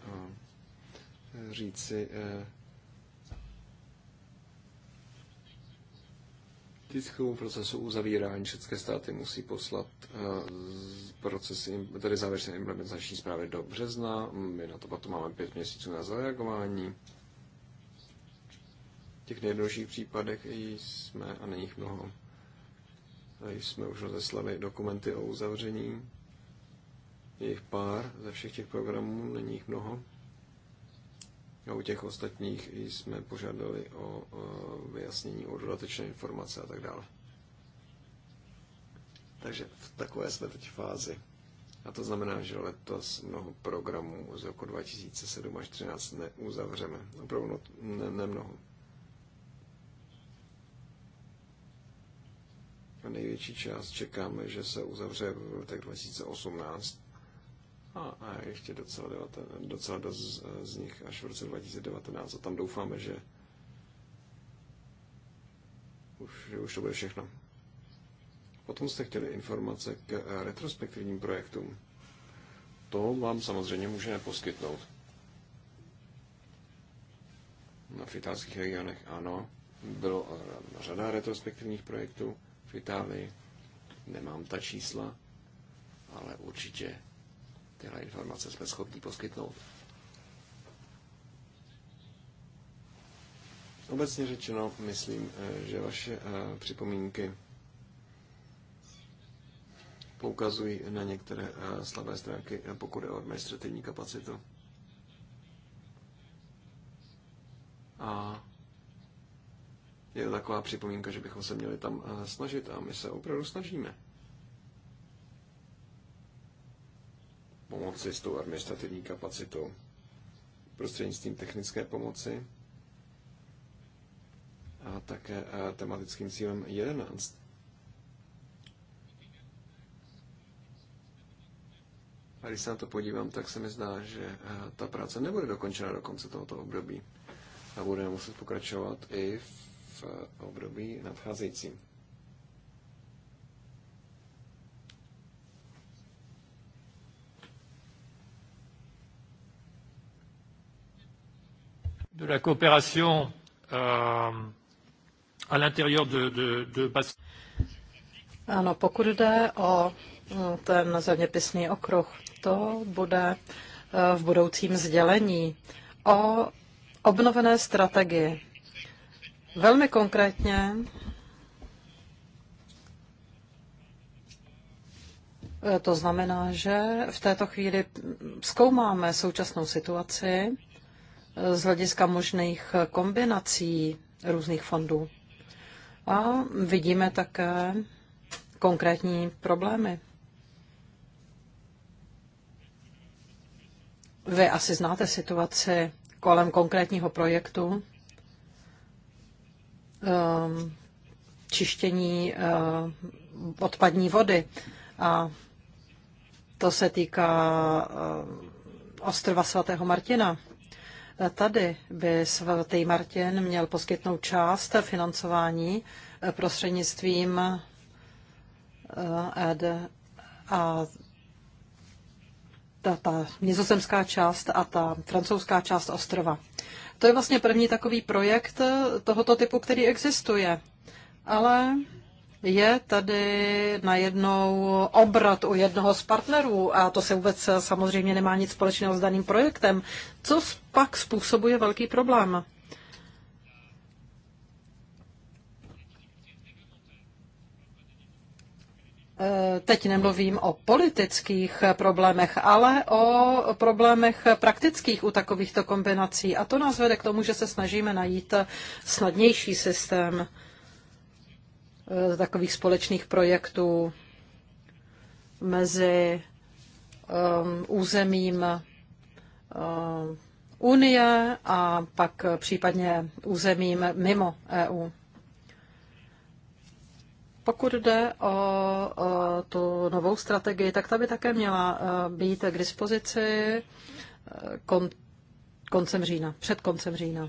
říci, eh, Tiskovou procesu uzavírání všechny státy musí poslat eh, procesy, tedy závěrečné implementační zprávy do března. My na to potom máme pět měsíců na zareagování. V těch nejjednodušších případech jsme, a není jich mnoho, eh, jsme už rozeslali dokumenty o uzavření. Je jich pár ze všech těch programů, není jich mnoho. A u těch ostatních jsme požádali o vyjasnění, o dodatečné informace a tak dále. Takže v takové jsme teď fázi. A to znamená, že letos mnoho programů z roku 2007 až 2013 neuzavřeme. Opravdu no, ne, nemnoho. A největší část čekáme, že se uzavře v letech 2018 a, a ještě docela, 19, docela dost z nich až v roce 2019 a tam doufáme, že už, že už to bude všechno. Potom jste chtěli informace k eh, retrospektivním projektům. To vám samozřejmě můžeme poskytnout. Na v italských regionech ano, bylo eh, řada retrospektivních projektů v Itálii. Nemám ta čísla, ale určitě Tyhle informace jsme schopni poskytnout. Obecně řečeno, myslím, eh, že vaše eh, připomínky poukazují na některé eh, slabé stránky, pokud je o administrativní kapacitu. A je to taková připomínka, že bychom se měli tam snažit a my se opravdu snažíme. pomoci s tou administrativní kapacitou prostřednictvím technické pomoci a také eh, tematickým cílem 11. A když se na to podívám, tak se mi zdá, že eh, ta práce nebude dokončena do konce tohoto období a budeme muset pokračovat i v eh, období nadcházejícím. la coopération euh, à l'intérieur de, de, de Ano, pokud jde o mm, ten zeměpisný okruh, to bude eh, v budoucím sdělení o obnovené strategii. Velmi konkrétně eh, to znamená, že v této chvíli zkoumáme současnou situaci z hlediska možných kombinací různých fondů. A vidíme také konkrétní problémy. Vy asi znáte situaci kolem konkrétního projektu ehm, čištění ehm, odpadní vody. A to se týká ehm, ostrova svatého Martina. Tady by svatý Martin měl poskytnout část financování eh, prostřednictvím eh, ED a ta, ta nizozemská část a ta francouzská část ostrova. To je vlastně první takový projekt eh, tohoto typu, který existuje. Ale je tady najednou obrat u jednoho z partnerů a to se vůbec samozřejmě nemá nic společného s daným projektem, co pak způsobuje velký problém. Eh, teď nemluvím o politických problémech, ale o problémech praktických u takovýchto kombinací. A to nás vede k tomu, že se snažíme najít snadnější systém. Eh, takových společných projektů mezi um, územím um, Unie a pak případně územím mimo EU. Pokud jde o, o tu novou strategii, tak ta by také měla eh, být k dispozici kon, koncem října, před koncem října.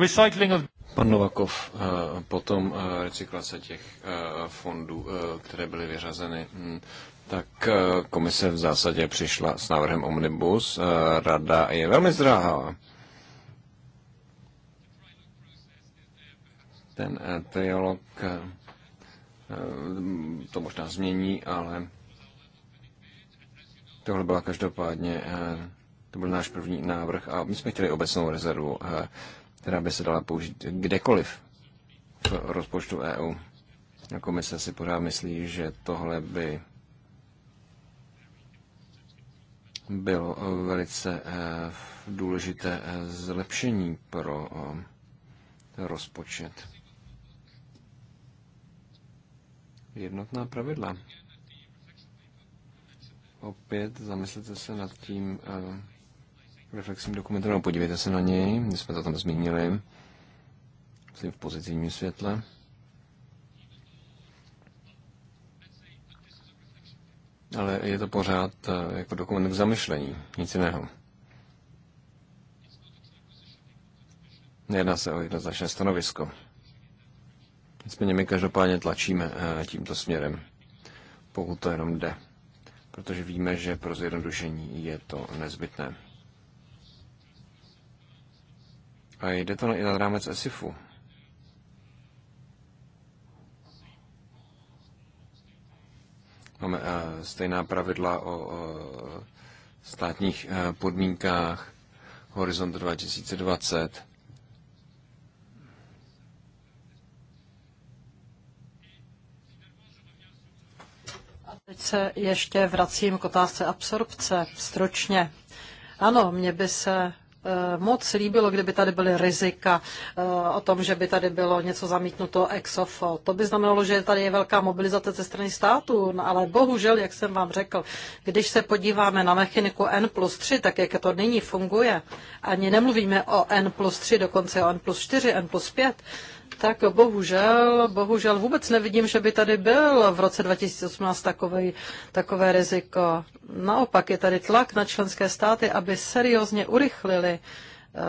Recycling of... Pan Novakov, eh, potom eh, recyklace těch eh, fondů, které byly vyřazeny, hm, tak komise v zásadě přišla s návrhem Omnibus. Rada je velmi zdráhá. Ten trialog to možná změní, ale tohle byla každopádně to byl náš první návrh a my jsme chtěli obecnou rezervu která by se dala použít kdekoliv v rozpočtu EU. A komise si pořád myslí, že tohle by bylo eh, velice eh, důležité eh, zlepšení pro rozpočet. Jednotná pravidla. Opět zamyslete se nad tím, reflexním dokumentem, no podívejte se na něj, my jsme to tam zmínili, myslím v pozitivním světle. Ale je to pořád eh, jako dokument k zamyšlení, nic jiného. Nejedná se o jednoznačné stanovisko. Nicméně my každopádně tlačíme eh, tímto směrem, pokud to jenom jde. Protože víme, že pro zjednodušení je to nezbytné. A jde to i na rámec ESIFu. Máme eh, stejná pravidla o státních eh, podmínkách, Horizont 2020. A teď se ještě vracím k otázce absorpce, stročně. Ano, mě by se Eh, moc líbilo, kdyby tady byly rizika eh, o tom, že by tady bylo něco zamítnuto exofo. To by znamenalo, že tady je velká mobilizace ze strany státu, no ale bohužel, jak jsem vám řekl, když se podíváme na mechaniku N plus 3, tak jak to nyní funguje, ani nemluvíme o N plus 3, dokonce o N plus 4, N plus 5, tak bohužel, bohužel vůbec nevidím, že by tady byl v roce 2018 takové, takové riziko. Naopak je tady tlak na členské státy, aby seriózně urychlili eh,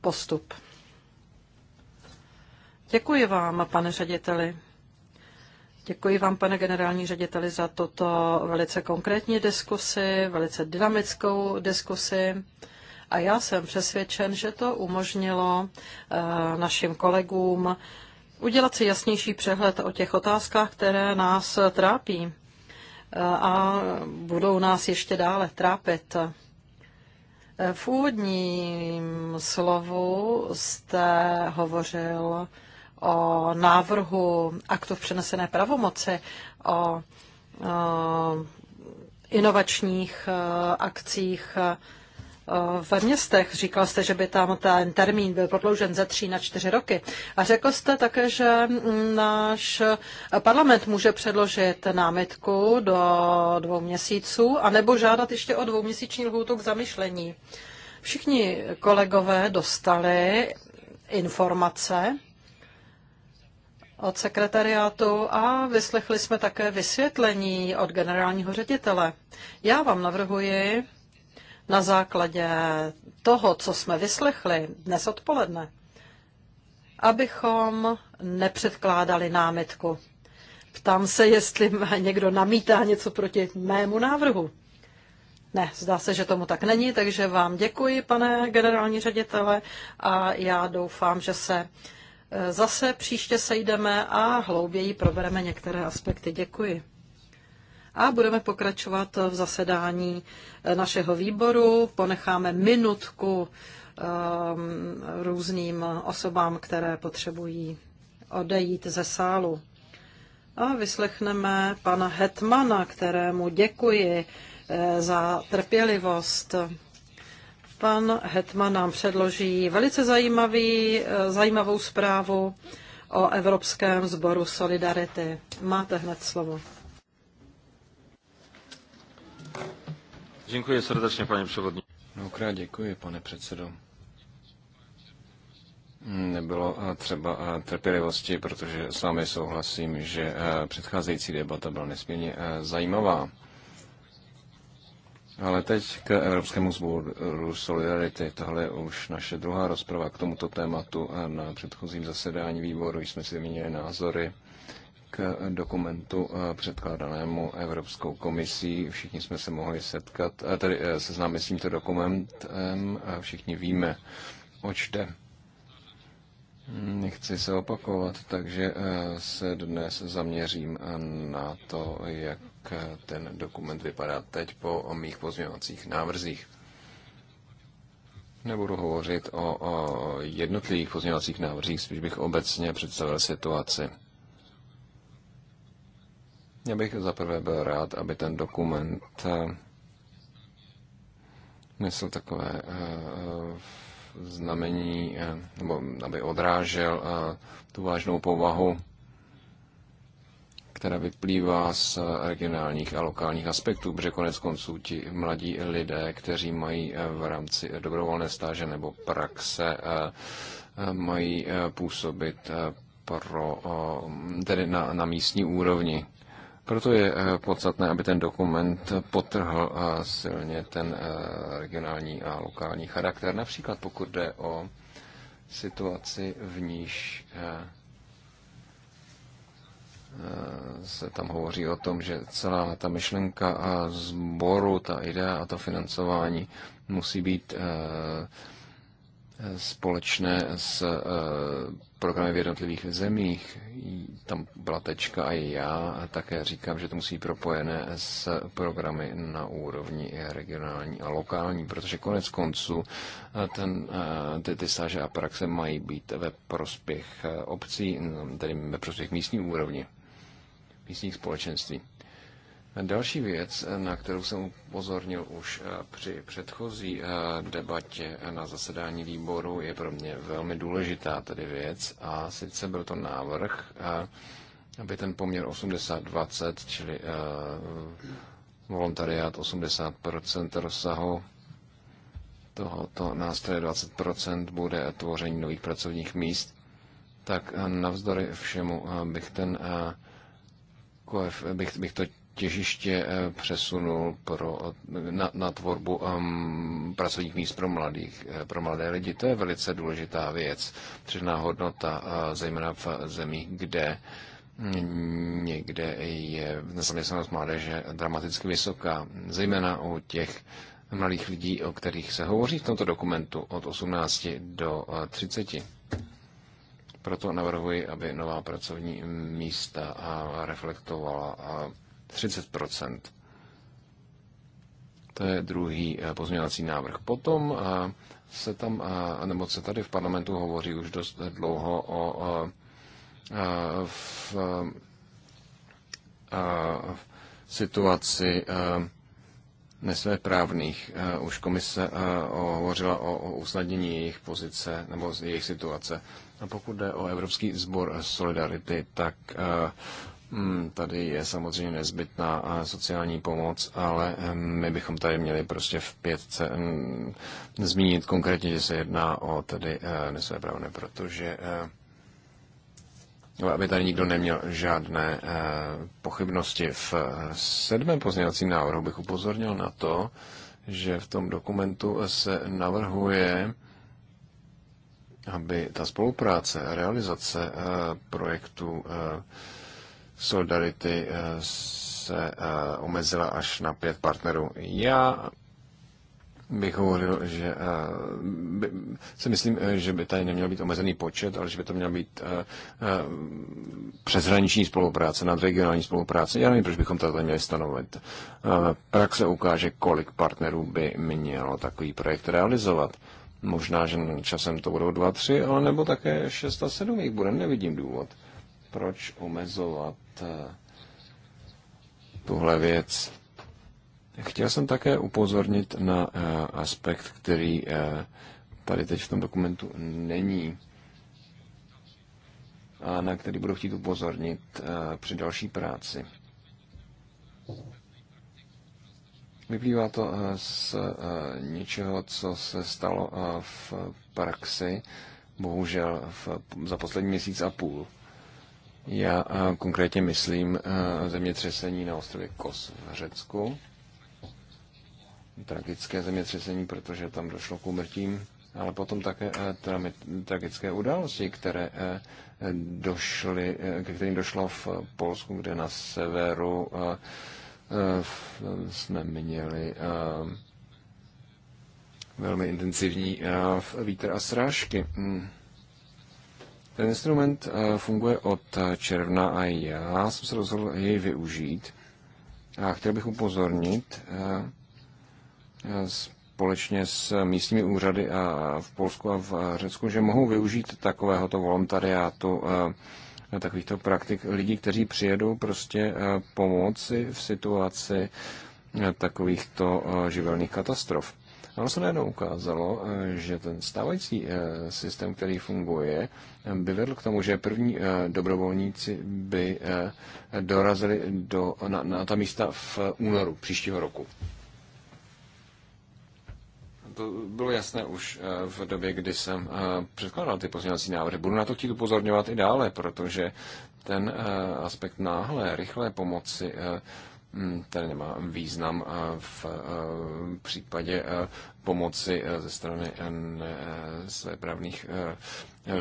postup. Děkuji vám, pane řediteli. Děkuji vám, pane generální řediteli, za toto velice konkrétní diskusi, velice dynamickou diskusi. A já jsem přesvědčen, že to umožnilo eh, našim kolegům udělat si jasnější přehled o těch otázkách, které nás trápí eh, a budou nás ještě dále trápit. Eh, v úvodním slovu jste hovořil o návrhu aktu v přenesené pravomoci, o inovačních akcích Eh, ve městech. Říkal jste, že by tam ten termín byl prodloužen ze tří na čtyři roky. A řekl jste také, že náš parlament může předložit námitku do dvou měsíců, anebo žádat ještě o dvouměsíční lhůtu k zamyšlení. Všichni kolegové dostali informace od sekretariátu a vyslechli jsme také vysvětlení od generálního ředitele. Já vám navrhuji, na základě toho, co jsme vyslechli dnes odpoledne, abychom nepředkládali námitku. Ptám se, jestli někdo namítá něco proti mému návrhu. Ne, zdá se, že tomu tak není, takže vám děkuji, pane generální ředitele, a já doufám, že se e, zase příště sejdeme a hlouběji probereme některé aspekty. Děkuji a budeme pokračovat v zasedání eh, našeho výboru. Ponecháme minutku um, různým osobám, které potřebují odejít ze sálu. A vyslechneme pana Hetmana, kterému děkuji eh, za trpělivost. Pan Hetman nám předloží velice zajímavý, eh, zajímavou zprávu o Evropském sboru Solidarity. Máte hned slovo. Děkuji srdečně, paní předsedající. Mnohokrát děkuji, pane předsedo. Nebylo eh, třeba eh, trpělivosti, protože s vámi souhlasím, že eh, předcházející debata byla nesmírně zajímavá. Ale teď k Evropskému sboru Solidarity. Tohle je už naše druhá rozprava k tomuto tématu. Na předchozím zasedání výboru jsme si vyměnili názory k dokumentu eh, předkládanému Evropskou komisí. Všichni jsme se mohli setkat, eh, tedy eh, seznámit s tímto dokumentem a všichni víme, oč jde. Nechci se opakovat, takže se dnes zaměřím na to, jak ten dokument vypadá teď po mých pozměňovacích návrzích. Nebudu hovořit o, o jednotlivých pozměňovacích návrzích, spíš bych obecně představil situaci. Já bych zaprvé byl rád, aby ten dokument nesl eh, takové eh, znamení, eh, nebo aby odrážel tu vážnou povahu, která vyplývá z regionálních a lokálních aspektů, protože konec konců ti mladí lidé, kteří mají v rámci dobrovolné stáže nebo praxe, mají působit pro, tedy na, na místní úrovni. Proto je eh, podstatné, aby ten dokument potrhl eh, silně ten eh, regionální a lokální charakter. Například pokud jde o situaci, v níž se tam hovoří o tom, že celá ta myšlenka a zboru, ta idea a to financování musí být společné s programy v jednotlivých zemích, tam byla tečka a já také říkám, že to musí propojené s programy na úrovni regionální a lokální, protože konec konců eh, ten, eh, ty, ty stáže a praxe mají být ve prospěch eh, obcí, no, tedy ve prospěch místní úrovni, místních společenství. Další věc, na kterou jsem upozornil už eh, při předchozí eh, debatě na zasedání výboru, je pro mě velmi důležitá tedy věc a sice byl to návrh, eh, aby ten poměr 80-20, čili volontariát 80% rozsahu tohoto nástroje 20% bude tvoření nových pracovních míst, tak navzdory všemu bych ten bych, bych to těžiště eh, přesunul pro, eh, na, na tvorbu um, pracovních míst pro, mladých, eh, pro mladé lidi. To je velice důležitá věc, přidaná hodnota, zejména v zemích, kde mm, někde je nezaměstnanost mládeže dramaticky vysoká, zejména u těch mladých lidí, o kterých se hovoří v tomto dokumentu od 18 do 30. Proto navrhuji, aby nová pracovní místa reflektovala 30 To je druhý eh, pozměňovací návrh. Potom eh, se tam, eh, nebo se tady v parlamentu hovoří už dost dlouho o v, v situaci nesvéprávných. Už komise hovořila o usnadnění jejich pozice nebo jejich situace. A pokud jde o Evropský sbor Solidarity, tak Hmm, tady je samozřejmě nezbytná eh, sociální pomoc, ale eh, my bychom tady měli prostě v pětce mm, zmínit konkrétně, že se jedná o tedy eh, nesvéprávné, protože aby tady nikdo neměl žádné pochybnosti. V sedmém pozměňovacím návrhu bych upozornil na to, že v tom dokumentu se navrhuje, aby ta spolupráce, realizace projektu solidarity eh, se eh, omezila až na pět partnerů. Já bych hovoril, že eh, by, myslím, že by tady neměl být omezený počet, ale že by to měla být přeshraniční spolupráce, nadregionální spolupráce. Já nevím, proč bychom to tady měli stanovit. Praxe ukáže, kolik partnerů by mělo takový projekt realizovat. Možná, že časem to budou dva, tři, ale nebo také šest a sedm jich bude, nevidím důvod proč omezovat eh, tuhle věc. Chtěl jsem také upozornit na eh, aspekt, který eh, tady teď v tom dokumentu není a na který budu chtít upozornit při další práci. Vyplývá to z něčeho, co se stalo v praxi, bohužel v, za poslední měsíc a půl. Já konkrétně myslím zemětřesení na ostrově Kos v Řecku. Tragické zemětřesení, protože tam došlo k úmrtím, ale potom také tragické události, které došly, ke kterým došlo v Polsku, kde na severu jsme měli velmi intenzivní vítr a srážky. Hmm. Ten instrument eh, funguje od eh, června a já jsem se rozhodl jej využít. A chtěl bych upozornit eh, společně s místními úřady a v Polsku a v Řecku, že mohou využít takovéhoto volontariátu, takovýchto praktik lidí, kteří přijedou prostě pomoci v situaci takovýchto živelných katastrof. Ono se najednou ukázalo, eh, že ten stávající eh, systém, který funguje, eh, by vedl k tomu, že první dobrovolníci by dorazili do, na, na ta místa v únoru příštího roku. To bylo jasné už v době, kdy jsem předkládal ty pozměňovací návrhy. Budu na to chtít upozorňovat i dále, protože ten aspekt náhle, rychlé pomoci Mm, tady nemá význam eh, v eh, případě eh, pomoci ze strany své svéprávných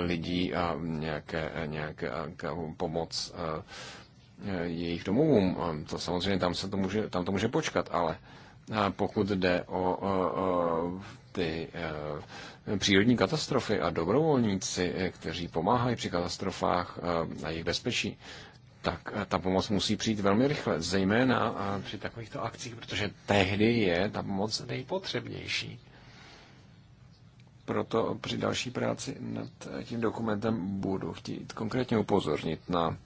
lidí a nějaké, nějaké pomoc jejich domovům. To samozřejmě tam, se to může, tam to může počkat, ale pokud jde o, o ty přírodní katastrofy a dobrovolníci, kteří pomáhají při katastrofách a jejich bezpečí, tak eh, ta pomoc musí přijít velmi rychle, zejména eh, při takovýchto akcích, protože tehdy je ta pomoc nejpotřebnější. Proto při další práci nad eh, tím dokumentem budu chtít konkrétně upozornit na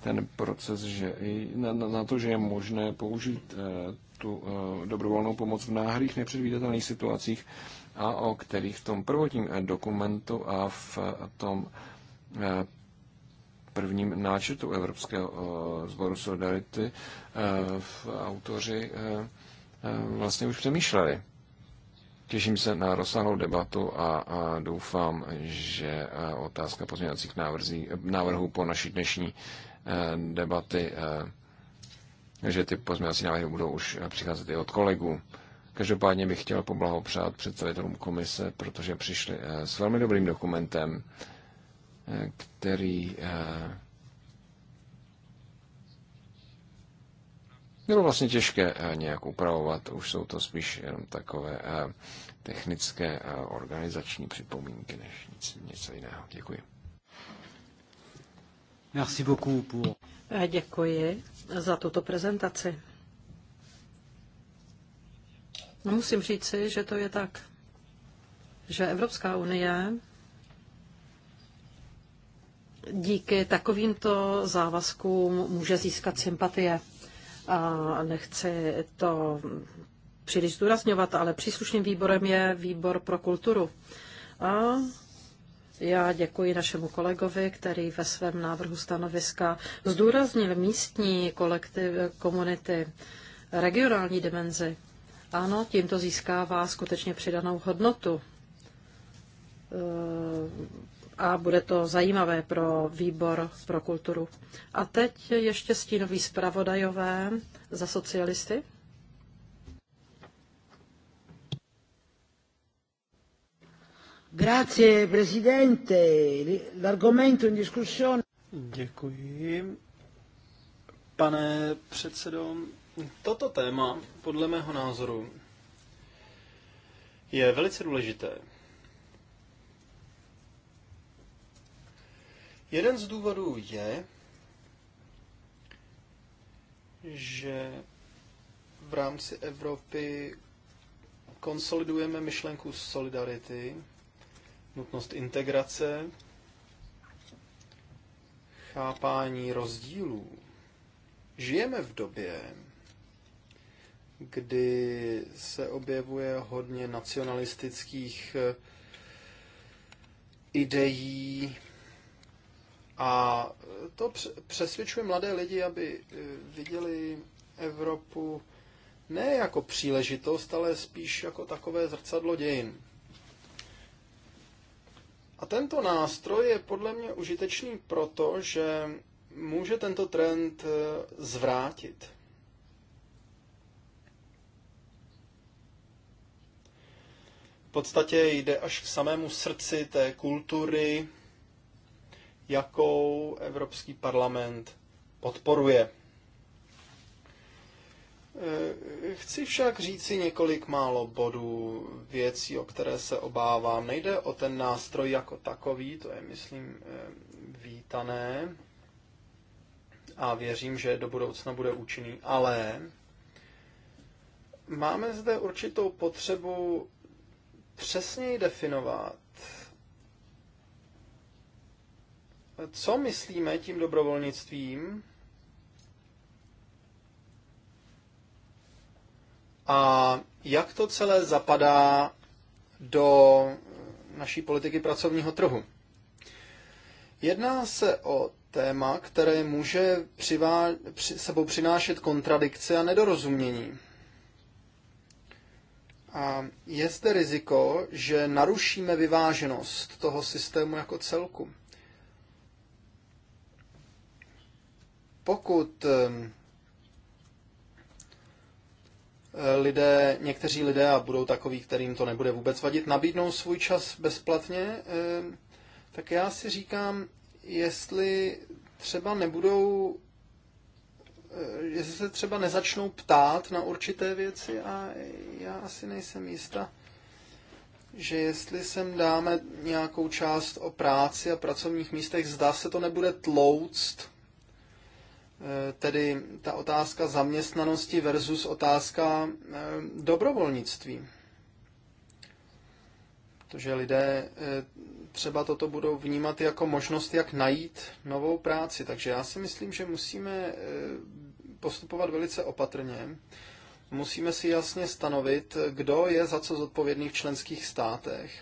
ten proces, že i na, na, na to, že je možné použít eh, tu eh, dobrovolnou pomoc v náhlých nepředvídatelných situacích a o kterých v tom prvotním eh, dokumentu a v tom eh, prvním náčetu Evropského eh, sboru Solidarity eh, v autoři eh, vlastně už přemýšleli. Těším se na rozsáhlou debatu a, doufám, že otázka pozměňovacích návrhů po naší dnešní debaty, že ty pozměňovací návrhy budou už přicházet i od kolegů. Každopádně bych chtěl poblahopřát představitelům komise, protože přišli s velmi dobrým dokumentem který eh, bylo vlastně těžké eh, nějak upravovat, už jsou to spíš jenom takové eh, technické organizační připomínky než nic, něco jiného. Děkuji. Merci beaucoup pour... Děkuji za tuto prezentaci. No, musím říci, že to je tak, že Evropská unie díky takovýmto závazkům může získat sympatie. A nechci to příliš zdůrazňovat, ale příslušným výborem je výbor pro kulturu. A já děkuji našemu kolegovi, který ve svém návrhu stanoviska zdůraznil místní kolektiv, komunity, regionální dimenzi. Ano, tímto získává skutečně přidanou hodnotu a bude to zajímavé pro výbor pro kulturu. A teď ještě stínový zpravodajové za socialisty. Grazie, presidente. L'argomento in discussione. Děkuji. Pane předsedo, toto téma, podle mého názoru, je velice důležité. Jeden z důvodů je, že v rámci Evropy konsolidujeme myšlenku solidarity, nutnost integrace, chápání rozdílů. Žijeme v době, kdy se objevuje hodně nacionalistických eh, ideí, a to přesvědčuje mladé lidi, aby eh, viděli Evropu ne jako příležitost, ale spíš jako takové zrcadlo dějin. A tento nástroj je podle mě užitečný proto, že může tento trend eh, zvrátit. V podstatě jde až k samému srdci té kultury, jakou Evropský parlament podporuje. Eh, chci však říci několik málo bodů věcí, o které se obávám. Nejde o ten nástroj jako takový, to je, myslím, eh, vítané a věřím, že do budoucna bude účinný, ale máme zde určitou potřebu přesněji definovat, co myslíme tím dobrovolnictvím a jak to celé zapadá do naší politiky pracovního trhu. Jedná se o téma, které může přivá... při... sebou přinášet kontradikce a nedorozumění. A je zde riziko, že narušíme vyváženost toho systému jako celku. Pokud eh, lidé, někteří lidé, a budou takový, kterým to nebude vůbec vadit, nabídnou svůj čas bezplatně, tak já si říkám, jestli třeba nebudou, eh, jestli se třeba nezačnou ptát na určité věci a já asi nejsem jistá, že jestli sem dáme nějakou část o práci a pracovních místech, zdá se to nebude tlouct Eh, tedy ta otázka zaměstnanosti versus otázka eh, dobrovolnictví. Protože lidé eh, třeba toto budou vnímat jako možnost, jak najít novou práci. Takže já si myslím, že musíme postupovat velice opatrně. Musíme si jasně stanovit, kdo je za co zodpovědný v členských státech.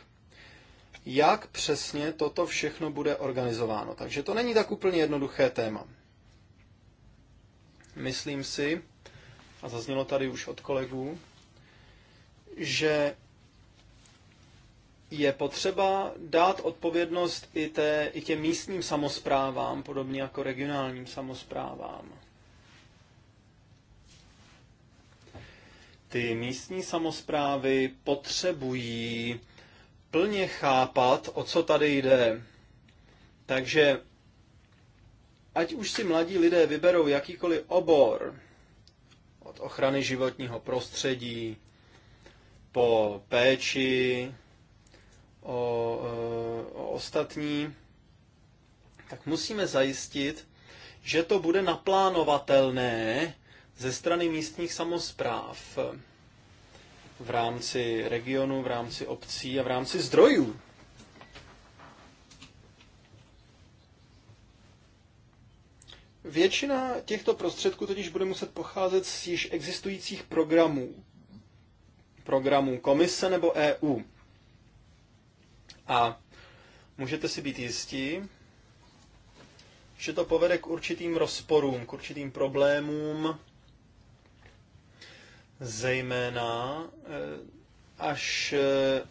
Jak přesně toto všechno bude organizováno. Takže to není tak úplně jednoduché téma. Myslím si, a zaznělo tady už od kolegů, že je potřeba dát odpovědnost i, té, i těm místním samozprávám, podobně jako regionálním samozprávám. Ty místní samozprávy potřebují plně chápat, o co tady jde. Takže Ať už si mladí lidé vyberou jakýkoliv obor, od ochrany životního prostředí, po péči, o, eh, o ostatní, tak musíme zajistit, že to bude naplánovatelné ze strany místních samozpráv v rámci regionu, v rámci obcí a v rámci zdrojů. Většina těchto prostředků totiž bude muset pocházet z již existujících programů. Programů komise nebo EU. A můžete si být jistí, že to povede k určitým rozporům, k určitým problémům, zejména eh, až eh,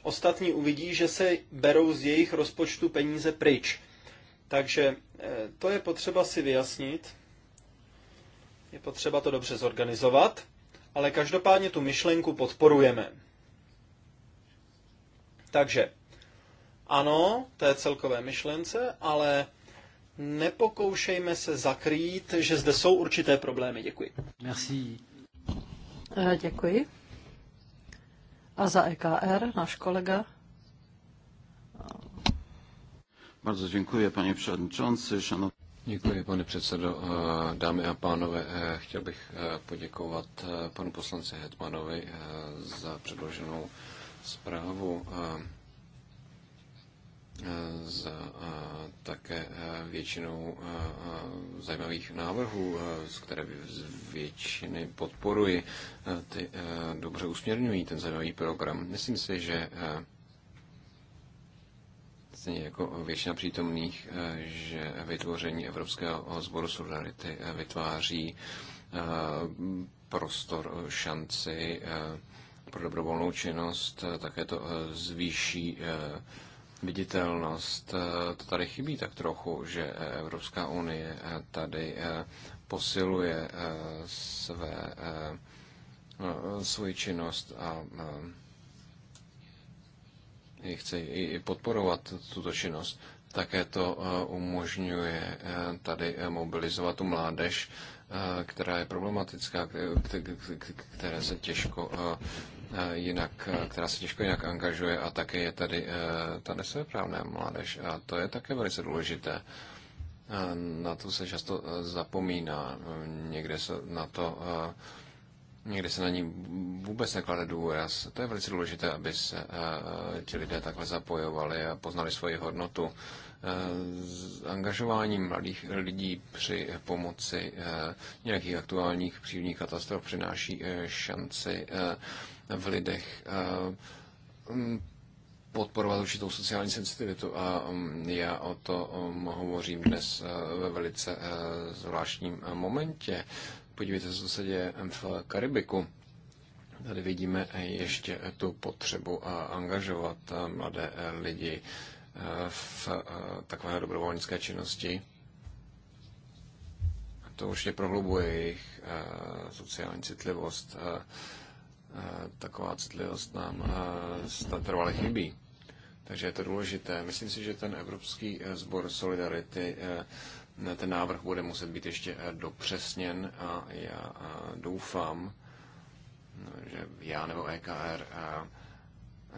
ostatní uvidí, že se berou z jejich rozpočtu peníze pryč. Takže eh, to je potřeba si vyjasnit, je potřeba to dobře zorganizovat, ale každopádně tu myšlenku podporujeme. Takže ano, je celkové myšlence, ale nepokoušejme se zakrýt, že zde jsou určité problémy. Děkuji. Merci. Eh, děkuji. A za EKR náš kolega Bardzo dziękuję, panie przewodniczący. Děkuji, pane předsedo. E, dámy a pánové, e, chtěl bych e, poděkovat panu poslanci Hetmanovi za předloženou zprávu za také většinou zajímavých návrhů, z které z většiny podporuji. Ty dobře usměrňují ten zajímavý program. Myslím si, že stejně jako většina přítomných, eh, že vytvoření Evropského sboru solidarity eh, vytváří eh, prostor, šanci pro dobrovolnou činnost, také to zvýší viditelnost. To tady chybí tak trochu, že Evropská unie tady posiluje své, svoji činnost a chce i podporovat tuto činnost. Také to eh, umožňuje eh, tady eh, mobilizovat tu mládež, která je problematická, která se těžko jinak, která se těžko jinak angažuje a také je tady ta nesvéprávná mládež a to je také velice důležité. Na to se často zapomíná, někde se na to Někdy se na ní vůbec neklade důraz. To je velice důležité, aby se eh, eh, ti lidé takhle zapojovali a poznali svoji hodnotu. Eh, s angažováním mladých lidí při pomoci nějakých aktuálních přírodních katastrof přináší šanci v lidech podporovat určitou sociální sensitivitu a mm, já o to hovořím dnes ve velice zvláštním momentě. Podívejte se, co se děje v Karibiku. Tady vidíme ještě tu potřebu a eh, angažovat eh, mladé eh, lidi v takové dobrovolnické činnosti. To je prohlubuje jejich sociální citlivost. Taková citlivost nám trvale chybí. Takže je to důležité. Myslím si, že ten Evropský sbor Solidarity ten návrh bude muset být ještě eh, dopřesněn a já eh, doufám, že já nebo EKR eh,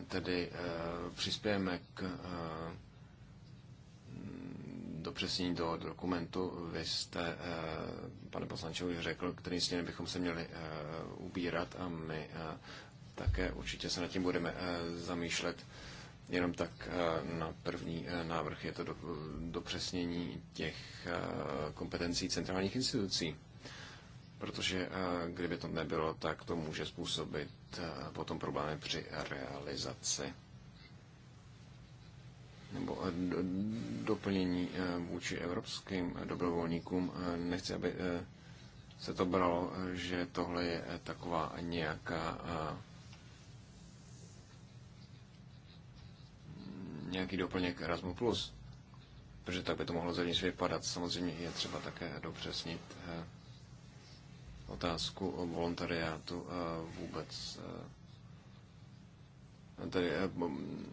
tedy přispějeme k dopřesnění toho dokumentu. Vy jste, pane poslanče, už řekl, který směrem bychom se měli ubírat a my také určitě se nad tím budeme zamýšlet. Jenom tak eh, na první eh, návrh je to do, dopřesnění těch eh, kompetencí centrálních institucí. Protože kdyby to nebylo, tak to může způsobit potom problémy při realizaci nebo doplnění vůči evropským dobrovolníkům. Nechci, aby se to bralo, že tohle je taková nějaká nějaký doplněk Erasmus+. Plus, protože tak by to mohlo zevnitř vypadat. Samozřejmě je třeba také dopřesnit eh, otázku o volontariátu eh, vůbec. Eh, tady, mm,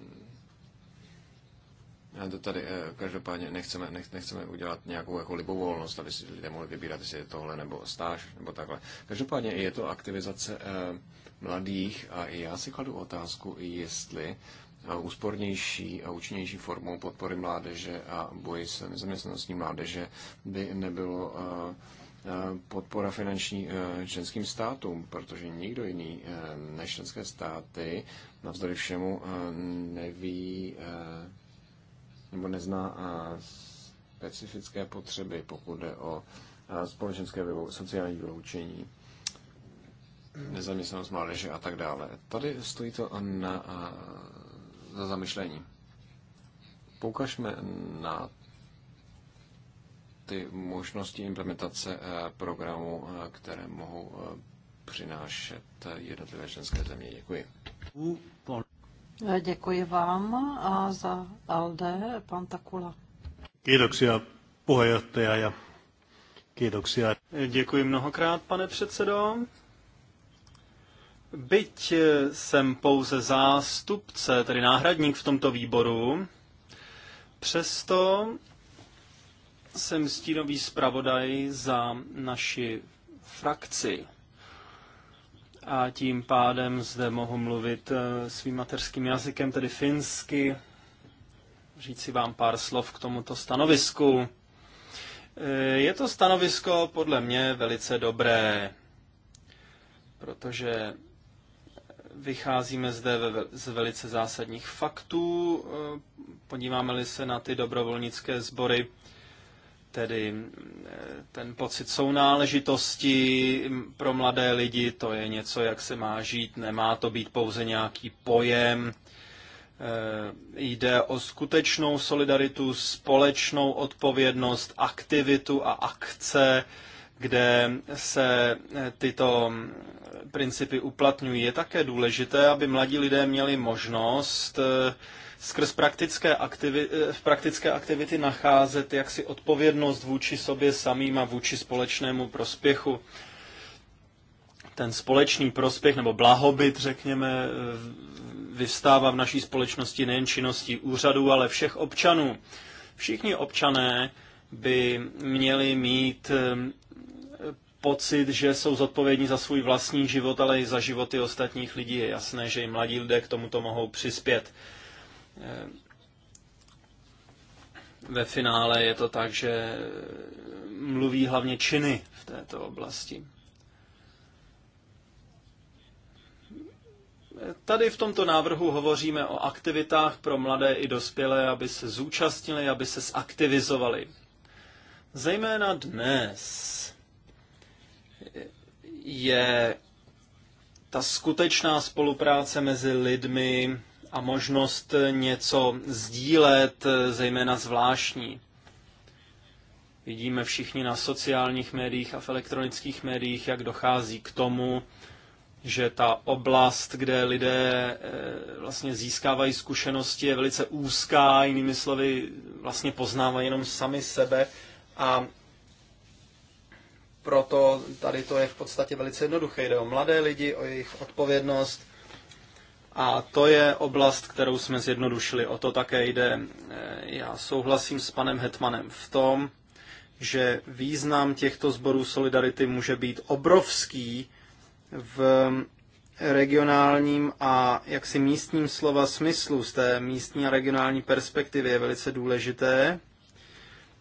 to tady každopádně nechceme, nechceme udělat nějakou jako libovolnost, aby si lidé mohli vybírat, jestli je tohle nebo stáž nebo takhle. Každopádně je to aktivizace mladých a já si kladu otázku, jestli úspornější a účinnější formou podpory mládeže a boji s nezaměstnaností mládeže by nebylo eh, eh, podpora finanční eh, členským státům, protože nikdo jiný než členské státy navzdory všemu neví nebo nezná specifické potřeby, pokud jde o společenské sociální vyloučení, nezaměstnanost mládeže a tak dále. Tady stojí to na za zamyšlení. Poukažme na ty možnosti implementace eh, programu, eh, které mohou eh, přinášet jednotlivé členské země. Děkuji. Děkuji vám a za Alde, pan Takula. Kiitoksia puheenjohtaja ja Děkuji mnohokrát, pane předsedo. Byť eh, jsem pouze zástupce, tedy náhradník v tomto výboru, přesto jsem stínový zpravodaj za naši frakci. A tím pádem zde mohu mluvit eh, svým mateřským jazykem, tedy finsky, říci vám pár slov k tomuto stanovisku. Eh, je to stanovisko podle mě velice dobré, protože Vycházíme zde z velice zásadních faktů. Eh, podíváme-li se na ty dobrovolnické sbory, tedy eh, ten pocit sounáležitosti pro mladé lidi, to je něco, jak se má žít, nemá to být pouze nějaký pojem. Eh, jde o skutečnou solidaritu, společnou odpovědnost, aktivitu a akce, kde se eh, tyto principy uplatňují. Je také důležité, aby mladí lidé měli možnost eh, skrz praktické, aktivity, eh, praktické aktivity nacházet jaksi odpovědnost vůči sobě samým a vůči společnému prospěchu. Ten společný prospěch nebo blahobyt, řekněme, vystává v naší společnosti nejen činností úřadů, ale všech občanů. Všichni občané by měli mít pocit, že jsou zodpovědní za svůj vlastní život, ale i za životy ostatních lidí. Je jasné, že i mladí lidé k tomuto mohou přispět. Eh, ve finále je to tak, že mluví hlavně činy v této oblasti. Tady v tomto návrhu hovoříme o aktivitách pro mladé i dospělé, aby se zúčastnili, aby se zaktivizovali. Zejména dnes je ta skutečná spolupráce mezi lidmi a možnost něco sdílet, zejména zvláštní. Vidíme všichni na sociálních médiích a v elektronických médiích, jak dochází k tomu, že ta oblast, kde lidé eh, vlastně získávají zkušenosti, je velice úzká, jinými slovy vlastně poznávají jenom sami sebe a proto tady to je v podstatě velice jednoduché. Jde o mladé lidi, o jejich odpovědnost. A to je oblast, kterou jsme zjednodušili. O to také jde. Eh, já souhlasím s panem Hetmanem v tom, že význam těchto sborů solidarity může být obrovský v regionálním a jaksi místním slova smyslu z té místní a regionální perspektivy je velice důležité,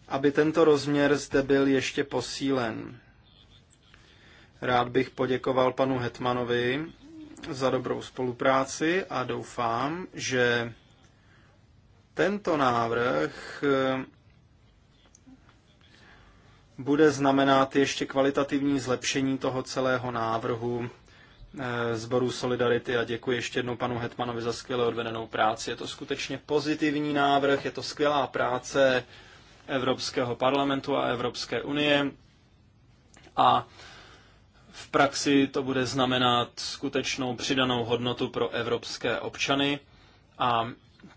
aby tento rozměr zde byl ještě posílen. Rád bych poděkoval panu Hetmanovi za dobrou spolupráci a doufám, že tento návrh eh, bude znamenat ještě kvalitativní zlepšení toho celého návrhu Zboru eh, Solidarity a děkuji ještě jednou panu Hetmanovi za skvěle odvedenou práci. Je to skutečně pozitivní návrh, je to skvělá práce Evropského parlamentu a Evropské unie a v praxi to bude znamenat skutečnou přidanou hodnotu pro evropské občany a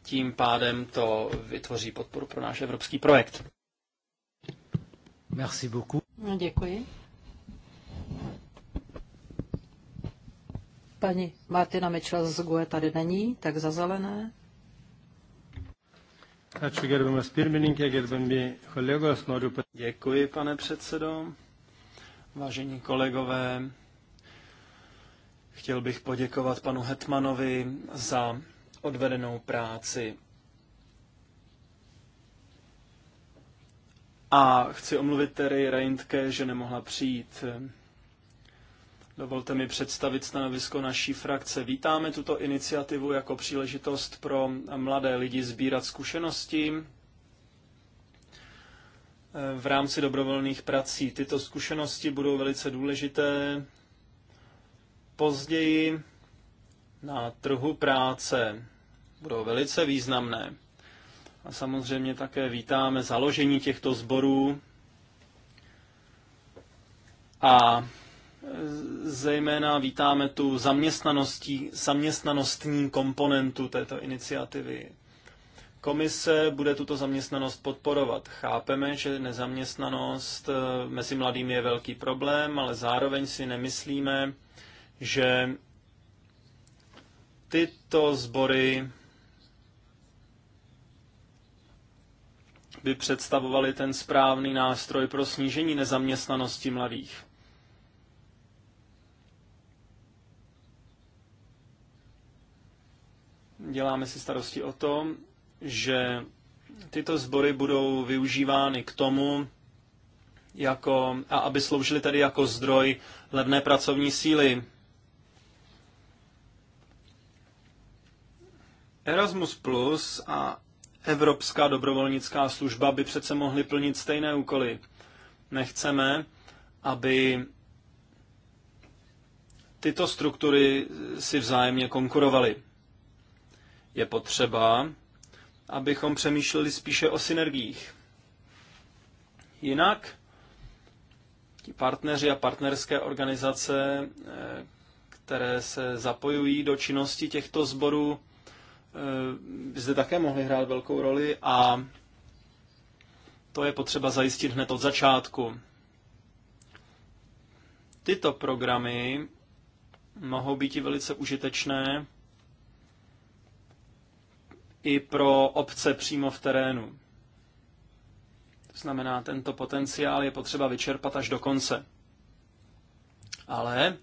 tím pádem to vytvoří podporu pro náš evropský projekt. Merci beaucoup. No, děkuji. Paní Martina Mitchell z GUE tady není, tak za zelené. Děkuji, pane předsedo. Vážení kolegové, chtěl bych poděkovat panu Hetmanovi za odvedenou práci. A chci omluvit Terry Reintke, že nemohla přijít. Dovolte mi představit stanovisko naší frakce. Vítáme tuto iniciativu jako příležitost pro mladé lidi sbírat zkušenosti v rámci dobrovolných prací. Tyto zkušenosti budou velice důležité později na trhu práce. Budou velice významné. A samozřejmě také vítáme založení těchto sborů a zejména vítáme tu zaměstnanostní komponentu této iniciativy. Komise bude tuto zaměstnanost podporovat. Chápeme, že nezaměstnanost eh, mezi mladými je velký problém, ale zároveň si nemyslíme, že tyto sbory by představovaly ten správný nástroj pro snížení nezaměstnanosti mladých. Děláme si starosti o to, že tyto sbory budou využívány k tomu, jako, a aby sloužily tedy jako zdroj levné pracovní síly. Erasmus Plus a Evropská dobrovolnická služba by přece mohly plnit stejné úkoly. Nechceme, aby tyto struktury si vzájemně konkurovaly. Je potřeba, abychom přemýšleli spíše o synergiích. Jinak ti partneři a partnerské organizace, eh, které se zapojují do činnosti těchto sborů, eh, by zde také mohly hrát velkou roli a to je potřeba zajistit hned od začátku. Tyto programy mohou být i velice užitečné i pro obce přímo v terénu. To znamená, tento potenciál je potřeba vyčerpat až do konce. Ale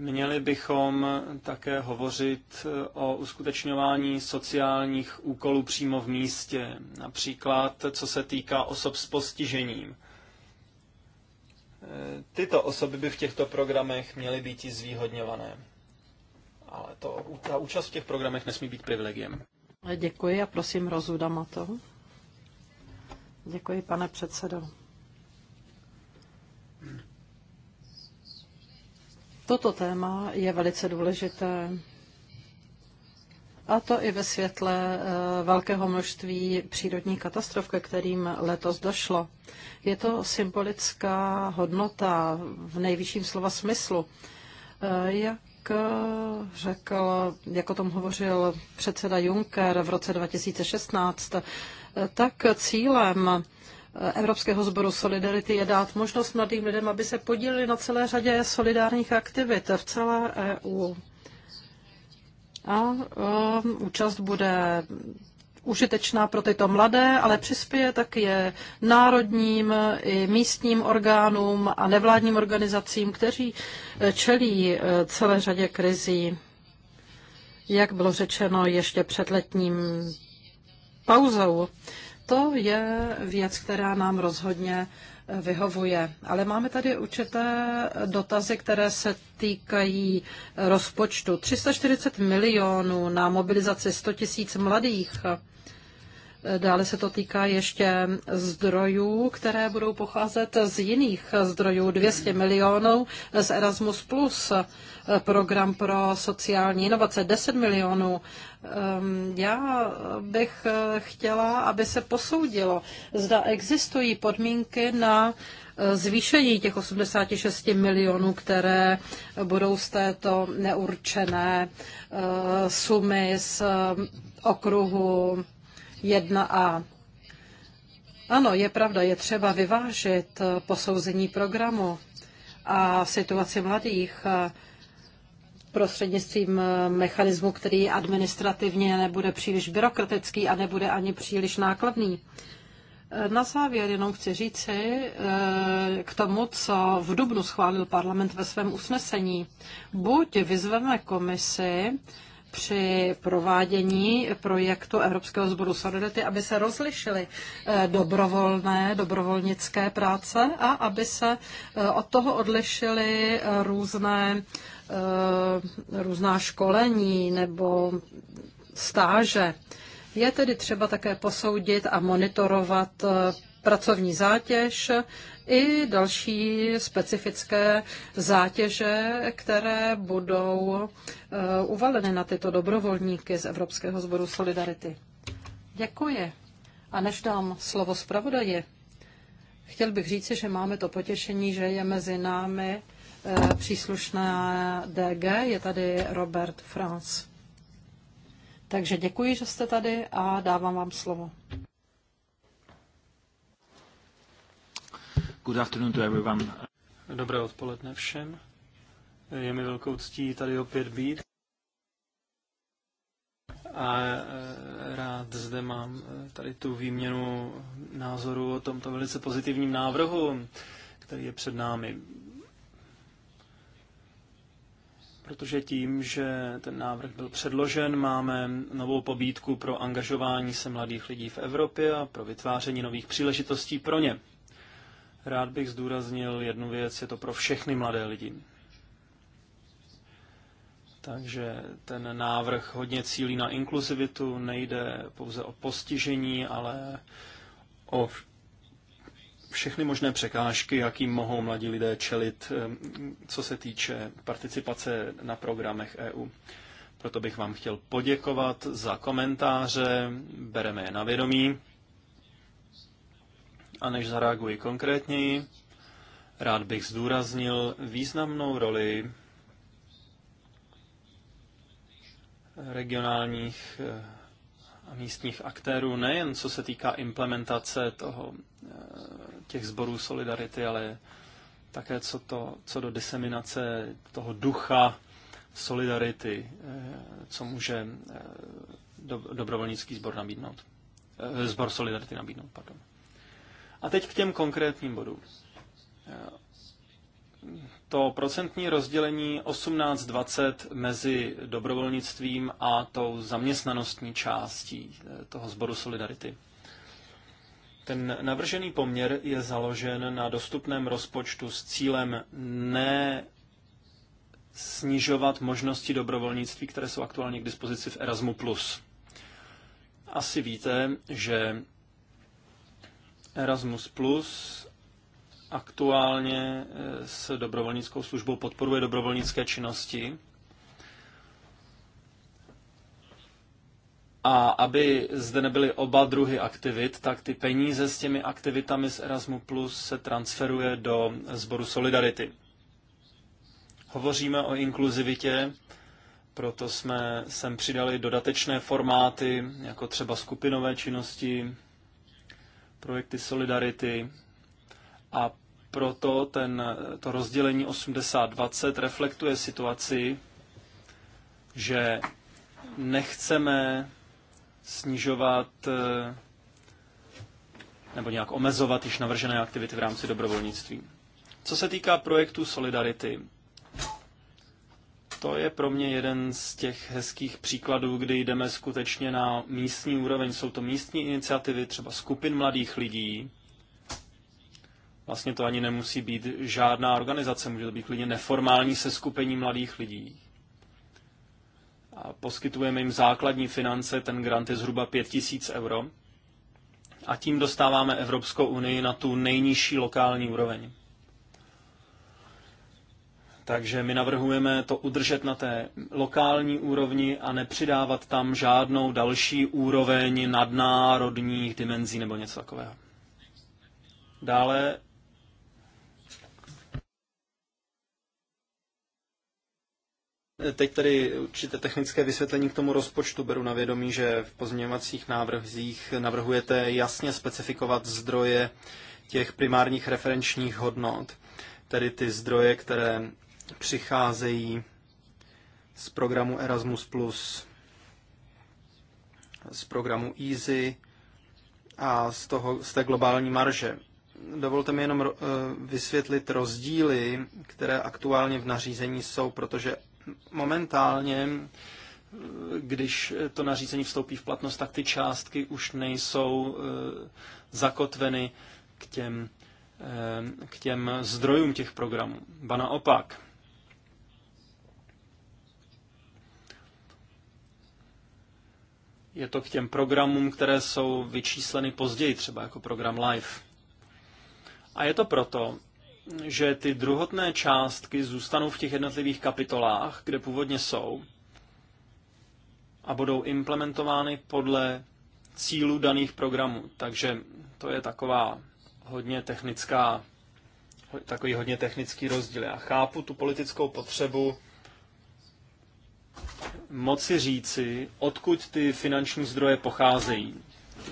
Měli bychom také hovořit o uskutečňování sociálních úkolů přímo v místě, například co se týká osob s postižením. E, tyto osoby by v těchto programech měly být zvýhodňované ale to, ta účast v těch programech nesmí být privilegiem. Děkuji a prosím Rozuda to. Děkuji, pane předsedo. Toto téma je velice důležité. A to i ve světle eh, velkého množství přírodní katastrof, ke kterým letos došlo. Je to symbolická hodnota v nejvyšším slova smyslu. Eh, jak řekl, jak o tom hovořil předseda Juncker v roce 2016, tak cílem Evropského sboru Solidarity je dát možnost mladým lidem, aby se podílili na celé řadě solidárních aktivit v celé EU. A um, účast bude užitečná pro tyto mladé, ale přispěje také národním i místním orgánům a nevládním organizacím, kteří eh, čelí eh, celé řadě krizí. Jak bylo řečeno ještě před letním pauzou, to je věc, která nám rozhodně eh, vyhovuje. Ale máme tady určité dotazy, které se týkají rozpočtu. 340 milionů na mobilizaci 100 tisíc mladých Dále se to týká ještě zdrojů, které budou pocházet z jiných zdrojů. 200 milionů z Erasmus+, Plus, eh, program pro sociální inovace 10 milionů. Ehm, já bych eh, chtěla, aby se posoudilo, zda existují podmínky na eh, zvýšení těch 86 milionů, které budou z této neurčené sumy z okruhu 1A. Ano, je pravda, je třeba vyvážit eh, posouzení programu a situaci mladých eh, prostřednictvím eh, mechanismu, který administrativně nebude příliš byrokratický a nebude ani příliš nákladný. Na závěr jenom chci říci k tomu, co v Dubnu schválil parlament ve svém usnesení. Buď vyzveme komisi, při provádění projektu Evropského sboru Solidarity, aby se rozlišily eh, dobrovolné, dobrovolnické práce a aby se eh, od toho odlišily eh, různé, různá školení nebo stáže. Je tedy třeba také posoudit a monitorovat eh, pracovní zátěž i další specifické zátěže, které budou eh, uvaleny na tyto dobrovolníky z Evropského sboru Solidarity. Děkuji. A než dám slovo zpravodaji, chtěl bych říci, že máme to potěšení, že je mezi námi eh, příslušná DG, je tady Robert France. Takže děkuji, že jste tady a dávám vám slovo. Good afternoon to everyone. Dobré odpoledne všem. Je mi velkou ctí tady opět být. A e, rád zde mám e, tady tu výměnu názoru o tomto velice pozitivním návrhu, který je před námi. protože tím, že ten návrh byl předložen, máme novou pobídku pro angažování se mladých lidí v Evropě a pro vytváření nových příležitostí pro ně. Rád bych zdůraznil jednu věc, je to pro všechny mladé lidi. Takže ten návrh hodně cílí na inkluzivitu, nejde pouze o postižení, ale o všechny možné překážky, jakým mohou mladí lidé čelit, eh, co se týče participace na programech EU. Proto bych vám chtěl poděkovat za komentáře, bereme je na vědomí. A než zareaguji konkrétněji, rád bych zdůraznil významnou roli regionálních eh, a místních aktérů, nejen co se týká implementace toho Eh, těch zborů Solidarity, ale také co, to, co do diseminace toho ducha Solidarity, eh, co může eh, do, dobrovolnický sbor nabídnout. zbor Solidarity nabídnout, pardon. A teď k těm konkrétním bodům. To procentní rozdělení 18-20 mezi dobrovolnictvím a tou zaměstnanostní částí toho sboru Solidarity. Ten navržený poměr je založen na dostupném rozpočtu s cílem ne snižovat možnosti dobrovolnictví, které jsou aktuálně k dispozici v Erasmu+. Asi víte, že Erasmus Plus aktuálně eh, s dobrovolnickou službou podporuje dobrovolnické činnosti A aby zde nebyly oba druhy aktivit, tak ty peníze s těmi aktivitami z Erasmu Plus se transferuje do sboru Solidarity. Hovoříme o inkluzivitě, proto jsme sem přidali dodatečné formáty, jako třeba skupinové činnosti, projekty Solidarity a proto ten, to rozdělení 80-20 reflektuje situaci, že nechceme snižovat eh, nebo nějak omezovat již navržené aktivity v rámci dobrovolnictví. Co se týká projektu Solidarity, to je pro mě jeden z těch hezkých příkladů, kdy jdeme skutečně na místní úroveň. Jsou to místní iniciativy, třeba skupin mladých lidí. Vlastně to ani nemusí být žádná organizace, může to být klidně neformální seskupení mladých lidí poskytujeme jim základní finance, ten grant je zhruba 5000 euro a tím dostáváme Evropskou unii na tu nejnižší lokální úroveň. Takže my navrhujeme to udržet na té lokální úrovni a nepřidávat tam žádnou další úroveň nadnárodních dimenzí nebo něco takového. Dále Teď tady určité technické vysvětlení k tomu rozpočtu. Beru na vědomí, že v pozměňovacích návrzích navrhujete jasně specifikovat zdroje těch primárních referenčních hodnot, tedy ty zdroje, které přicházejí z programu Erasmus+, z programu EASY a z, toho, z té globální marže. Dovolte mi jenom eh, vysvětlit rozdíly, které aktuálně v nařízení jsou, protože momentálně, když to nařízení vstoupí v platnost, tak ty částky už nejsou eh, zakotveny k těm, eh, k těm zdrojům těch programů. Ba naopak. Je to k těm programům, které jsou vyčísleny později, třeba jako program Live. A je to proto, že ty druhotné částky zůstanou v těch jednotlivých kapitolách, kde původně jsou, a budou implementovány podle cílů daných programů. Takže to je taková hodně technická, takový hodně technický rozdíl. Já chápu tu politickou potřebu moci říci, odkud ty finanční zdroje pocházejí,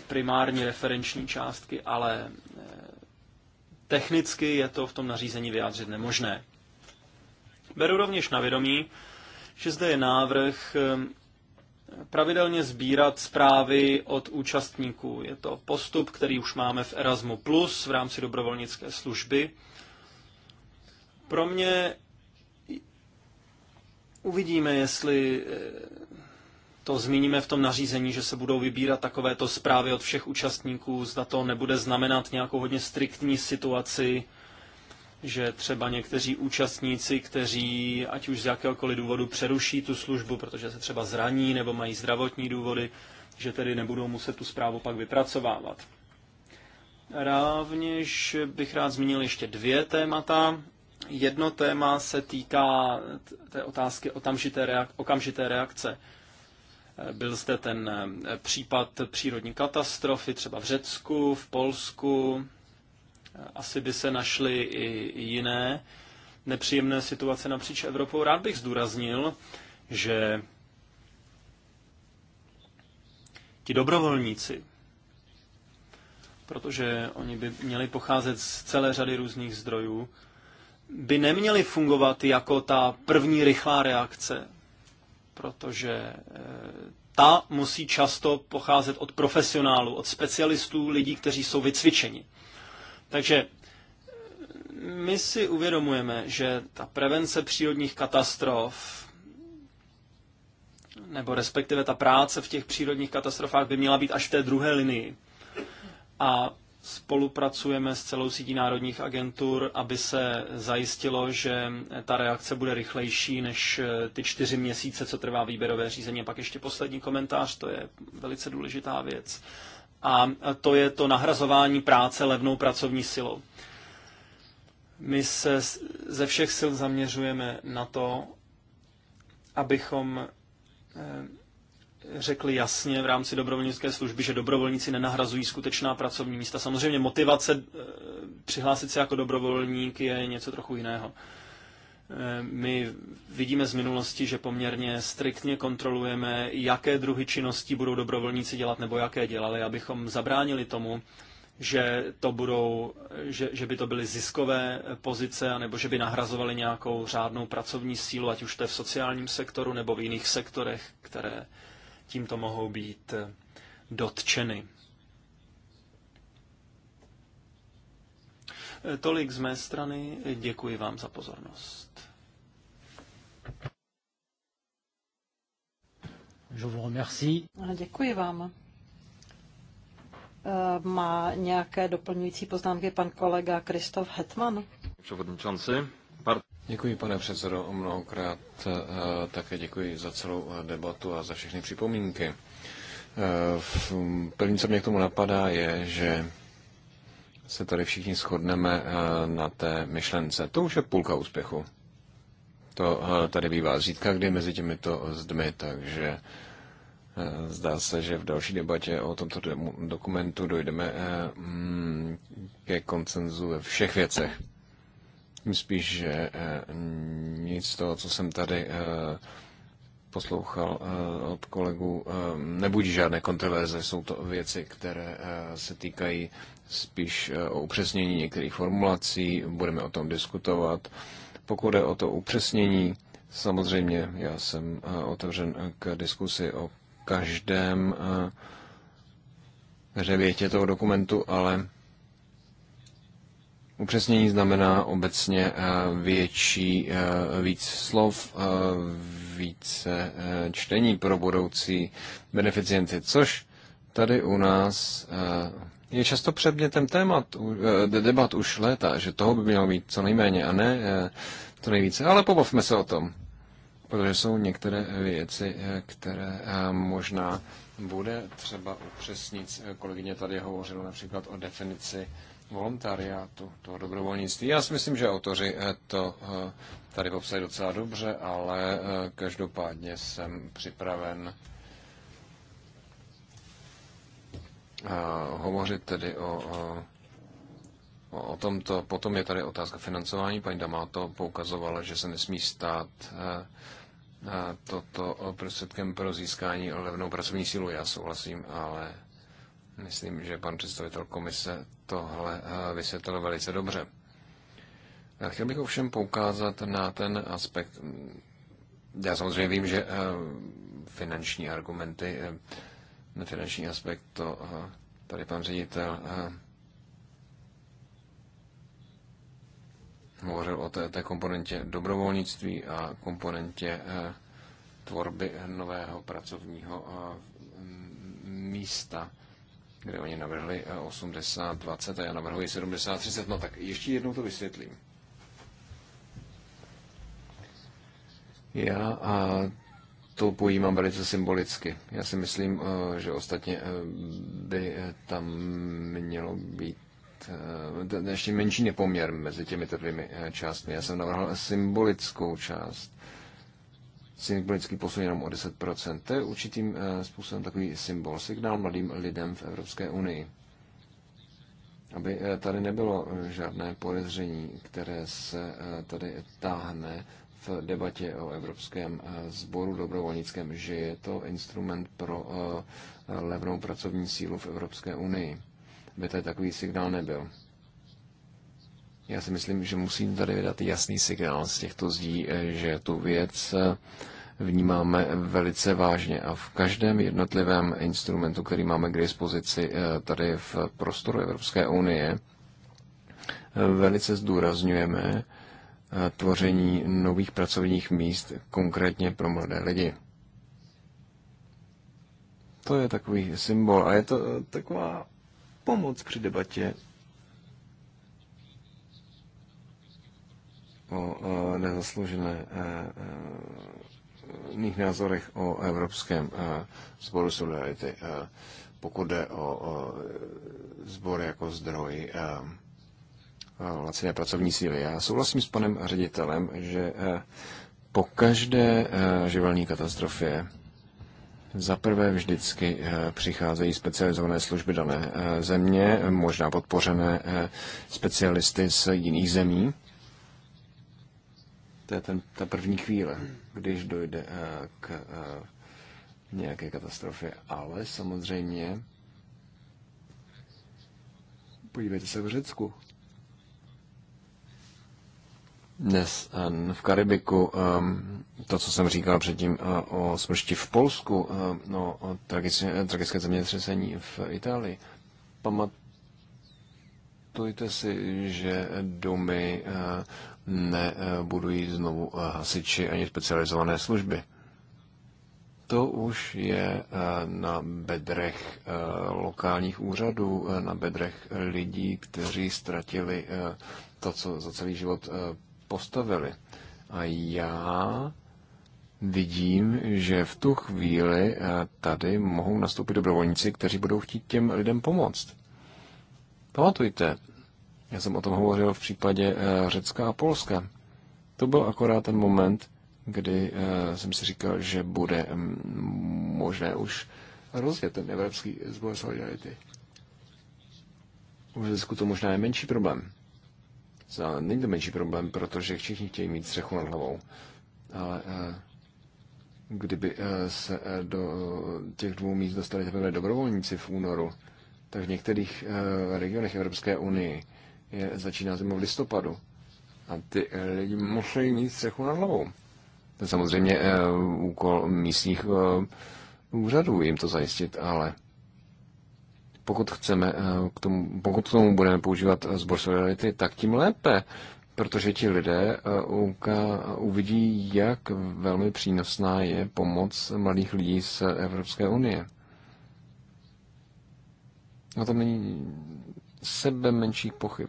primární referenční částky, ale eh, Technicky je to v tom nařízení vyjádřit nemožné. Beru rovněž na vědomí, že zde je návrh ehm, pravidelně sbírat zprávy od účastníků. Je to postup, který už máme v Erasmu Plus v rámci dobrovolnické služby. Pro mě uvidíme, jestli eh, to zmíníme v tom nařízení, že se budou vybírat takovéto zprávy od všech účastníků, zda to nebude znamenat nějakou hodně striktní situaci, že třeba někteří účastníci, kteří ať už z jakéhokoliv důvodu přeruší tu službu, protože se třeba zraní nebo mají zdravotní důvody, že tedy nebudou muset tu zprávu pak vypracovávat. Rávněž bych rád zmínil ještě dvě témata. Jedno téma se týká té otázky Okamžité reakce byl zde ten eh, případ přírodní katastrofy, třeba v Řecku, v Polsku. Eh, asi by se našly i jiné nepříjemné situace napříč Evropou. Rád bych zdůraznil, že ti dobrovolníci, protože oni by měli pocházet z celé řady různých zdrojů, by neměli fungovat jako ta první rychlá reakce, protože eh, ta musí často pocházet od profesionálů, od specialistů, lidí, kteří jsou vycvičeni. Takže eh, my si uvědomujeme, že ta prevence přírodních katastrof, nebo respektive ta práce v těch přírodních katastrofách by měla být až v té druhé linii. A Spolupracujeme s celou sítí národních agentur, aby se zajistilo, že ta reakce bude rychlejší než eh, ty čtyři měsíce, co trvá výběrové řízení. pak ještě poslední komentář, to je velice důležitá věc. A to je to nahrazování práce levnou pracovní silou. My se ze všech sil zaměřujeme na to, abychom eh, řekli jasně v rámci dobrovolnické služby, že dobrovolníci nenahrazují skutečná pracovní místa. Samozřejmě motivace eh, přihlásit se jako dobrovolník je něco trochu jiného. Eh, my vidíme z minulosti, že poměrně striktně kontrolujeme, jaké druhy činností budou dobrovolníci dělat nebo jaké dělali, abychom zabránili tomu, že, to budou, že, že by to byly ziskové pozice, nebo že by nahrazovali nějakou řádnou pracovní sílu, ať už to je v sociálním sektoru nebo v jiných sektorech, které tímto mohou být eh, dotčeny. Eh, tolik z mé strany, děkuji vám za pozornost. Je vous remercie. Děkuji vám. Eh, má nějaké doplňující poznámky pan kolega Kristof Hetman? Předsedající, Děkuji, pane předsedo, mnohokrát. Eh, také děkuji za celou eh, debatu a za všechny připomínky. Eh, první, co mě k tomu napadá, je, že se tady všichni shodneme na té myšlence. To už je půlka úspěchu. To tady bývá zítka, kdy mezi těmito zdmi, takže zdá se, že v další debatě o tomto dokumentu dojdeme mm, ke koncenzu ve všech věcech. Tím spíš, že eh, nic z toho, co jsem tady eh, poslouchal eh, od kolegů, nebudí žádné kontroverze, jsou to věci, které se týkají spíš o upřesnění některých formulací, budeme o tom diskutovat. Pokud je o to upřesnění, samozřejmě já jsem otevřen k diskusi o každém, řevětě toho dokumentu, ale Upřesnění znamená obecně eh, větší, eh, víc slov, eh, více čtení pro budoucí beneficienty, což tady u nás je často předmětem témat, debat už léta, že toho by mělo být co nejméně a ne to nejvíce, ale pobavme se o tom, protože jsou některé věci, které možná bude třeba upřesnit. Kolegyně tady hovořila například o definici volontariátu, toho dobrovolnictví. Já si myslím, že autoři eh, to eh, tady popsali docela dobře, ale eh, každopádně jsem připraven hovořit tedy o, o, o tomto. Potom je tady otázka financování. Paní Damáto poukazovala, že se nesmí stát toto prostředkem pro získání levnou pracovní sílu. Já souhlasím, ale Myslím, že pan představitel komise tohle eh, vysvětlil velice dobře. Eh, chtěl bych ovšem poukázat na ten aspekt. Mm, já samozřejmě vím, že eh, finanční argumenty, finanční aspekt, to tady pan ředitel hovořil o té, té komponentě dobrovolnictví a komponentě tvorby nového pracovního místa kde oni navrhli 80-20 eh, a já navrhuji 70-30. No tak ještě jednou to vysvětlím. Já a to pojímám velice symbolicky. Já si myslím, eh, že ostatně eh, by tam mělo být ještě menší nepoměr mezi těmito dvěmi částmi. Já jsem navrhl symbolickou část symbolický posun jenom o 10%. To je určitým eh, způsobem takový symbol, signál mladým lidem v Evropské unii. Aby eh, tady nebylo eh, žádné podezření, které se tady táhne v debatě o Evropském sboru dobrovolnickém, že je to instrument pro levnou pracovní sílu v Evropské unii. By tady takový signál nebyl. Já si myslím, že musím tady vydat jasný signál z těchto zdí, eh, že tu věc eh, vnímáme velice vážně a v každém jednotlivém instrumentu, který máme k dispozici eh, tady v prostoru Evropské unie, velice zdůrazňujeme tvoření nových pracovních míst konkrétně pro mladé lidi. To je takový symbol a je to taková pomoc při debatě o nezasloužených e, e, názorech o Evropském e, sboru Solidarity, pokud jde o sbor jako zdroj laciné pracovní síly. Já souhlasím s panem ředitelem, že po každé živelní katastrofě za prvé vždycky přicházejí specializované služby dané země, možná podpořené specialisty z jiných zemí, to je ten, ta první chvíle, když dojde eh, k eh, nějaké katastrofě. Ale samozřejmě, podívejte se v Řecku. Dnes eh, v Karibiku, to, co jsem říkal předtím o smršti v Polsku, no, o tragické, tragické zemětřesení v Itálii, pamatujte si, že domy nebudují znovu eh, hasiči ani specializované služby. To už je eh, na bedrech eh, lokálních úřadů, na bedrech lidí, kteří ztratili to, co za celý život postavili. A já vidím, že v tu chvíli tady mohou nastoupit dobrovolníci, kteří budou chtít těm lidem pomoct. Pamatujte, já jsem o tom hovořil v případě eh, Řecka a Polska. To byl akorát ten moment, kdy eh, jsem si říkal, že bude mm, možné už rozjet ten evropský zbor solidarity. V Řecku to možná je menší problém. Není to menší problém, protože všichni chtějí mít střechu nad hlavou. Ale eh, kdyby se do těch dvou míst dostali teprve dobrovolníci v únoru, tak v některých regionech Evropské unii je, začíná zimou v listopadu. A ty eh, lidi musí mít střechu nad hlavou. To je samozřejmě e, úkol místních e, úřadů jim to zajistit, ale pokud chceme e, k tomu, pokud k tomu budeme používat zbor solidarity, tak tím lépe, protože ti lidé e, uka, uvidí, jak velmi přínosná je pomoc mladých lidí z Evropské unie. No to není sebe menší pochyb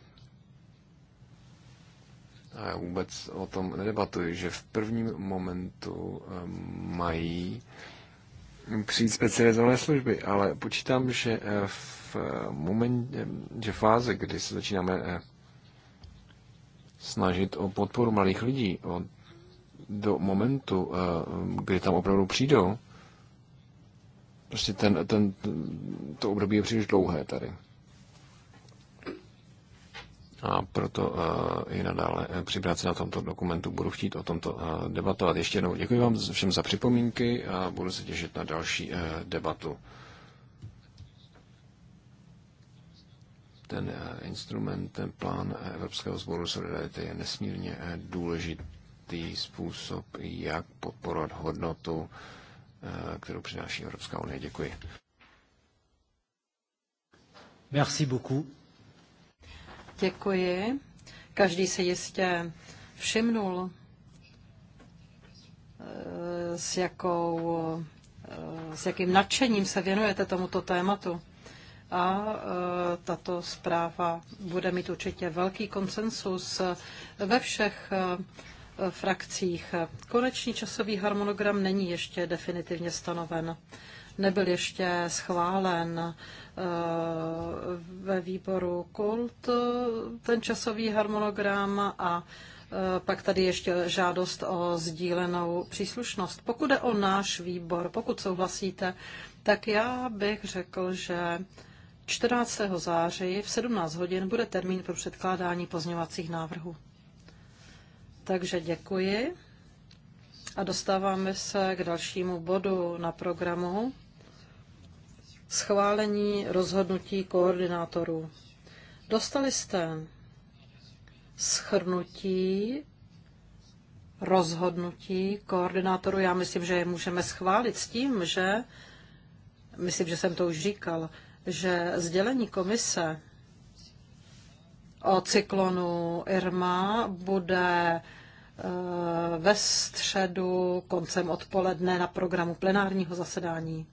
a já vůbec o tom nedebatuji, že v prvním momentu mají přijít specializované služby, ale počítám, že eh, v eh, momentě, že fáze, kdy se začínáme eh, snažit o podporu malých lidí od, do momentu, kdy tam opravdu přijdou, prostě ten, ten, to období je příliš dlouhé tady a proto eh, i nadále eh, při práci na tomto dokumentu budu chtít o tomto eh, debatovat. Ještě jednou děkuji vám všem za připomínky a budu se těšit na další debatu. Ten instrument, ten plán Evropského sboru solidarity je nesmírně důležitý způsob, jak podporovat hodnotu, kterou přináší Evropská unie. Děkuji. Merci beaucoup. Děkuji. Každý se jistě všimnul, eh, s, jakou, eh, s jakým nadšením se věnujete tomuto tématu. A eh, tato zpráva bude mít určitě velký konsensus ve všech frakcích. Konečný časový harmonogram není ještě definitivně stanoven nebyl ještě schválen eh, ve výboru KULT eh, ten časový harmonogram a eh, pak tady ještě žádost o sdílenou příslušnost. Pokud je o náš výbor, pokud souhlasíte, tak já bych řekl, že 14. září v 17 hodin bude termín pro předkládání pozněvacích návrhů. Takže děkuji a dostáváme se k dalšímu bodu na programu schválení rozhodnutí koordinátorů. Dostali jste schrnutí rozhodnutí koordinátoru. Já myslím, že je můžeme schválit s tím, že, myslím, že jsem to už říkal, že sdělení komise o cyklonu Irma bude eh, ve středu koncem odpoledne na programu plenárního zasedání.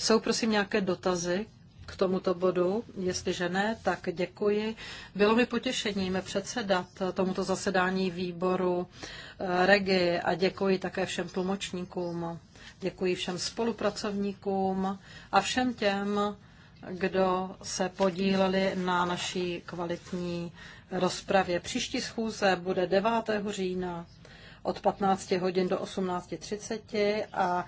Jsou prosím nějaké dotazy k tomuto bodu? Jestliže ne, tak děkuji. Bylo mi potěšením předsedat tomuto zasedání výboru eh, Regi a děkuji také všem tlumočníkům, děkuji všem spolupracovníkům a všem těm, kdo se podíleli na naší kvalitní rozpravě. Příští schůze bude 9. října od 15 hodin do 18.30 a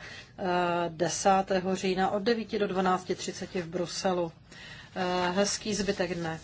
10. Eh, října od 9 do 12.30 v Bruselu. Eh, hezký zbytek dne.